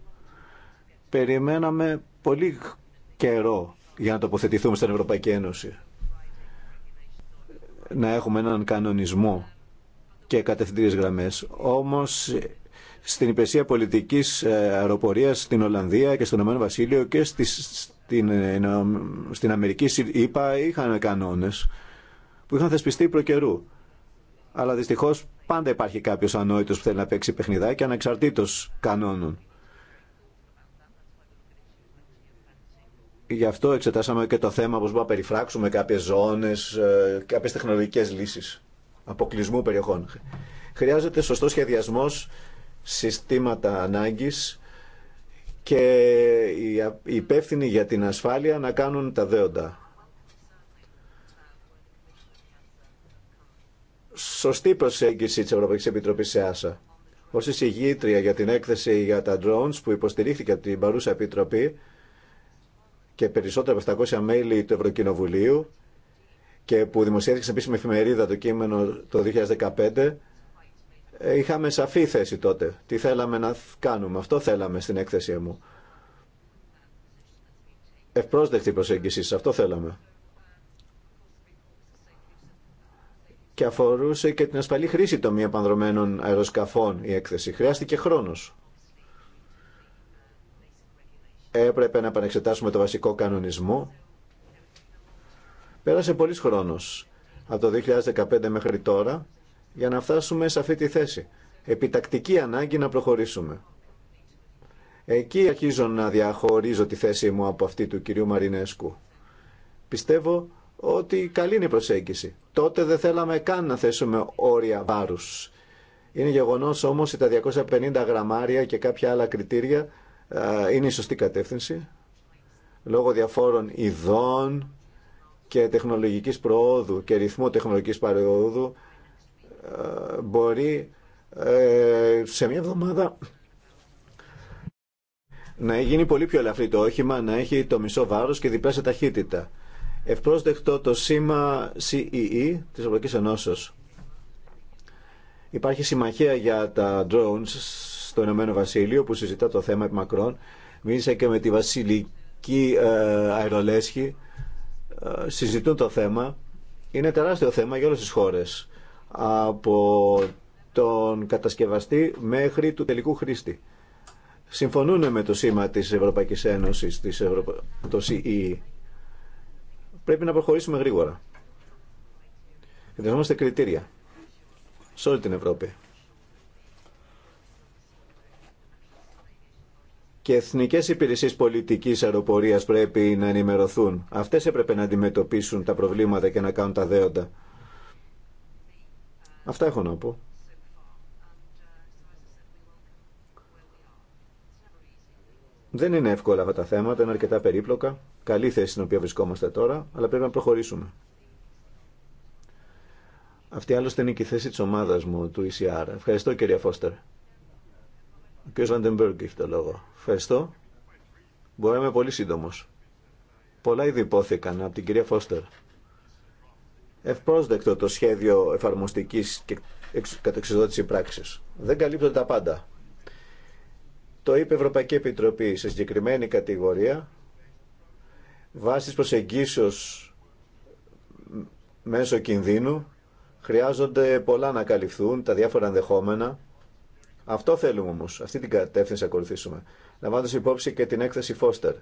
Περιμέναμε πολύ καιρό για να τοποθετηθούμε στην Ευρωπαϊκή Ένωση να έχουμε έναν κανονισμό και κατευθυντήριες γραμμές. Όμως στην υπηρεσία πολιτικής ε, αεροπορίας στην Ολλανδία και στον Ηνωμένο Βασίλειο και στην, ε, στην Αμερική είπα είχαν κανόνες που είχαν θεσπιστεί προκαιρού. Αλλά δυστυχώς πάντα υπάρχει κάποιος ανόητος που θέλει να παίξει παιχνιδάκι ανεξαρτήτως κανόνων. Γι' αυτό εξετάσαμε και το θέμα πώς να περιφράξουμε κάποιες ζώνες, ε, κάποιες τεχνολογικές λύσεις αποκλεισμού περιοχών. Χρειάζεται σωστό σχεδιασμός συστήματα ανάγκης και οι υπεύθυνοι για την ασφάλεια να κάνουν τα δέοντα. Σωστή προσέγγιση της Ευρωπαϊκής Επιτροπής σε άσα. Ως εισηγήτρια για την έκθεση για τα drones που υποστηρίχθηκε από την παρούσα επιτροπή, και περισσότερα από 700 μέλη του Ευρωκοινοβουλίου και που δημοσιεύτηκε σε επίσημη εφημερίδα το κείμενο το 2015, ε, είχαμε σαφή θέση τότε. Τι θέλαμε να κάνουμε. Αυτό θέλαμε στην έκθεσή μου. Ευπρόσδεκτη προσέγγιση. αυτό θέλαμε. Και αφορούσε και την ασφαλή χρήση των μη επανδρομένων αεροσκαφών η έκθεση. Χρειάστηκε χρόνος έπρεπε να επανεξετάσουμε το βασικό κανονισμό. Πέρασε πολλή χρόνος από το 2015 μέχρι τώρα για να φτάσουμε σε αυτή τη θέση. Επιτακτική ανάγκη να προχωρήσουμε. Εκεί αρχίζω να διαχωρίζω τη θέση μου από αυτή του κυρίου Μαρινέσκου. Πιστεύω ότι καλή είναι η προσέγγιση. Τότε δεν θέλαμε καν να θέσουμε όρια βάρους. Είναι γεγονός όμως ότι τα 250 γραμμάρια και κάποια άλλα κριτήρια ε, είναι η σωστή κατεύθυνση λόγω διαφόρων ειδών και τεχνολογικής προόδου και ρυθμού τεχνολογικής παρεόδου ε, μπορεί ε, σε μια εβδομάδα να γίνει πολύ πιο ελαφρύ το όχημα, να έχει το μισό βάρος και διπλάσια ταχύτητα. Ευπρόσδεκτο το σήμα CEE e της Ευρωπαϊκής Ενώσεως. Υπάρχει συμμαχία για τα drones στο Ηνωμένο Βασίλειο που συζητά το θέμα επί μακρόν. Μίλησα και με τη Βασιλική ε, Αερολέσχη. Ε, συζητούν το θέμα. Είναι τεράστιο θέμα για όλες τις χώρες. Από τον κατασκευαστή μέχρι του τελικού χρήστη. Συμφωνούν με το σήμα της Ευρωπαϊκής Ένωσης, της Ευρω... το CE. Πρέπει να προχωρήσουμε γρήγορα. Χρειαζόμαστε κριτήρια σε όλη την Ευρώπη. και εθνικές υπηρεσίες πολιτικής αεροπορίας πρέπει να ενημερωθούν. Αυτές έπρεπε να αντιμετωπίσουν τα προβλήματα και να κάνουν τα δέοντα. Αυτά έχω να πω. Δεν είναι εύκολα αυτά τα θέματα, είναι αρκετά περίπλοκα. Καλή θέση στην οποία βρισκόμαστε τώρα, αλλά πρέπει να προχωρήσουμε. Αυτή άλλωστε είναι και η θέση της ομάδας μου, του ECR. Ευχαριστώ κυρία Φώστερ. Ο κ. Βαντεμπέργκ έχει το λόγο. Ευχαριστώ. Μπορώ να είμαι πολύ σύντομο. Πολλά ήδη υπόθηκαν από την κυρία Φώστερ. Ευπρόσδεκτο το σχέδιο εφαρμοστική και κατεξοδότηση πράξη. Δεν καλύπτονται τα πάντα. Το είπε η Ευρωπαϊκή Επιτροπή σε συγκεκριμένη κατηγορία βάσει προσεγγίσεως μέσω κινδύνου χρειάζονται πολλά να καλυφθούν, τα διάφορα ενδεχόμενα αυτό θέλουμε όμω, αυτή την κατεύθυνση ακολουθήσουμε. Λαμβάνοντας υπόψη και την έκθεση Φώστερ.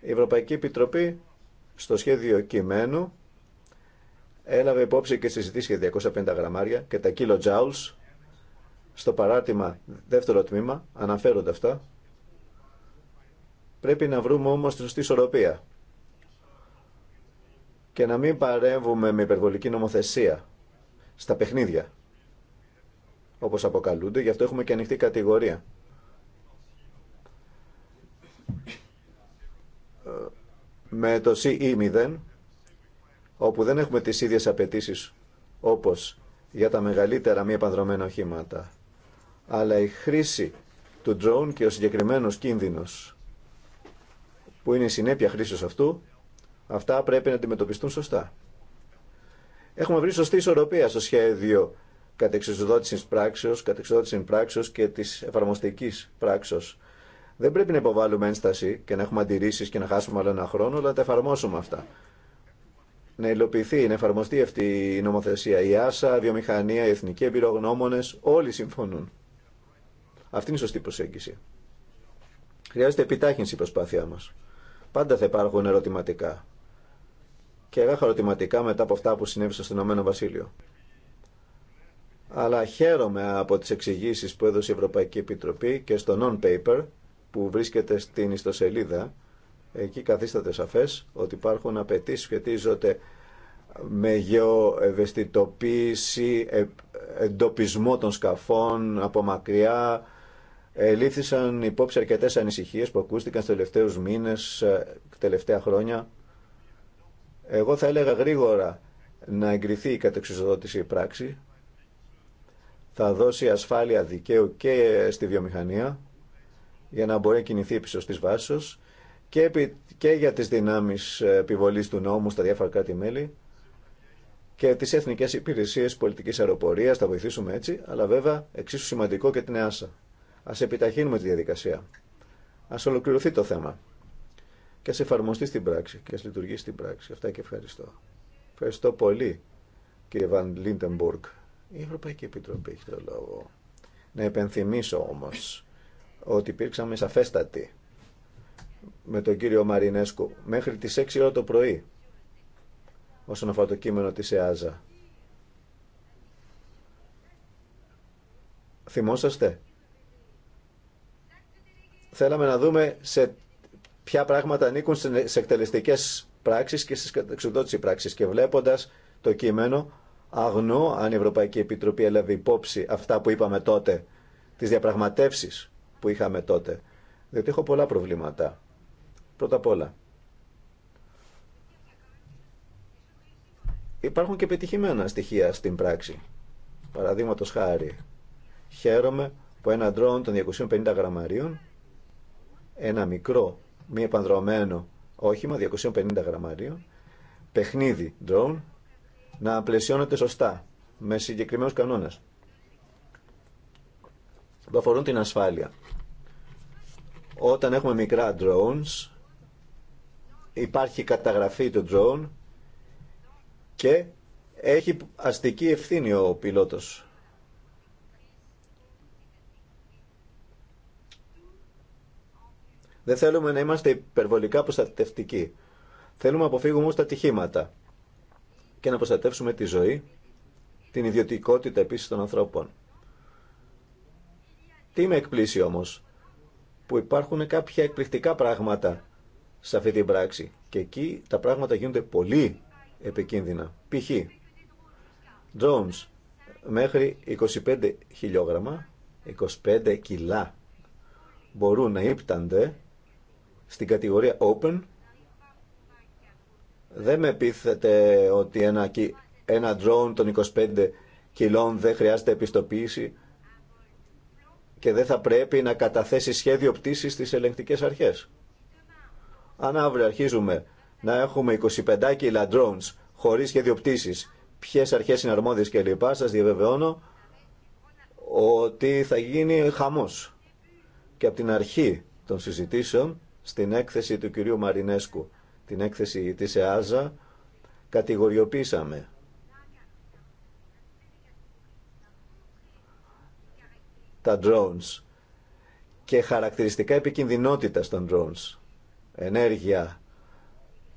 Η Ευρωπαϊκή Επιτροπή στο σχέδιο κειμένου έλαβε υπόψη και συζητήσει για 250 γραμμάρια και τα κιλο Στο παράτημα δεύτερο τμήμα αναφέρονται αυτά. Πρέπει να βρούμε όμως τη σωστή ισορροπία και να μην παρέμβουμε με υπερβολική νομοθεσία στα παιχνίδια όπως αποκαλούνται, γι' αυτό έχουμε και ανοιχτή κατηγορία. Με το CE0, όπου δεν έχουμε τις ίδιες απαιτήσει όπως για τα μεγαλύτερα μη επανδρομένα οχήματα, αλλά η χρήση του drone και ο συγκεκριμένος κίνδυνος που είναι η συνέπεια χρήσης αυτού, αυτά πρέπει να αντιμετωπιστούν σωστά. Έχουμε βρει σωστή ισορροπία στο σχέδιο κατεξοδότηση πράξεως, κατεξοδότηση πράξεω και τη εφαρμοστική πράξεω. Δεν πρέπει να υποβάλουμε ένσταση και να έχουμε αντιρρήσει και να χάσουμε άλλο ένα χρόνο, αλλά να τα εφαρμόσουμε αυτά. Να υλοποιηθεί, να εφαρμοστεί αυτή η νομοθεσία. Η άσα, η βιομηχανία, οι εθνικοί εμπειρογνώμονε, όλοι συμφωνούν. Αυτή είναι η σωστή προσέγγιση. Χρειάζεται επιτάχυνση η προσπάθειά μα. Πάντα θα υπάρχουν ερωτηματικά. Και έγαχα ερωτηματικά μετά από αυτά που συνέβησαν στο Ηνωμένο Βασίλειο αλλά χαίρομαι από τις εξηγήσει που έδωσε η Ευρωπαϊκή Επιτροπή και στο non-paper που βρίσκεται στην ιστοσελίδα. Εκεί καθίσταται σαφές ότι υπάρχουν απαιτήσει σχετίζονται με γεωευαισθητοποίηση, ε, εντοπισμό των σκαφών από μακριά. Ελήφθησαν υπόψη αρκετές ανησυχίες που ακούστηκαν στους τελευταίους μήνες, ε, τελευταία χρόνια. Εγώ θα έλεγα γρήγορα να εγκριθεί η κατεξουσιοδότηση πράξη θα δώσει ασφάλεια δικαίου και στη βιομηχανία για να μπορεί να κινηθεί επί στις βάσεις και, και για τις δυνάμεις επιβολής του νόμου στα διάφορα κράτη-μέλη και τις εθνικές υπηρεσίες πολιτικής αεροπορίας, θα βοηθήσουμε έτσι, αλλά βέβαια εξίσου σημαντικό και την ΕΑΣΑ. Ας επιταχύνουμε τη διαδικασία. Ας ολοκληρωθεί το θέμα. Και ας εφαρμοστεί στην πράξη και ας λειτουργήσει στην πράξη. Αυτά και ευχαριστώ. Ευχαριστώ πολύ κύριε Βαν Λίντεμπουργκ. Η Ευρωπαϊκή Επιτροπή έχει το λόγο. Να επενθυμίσω όμως ότι υπήρξαμε σαφέστατοι με τον κύριο Μαρινέσκου μέχρι τις 6 ώρα το πρωί όσον αφορά το κείμενο της ΕΑΖΑ. Θυμόσαστε. Θέλαμε να δούμε σε ποια πράγματα ανήκουν σε εκτελεστικές πράξεις και στις εξουδότηση πράξεις και βλέποντας το κείμενο Αγνώ αν η Ευρωπαϊκή Επιτροπή έλαβε υπόψη αυτά που είπαμε τότε, τις διαπραγματεύσεις που είχαμε τότε, διότι έχω πολλά προβλήματα. Πρώτα απ' όλα, υπάρχουν και πετυχημένα στοιχεία στην πράξη. Παραδείγματο χάρη, χαίρομαι που ένα ντρόν των 250 γραμμαρίων, ένα μικρό, μη επανδρομένο όχημα 250 γραμμαρίων, παιχνίδι ντρόν, να πλαισιώνεται σωστά, με συγκεκριμένους κανόνες που αφορούν την ασφάλεια. Όταν έχουμε μικρά drones, υπάρχει καταγραφή του drone και έχει αστική ευθύνη ο πιλότος. Δεν θέλουμε να είμαστε υπερβολικά προστατευτικοί. Θέλουμε να αποφύγουμε όμως τα τυχήματα και να προστατεύσουμε τη ζωή, την ιδιωτικότητα επίσης των ανθρώπων. Τι με εκπλήσει όμως, που υπάρχουν κάποια εκπληκτικά πράγματα σε αυτή την πράξη και εκεί τα πράγματα γίνονται πολύ επικίνδυνα. Π.χ. drones μέχρι 25 χιλιόγραμμα, 25 κιλά μπορούν να ύπτανται στην κατηγορία open δεν με πείθετε ότι ένα, ένα drone των 25 κιλών δεν χρειάζεται επιστοποίηση και δεν θα πρέπει να καταθέσει σχέδιο πτήσης στις ελεγκτικές αρχές. Αν αύριο αρχίζουμε να έχουμε 25 κιλά drones χωρίς σχέδιο πτήσης, ποιες αρχές είναι αρμόδιες κλπ. Σας διαβεβαιώνω ότι θα γίνει χαμός. Και από την αρχή των συζητήσεων στην έκθεση του κυρίου Μαρινέσκου την έκθεση της ΕΑΖΑ κατηγοριοποίησαμε τα drones και χαρακτηριστικά επικίνδυνότητα των drones. Ενέργεια,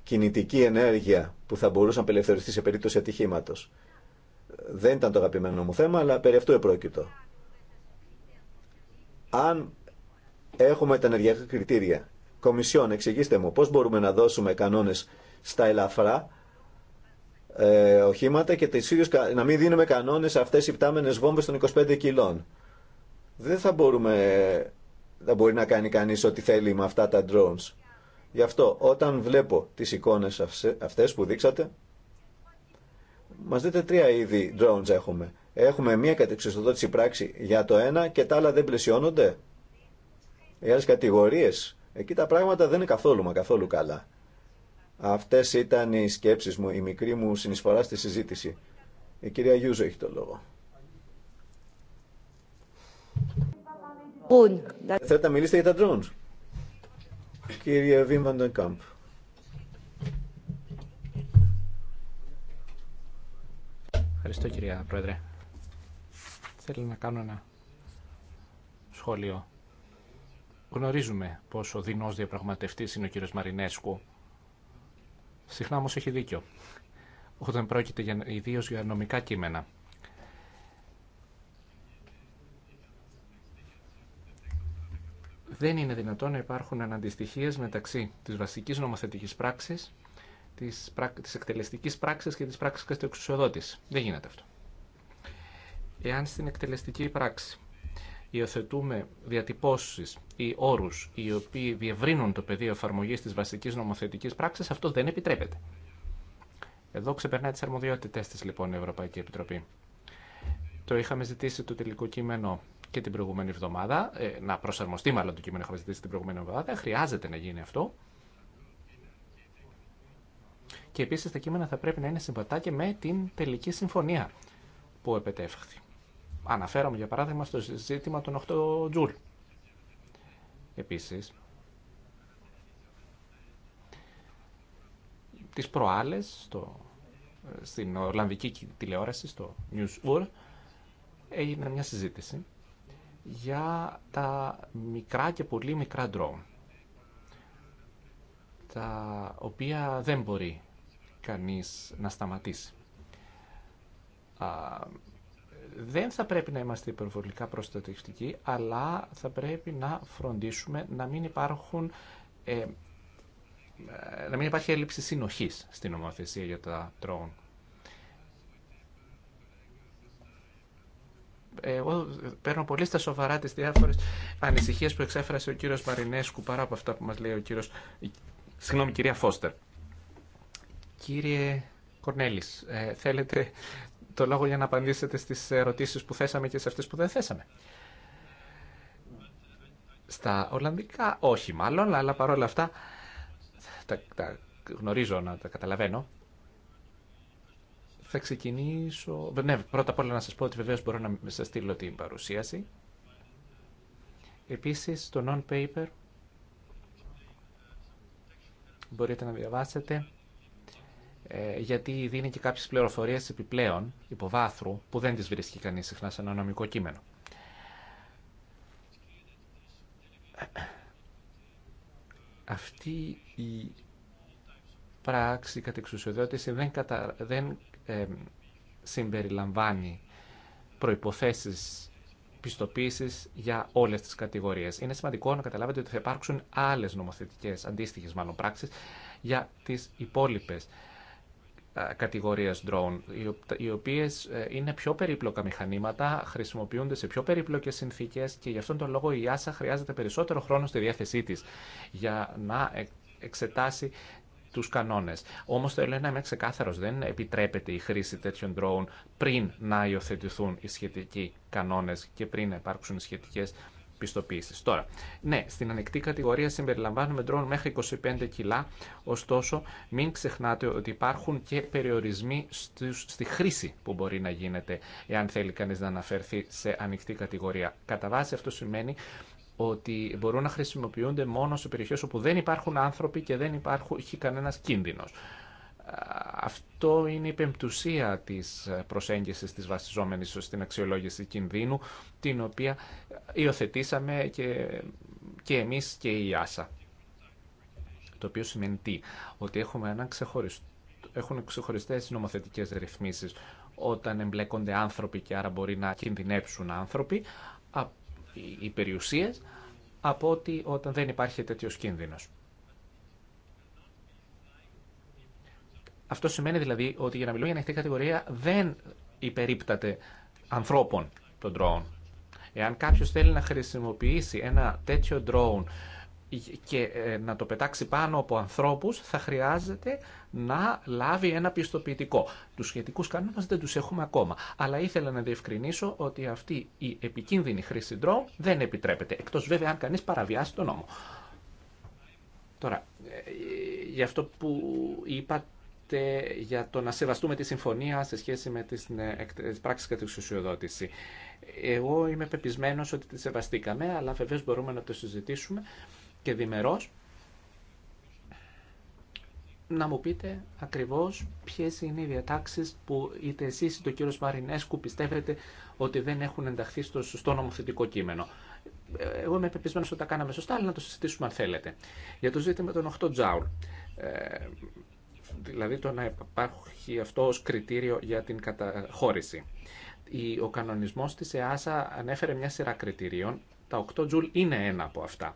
κινητική ενέργεια που θα μπορούσε να απελευθερωθεί σε περίπτωση ατυχήματος. Δεν ήταν το αγαπημένο μου θέμα, αλλά περί αυτού επρόκειτο. Αν έχουμε τα ενεργειακά κριτήρια Κομισιόν, εξηγήστε μου πώς μπορούμε να δώσουμε κανόνες στα ελαφρά ε, οχήματα και τις να μην δίνουμε κανόνες σε αυτές οι πτάμενες βόμβες των 25 κιλών. Δεν θα μπορούμε, μπορεί να κάνει κανείς ό,τι θέλει με αυτά τα drones. Γι' αυτό όταν βλέπω τις εικόνες αυτές που δείξατε, μας δείτε τρία είδη drones έχουμε. Έχουμε μία κατεξοδότηση πράξη για το ένα και τα άλλα δεν πλαισιώνονται. Οι άλλες κατηγορίες Εκεί τα πράγματα δεν είναι καθόλου μα καθόλου καλά. Αυτές ήταν οι σκέψει μου, η μικρή μου συνεισφορά στη συζήτηση. Η κυρία Γιούζο έχει το λόγο. Θέλετε να μιλήσετε για τα drones. Κύριε Βίμ Κάμπ. Ευχαριστώ κυρία Πρόεδρε. Θέλω να κάνω ένα σχόλιο Γνωρίζουμε πόσο δεινό διαπραγματευτής είναι ο κύριο Μαρινέσκου. Συχνά όμω έχει δίκιο, όταν πρόκειται για, ιδίως για νομικά κείμενα. Δεν είναι δυνατόν να υπάρχουν αναντιστοιχίες μεταξύ της βασικής νομοθετική πράξης, της, εκτελεστική πράξη εκτελεστικής πράξης και της πράξης του Δεν γίνεται αυτό. Εάν στην εκτελεστική πράξη υιοθετούμε διατυπώσεις ή όρους οι οποίοι διευρύνουν το πεδίο εφαρμογής της βασική νομοθετική πράξη, αυτό δεν επιτρέπεται. Εδώ ξεπερνάει τι αρμοδιότητέ τη λοιπόν η ορου οι Επιτροπή. Το πεδιο εφαρμογη τη βασικη νομοθετικη πραξη αυτο δεν επιτρεπεται εδω ξεπερνα τι αρμοδιοτητε τη λοιπον η ευρωπαικη επιτροπη το τελικό κείμενο και την προηγούμενη εβδομάδα, ε, να προσαρμοστεί μάλλον το κείμενο είχαμε ζητήσει την προηγούμενη εβδομάδα, χρειάζεται να γίνει αυτό. Και επίση τα κείμενα θα πρέπει να είναι συμβατά και με την τελική συμφωνία που επετεύχθη. Αναφέρομαι για παράδειγμα στο ζήτημα των 8 τζουλ. Επίσης, τις προάλλες στο, στην Ολλανδική τηλεόραση, στο News World, έγινε μια συζήτηση για τα μικρά και πολύ μικρά drone, τα οποία δεν μπορεί κανείς να σταματήσει δεν θα πρέπει να είμαστε υπερβολικά προστατευτικοί, αλλά θα πρέπει να φροντίσουμε να μην υπάρχουν ε, ε, να μην υπάρχει έλλειψη συνοχής στην νομοθεσία για τα τρόουν. Εγώ παίρνω πολύ στα σοβαρά τις διάφορες ανησυχίες που εξέφρασε ο κύριος Μαρινέσκου παρά από αυτά που μας λέει ο κύριος... Συγγνώμη, κυρία Φώστερ. Κύριε Κορνέλης, ε, θέλετε το λόγο για να απαντήσετε στις ερωτήσεις που θέσαμε και σε αυτές που δεν θέσαμε. Στα Ολλανδικά όχι μάλλον, αλλά παρόλα αυτά τα, γνωρίζω να τα καταλαβαίνω. Θα ξεκινήσω... Ναι, πρώτα απ' όλα να σας πω ότι βεβαίως μπορώ να σας στείλω την παρουσίαση. Επίσης, το non-paper μπορείτε να διαβάσετε ε, γιατί δίνει και κάποιες πληροφορίες επιπλέον, υποβάθρου, που δεν τις βρίσκει κανείς συχνά σε ένα νομικό κείμενο. Αυτή η πράξη κατ' εξουσιοδότηση δεν, κατα... δεν ε, συμπεριλαμβάνει προϋποθέσεις πιστοποίησης για όλες τις κατηγορίες. Είναι σημαντικό να καταλάβετε ότι θα υπάρξουν άλλες νομοθετικές, αντίστοιχες μάλλον πράξεις, για τις υπόλοιπες ε, κατηγορίες drone, οι οποίες ε, είναι πιο περίπλοκα μηχανήματα, χρησιμοποιούνται σε πιο περίπλοκες συνθήκες και γι' αυτόν τον λόγο η ΆΣΑ χρειάζεται περισσότερο χρόνο στη διάθεσή της για να ε, εξετάσει τους κανόνες. Όμως θέλω να είμαι ξεκάθαρος, δεν επιτρέπεται η χρήση τέτοιων drone πριν να υιοθετηθούν οι σχετικοί κανόνες και πριν να υπάρξουν σχετικές πιστοποίηση. Τώρα, ναι, στην ανοιχτή κατηγορία συμπεριλαμβάνουμε ντρόουν μέχρι 25 κιλά, ωστόσο μην ξεχνάτε ότι υπάρχουν και περιορισμοί στη χρήση που μπορεί να γίνεται εάν θέλει κανεί να αναφερθεί σε ανοιχτή κατηγορία. Κατά βάση αυτό σημαίνει ότι μπορούν να χρησιμοποιούνται μόνο σε περιοχές όπου δεν υπάρχουν άνθρωποι και δεν υπάρχει κανένας κίνδυνος. Αυτό είναι η πεμπτουσία της προσέγγισης της βασιζόμενης στην αξιολόγηση κινδύνου, την οποία υιοθετήσαμε και, και εμείς και η Άσα. Το οποίο σημαίνει τι, ότι έχουμε έχουν ξεχωριστές νομοθετικές ρυθμίσεις όταν εμπλέκονται άνθρωποι και άρα μπορεί να κινδυνεύσουν άνθρωποι οι περιουσίες από ότι όταν δεν υπάρχει τέτοιος κίνδυνος. Αυτό σημαίνει δηλαδή ότι για να μιλούμε για ανοιχτή κατηγορία δεν υπερίπταται ανθρώπων των drone. Εάν κάποιο θέλει να χρησιμοποιήσει ένα τέτοιο drone και ε, να το πετάξει πάνω από ανθρώπους θα χρειάζεται να λάβει ένα πιστοποιητικό. Τους σχετικούς κανόνες δεν τους έχουμε ακόμα. Αλλά ήθελα να διευκρινίσω ότι αυτή η επικίνδυνη χρήση drone δεν επιτρέπεται. Εκτός βέβαια αν κανείς παραβιάσει τον νόμο. Τώρα, ε, ε, γι' αυτό που είπα για το να σεβαστούμε τη συμφωνία σε σχέση με τι ε, πράξεις κατά εξουσιοδότηση. Εγώ είμαι πεπισμένος ότι τη σεβαστήκαμε, αλλά βεβαίω μπορούμε να το συζητήσουμε και διμερώς. Να μου πείτε ακριβώς ποιες είναι οι διατάξεις που είτε εσείς είτε ο κύριος Μαρινέσκου πιστεύετε ότι δεν έχουν ενταχθεί στο σωστό νομοθετικό κείμενο. Ε, εγώ είμαι πεπισμένος ότι τα κάναμε σωστά, αλλά να το συζητήσουμε αν θέλετε. Για το ζήτημα των 8 τζάουλ. Ε, δηλαδή το να υπάρχει αυτό ως κριτήριο για την καταχώρηση. Ο κανονισμός της ΕΑΣΑ ανέφερε μια σειρά κριτηρίων. Τα 8 τζουλ είναι ένα από αυτά.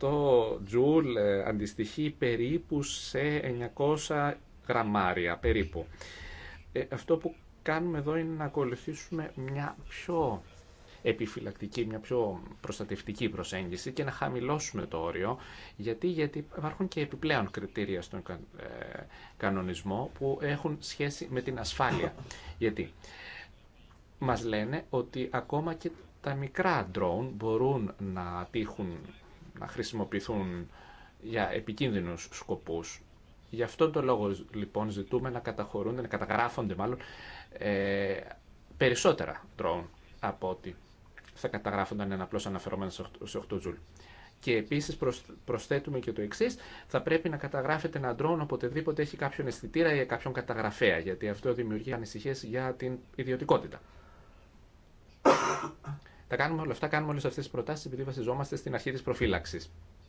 8 τζουλ ε, αντιστοιχεί περίπου σε 900 γραμμάρια, περίπου. Ε, αυτό που κάνουμε εδώ είναι να ακολουθήσουμε μια πιο επιφυλακτική, μια πιο προστατευτική προσέγγιση και να χαμηλώσουμε το όριο. Γιατί, γιατί υπάρχουν και επιπλέον κριτήρια στον ε, κανονισμό που έχουν σχέση με την ασφάλεια. Γιατί μας λένε ότι ακόμα και τα μικρά drone μπορούν να τύχουν, να χρησιμοποιηθούν για επικίνδυνους σκοπούς. Γι' αυτόν τον λόγο λοιπόν ζητούμε να καταχωρούνται, να καταγράφονται μάλλον ε, περισσότερα drone από ότι θα καταγράφονταν ένα απλώ αναφερόμενο σε 8 Joule. Και επίση προσθέτουμε και το εξή, θα πρέπει να καταγράφεται ένα ντρόν οποτεδήποτε έχει κάποιον αισθητήρα ή κάποιον καταγραφέα, γιατί αυτό δημιουργεί ανησυχίε για την ιδιωτικότητα. Τα κάνουμε όλα αυτά, κάνουμε όλε αυτέ τι προτάσει επειδή βασιζόμαστε στην αρχή τη προφύλαξη.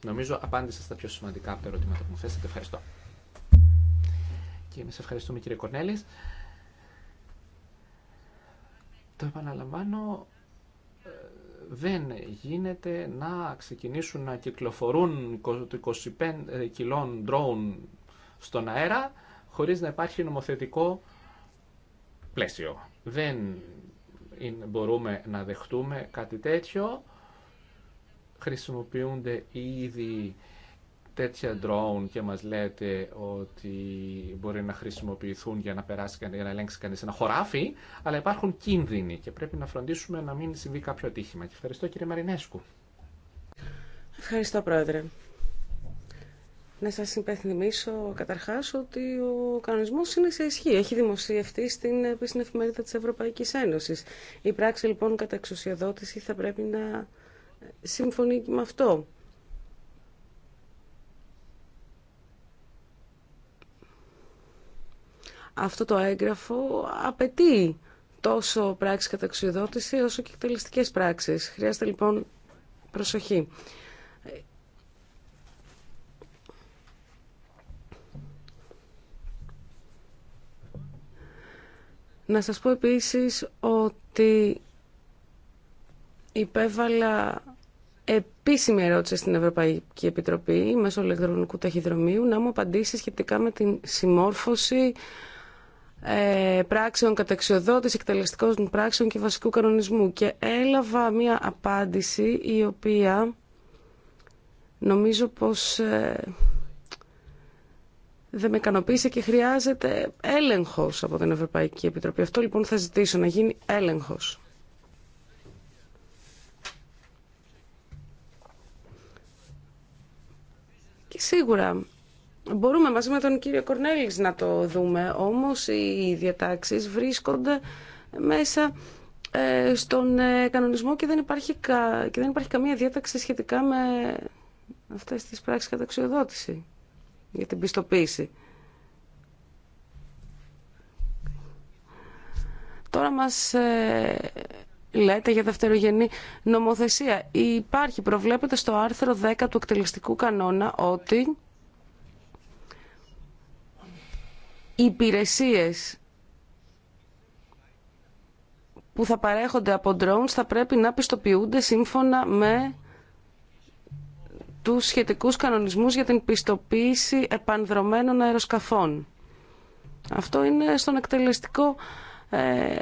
Νομίζω απάντησα στα πιο σημαντικά από τα ερωτήματα που μου θέσατε. Ευχαριστώ. Και εμεί ευχαριστούμε κύριε Κορνέλη. Το επαναλαμβάνω, δεν γίνεται να ξεκινήσουν να κυκλοφορούν 25 κιλών ντρόουν στον αέρα χωρίς να υπάρχει νομοθετικό πλαίσιο. Δεν μπορούμε να δεχτούμε κάτι τέτοιο. Χρησιμοποιούνται ήδη τέτοια drone και μας λέτε ότι μπορεί να χρησιμοποιηθούν για να, περάσει, για να ελέγξει κανείς ένα χωράφι, αλλά υπάρχουν κίνδυνοι και πρέπει να φροντίσουμε να μην συμβεί κάποιο ατύχημα. Και ευχαριστώ κύριε Μαρινέσκου. Ευχαριστώ πρόεδρε. Να σας υπενθυμίσω καταρχάς ότι ο κανονισμός είναι σε ισχύ. Έχει δημοσιευτεί στην επίσημη εφημερίδα της Ευρωπαϊκής Ένωσης. Η πράξη λοιπόν κατά εξουσιοδότηση θα πρέπει να συμφωνεί με αυτό. Αυτό το έγγραφο απαιτεί τόσο πράξη καταξιοδότηση όσο και εκτελεστικές πράξεις. Χρειάζεται λοιπόν προσοχή. Να σας πω επίσης ότι υπέβαλα επίσημη ερώτηση στην Ευρωπαϊκή Επιτροπή μέσω ηλεκτρονικού ταχυδρομείου να μου απαντήσει σχετικά με την συμμόρφωση ε, πράξεων καταξιοδότηση, εκτελεστικών πράξεων και βασικού κανονισμού. Και έλαβα μία απάντηση η οποία νομίζω πως ε, δεν με ικανοποίησε και χρειάζεται έλεγχος από την Ευρωπαϊκή Επιτροπή. Αυτό λοιπόν θα ζητήσω, να γίνει έλεγχος. Και σίγουρα Μπορούμε μαζί με τον κύριο Κορνέλης να το δούμε, όμως οι διατάξεις βρίσκονται μέσα ε, στον ε, κανονισμό και δεν, υπάρχει κα... και δεν υπάρχει καμία διάταξη σχετικά με αυτές τις πράξεις καταξιοδότηση για την πιστοποίηση. Τώρα μας ε, λέτε για δευτερογενή νομοθεσία. Υπάρχει, προβλέπεται στο άρθρο 10 του εκτελεστικού κανόνα ότι υπηρεσίες που θα παρέχονται από drones θα πρέπει να πιστοποιούνται σύμφωνα με τους σχετικούς κανονισμούς για την πιστοποίηση επανδρομένων αεροσκαφών. Αυτό είναι στον εκτελεστικό ε,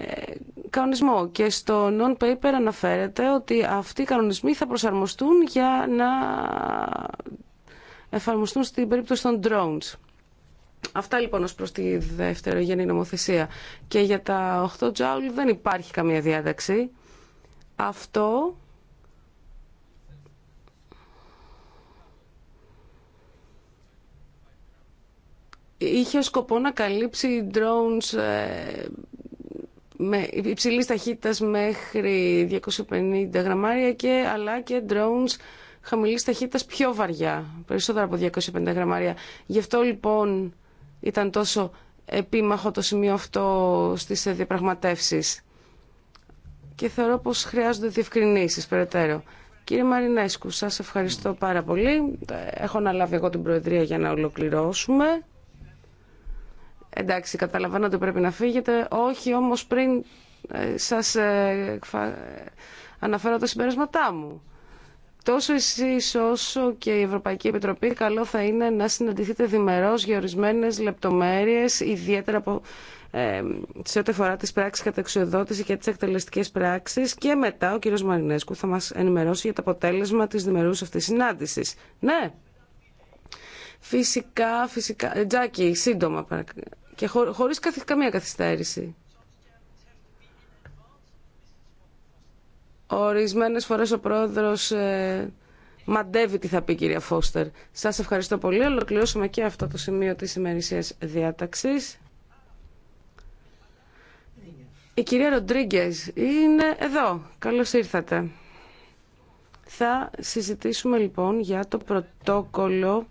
κανονισμό και στο non-paper αναφέρεται ότι αυτοί οι κανονισμοί θα προσαρμοστούν για να εφαρμοστούν στην περίπτωση των drones. Αυτά λοιπόν ως προς τη δευτερογενή νομοθεσία. Και για τα 8 τζάουλ δεν υπάρχει καμία διάταξη. Αυτό είχε ως σκοπό να καλύψει drones ε, με υψηλής ταχύτητας μέχρι 250 γραμμάρια και, αλλά και drones χαμηλής ταχύτητας πιο βαριά, περισσότερα από 250 γραμμάρια. Γι' αυτό λοιπόν ήταν τόσο επίμαχο το σημείο αυτό στις διαπραγματεύσεις. Και θεωρώ πως χρειάζονται διευκρινήσεις περαιτέρω. Κύριε Μαρινέσκου, σας ευχαριστώ πάρα πολύ. Έχω να λάβει εγώ την Προεδρία για να ολοκληρώσουμε. Εντάξει, καταλαβαίνω ότι πρέπει να φύγετε. Όχι, όμως πριν ε, σας ε, αναφέρω τα συμπέρασματά μου. Τόσο εσείς όσο και η Ευρωπαϊκή Επιτροπή καλό θα είναι να συναντηθείτε διμερώς για ορισμένες λεπτομέρειες, ιδιαίτερα από, ε, σε ό,τι αφορά τις πράξεις καταξιοδότηση και τις εκτελεστικές πράξεις και μετά ο κύριος Μαρινέσκου θα μας ενημερώσει για το αποτέλεσμα της διμερούς αυτής συνάντησης. Ναι, φυσικά, φυσικά. Ε, Τζάκι, σύντομα παρακαλώ. Και χω, χωρίς καμία καθυστέρηση. Ορισμένε φορέ ο πρόεδρο ε, μαντεύει τι θα πει κυρία Φώστερ. Σας ευχαριστώ πολύ. Ολοκληρώσουμε και αυτό το σημείο τη ημερησία διάταξη. Η κυρία Ροντρίγκε είναι εδώ. Καλώς ήρθατε. Θα συζητήσουμε λοιπόν για το πρωτόκολλο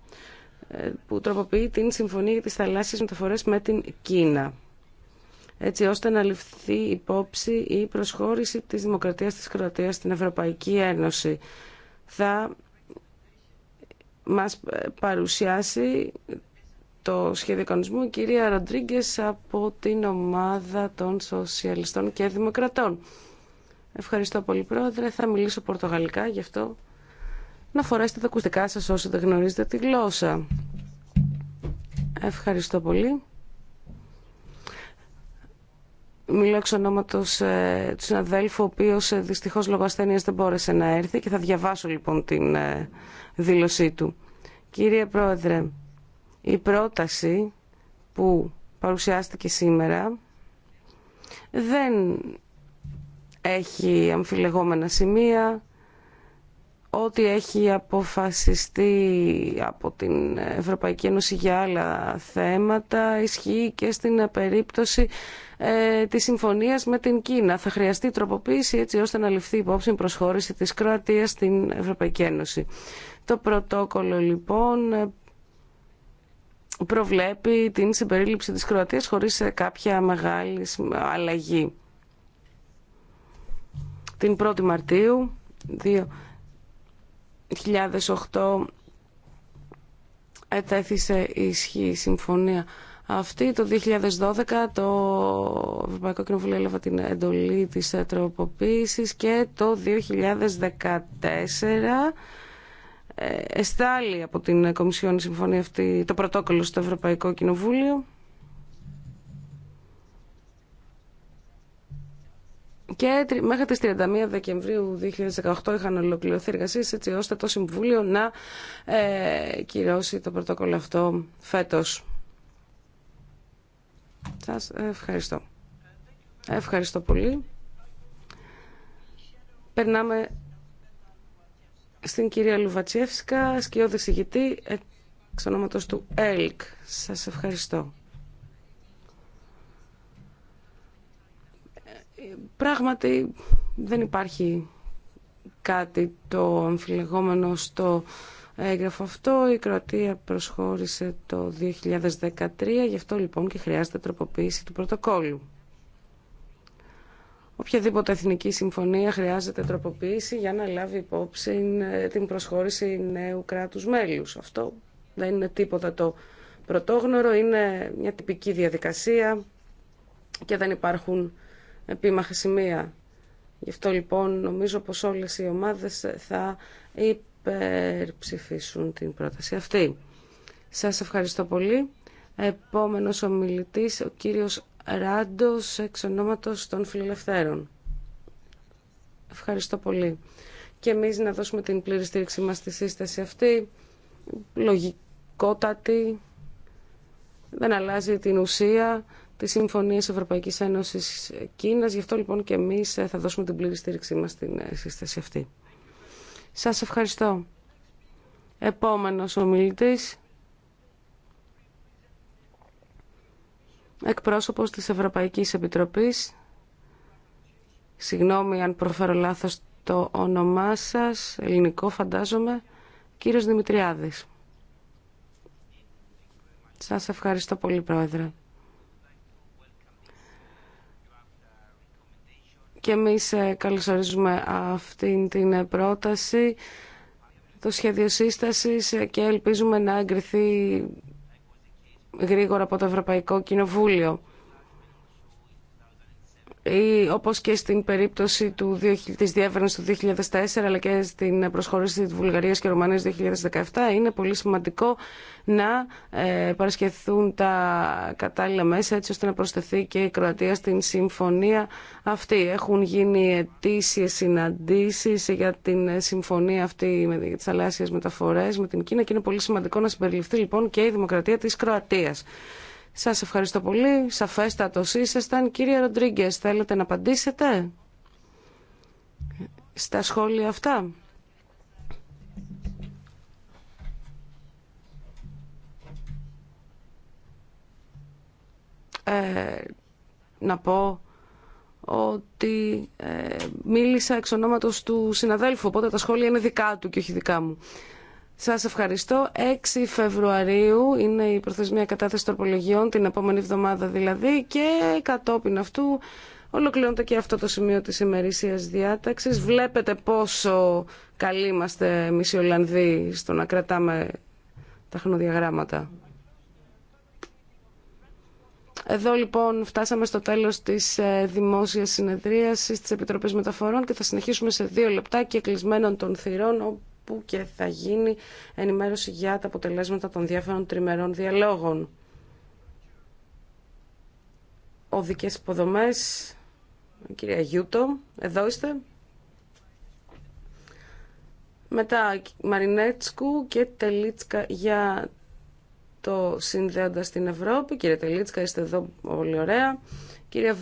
ε, που τροποποιεί την Συμφωνία για τις Θαλάσσιες Μεταφορές με την Κίνα έτσι ώστε να ληφθεί υπόψη η προσχώρηση της Δημοκρατίας της Κροατίας στην Ευρωπαϊκή Ένωση. Θα μας παρουσιάσει το σχέδιο κανονισμού η κυρία Ροντρίγκε από την ομάδα των Σοσιαλιστών και Δημοκρατών. Ευχαριστώ πολύ πρόεδρε, θα μιλήσω πορτογαλικά, γι' αυτό να φορέσετε τα ακουστικά σας όσοι δεν γνωρίζετε τη γλώσσα. Ευχαριστώ πολύ. Μιλώ εξ ονόματο ε, του συναδέλφου, ο οποίο ε, δυστυχώ λόγω ασθένεια δεν μπόρεσε να έρθει και θα διαβάσω λοιπόν την ε, δήλωσή του. Κύριε Πρόεδρε, η πρόταση που παρουσιάστηκε σήμερα δεν έχει αμφιλεγόμενα σημεία, ό,τι έχει αποφασιστεί από την Ευρωπαϊκή Ένωση για άλλα θέματα ισχύει και στην περίπτωση ε, της συμφωνίας με την Κίνα. Θα χρειαστεί τροποποίηση έτσι ώστε να ληφθεί υπόψη η προσχώρηση της Κροατίας στην Ευρωπαϊκή Ένωση. Το πρωτόκολλο λοιπόν προβλέπει την συμπερίληψη της Κροατίας χωρίς κάποια μεγάλη αλλαγή. Την 1 Μαρτίου, 2008 ετέθησε ισχύ η συμφωνία αυτή. Το 2012 το Ευρωπαϊκό Κοινοβούλιο έλαβε την εντολή της τροποποίησης και το 2014 ε, εστάλει από την Κομισιόν η συμφωνία αυτή, το πρωτόκολλο στο Ευρωπαϊκό Κοινοβούλιο. και μέχρι τις 31 Δεκεμβρίου 2018 είχαν ολοκληρωθεί εργασίε έτσι ώστε το Συμβούλιο να ε, κυρώσει το πρωτόκολλο αυτό φέτος. Σας ευχαριστώ. Ευχαριστώ πολύ. Περνάμε στην κυρία Λουβατσιεύσκα, σκιώδη ηγητή εξ ονόματος του ΕΛΚ. Σας ευχαριστώ. Πράγματι δεν υπάρχει κάτι το αμφιλεγόμενο στο έγγραφο αυτό. Η Κροατία προσχώρησε το 2013, γι' αυτό λοιπόν και χρειάζεται τροποποίηση του πρωτοκόλλου. Οποιαδήποτε εθνική συμφωνία χρειάζεται τροποποίηση για να λάβει υπόψη ε, την προσχώρηση νέου κράτους μέλους. Αυτό δεν είναι τίποτα το πρωτόγνωρο, είναι μια τυπική διαδικασία και δεν υπάρχουν Επίμαχη σημεία. Γι' αυτό λοιπόν νομίζω πως όλες οι ομάδες θα υπερψηφίσουν την πρόταση αυτή. Σας ευχαριστώ πολύ. Επόμενος ομιλητής, ο κύριος Ράντος, εξ ονόματος των Φιλελευθέρων. Ευχαριστώ πολύ. Και εμείς να δώσουμε την πλήρη στήριξή μας στη σύσταση αυτή, λογικότατη, δεν αλλάζει την ουσία τη Συμφωνία Ευρωπαϊκή Ένωση Κίνα. Γι' αυτό λοιπόν και εμείς ε, θα δώσουμε την πλήρη στήριξή μας στην ε, σύσταση αυτή. Σας ευχαριστώ. Επόμενος ομιλητής, εκπρόσωπος της Ευρωπαϊκής Επιτροπής. Συγγνώμη αν προφέρω λάθος το όνομά σας, ελληνικό φαντάζομαι, κύριος Δημητριάδης. Σας ευχαριστώ πολύ, Πρόεδρε. Και εμείς ε, καλωσορίζουμε αυτή την ε, πρόταση, το σχέδιο σύστασης ε, και ελπίζουμε να εγκριθεί γρήγορα από το Ευρωπαϊκό Κοινοβούλιο ή όπως και στην περίπτωση του, της διεύρυνσης του 2004 αλλά και στην προσχώρηση της Βουλγαρίας και Ρουμανίας 2017 είναι πολύ σημαντικό να ε, παρασκευθούν τα κατάλληλα μέσα έτσι ώστε να προσθεθεί και η Κροατία στην συμφωνία αυτή. Έχουν γίνει ετήσιες συναντήσεις για την ε, συμφωνία αυτή με τις θαλάσσιες μεταφορές με την Κίνα και είναι πολύ σημαντικό να συμπεριληφθεί λοιπόν και η δημοκρατία της Κροατίας. Σας ευχαριστώ πολύ. Σαφέστατος ήσασταν. Κύριε Ροντρίγκε, θέλετε να απαντήσετε στα σχόλια αυτά. Ε, να πω ότι ε, μίλησα εξ ονόματος του συναδέλφου, οπότε τα σχόλια είναι δικά του και όχι δικά μου. Σας ευχαριστώ. 6 Φεβρουαρίου είναι η προθεσμία κατάθεση τροπολογιών, την επόμενη εβδομάδα δηλαδή, και κατόπιν αυτού ολοκληρώνεται και αυτό το σημείο της ημερησία διάταξης. Βλέπετε πόσο καλοί είμαστε εμείς οι Ολλανδοί στο να κρατάμε τα χρονοδιαγράμματα. Εδώ λοιπόν φτάσαμε στο τέλος της ε, δημόσιας συνεδρίασης της Επιτροπής Μεταφορών και θα συνεχίσουμε σε δύο λεπτά και κλεισμένων των θυρών που και θα γίνει ενημέρωση για τα αποτελέσματα των διάφορων τριμερών διαλόγων. Οδικές υποδομές, κυρία Γιούτο, εδώ είστε. Μετά Μαρινέτσκου και Τελίτσκα για το συνδέοντα στην Ευρώπη. Κύριε Τελίτσκα, είστε εδώ πολύ ωραία. Κύριε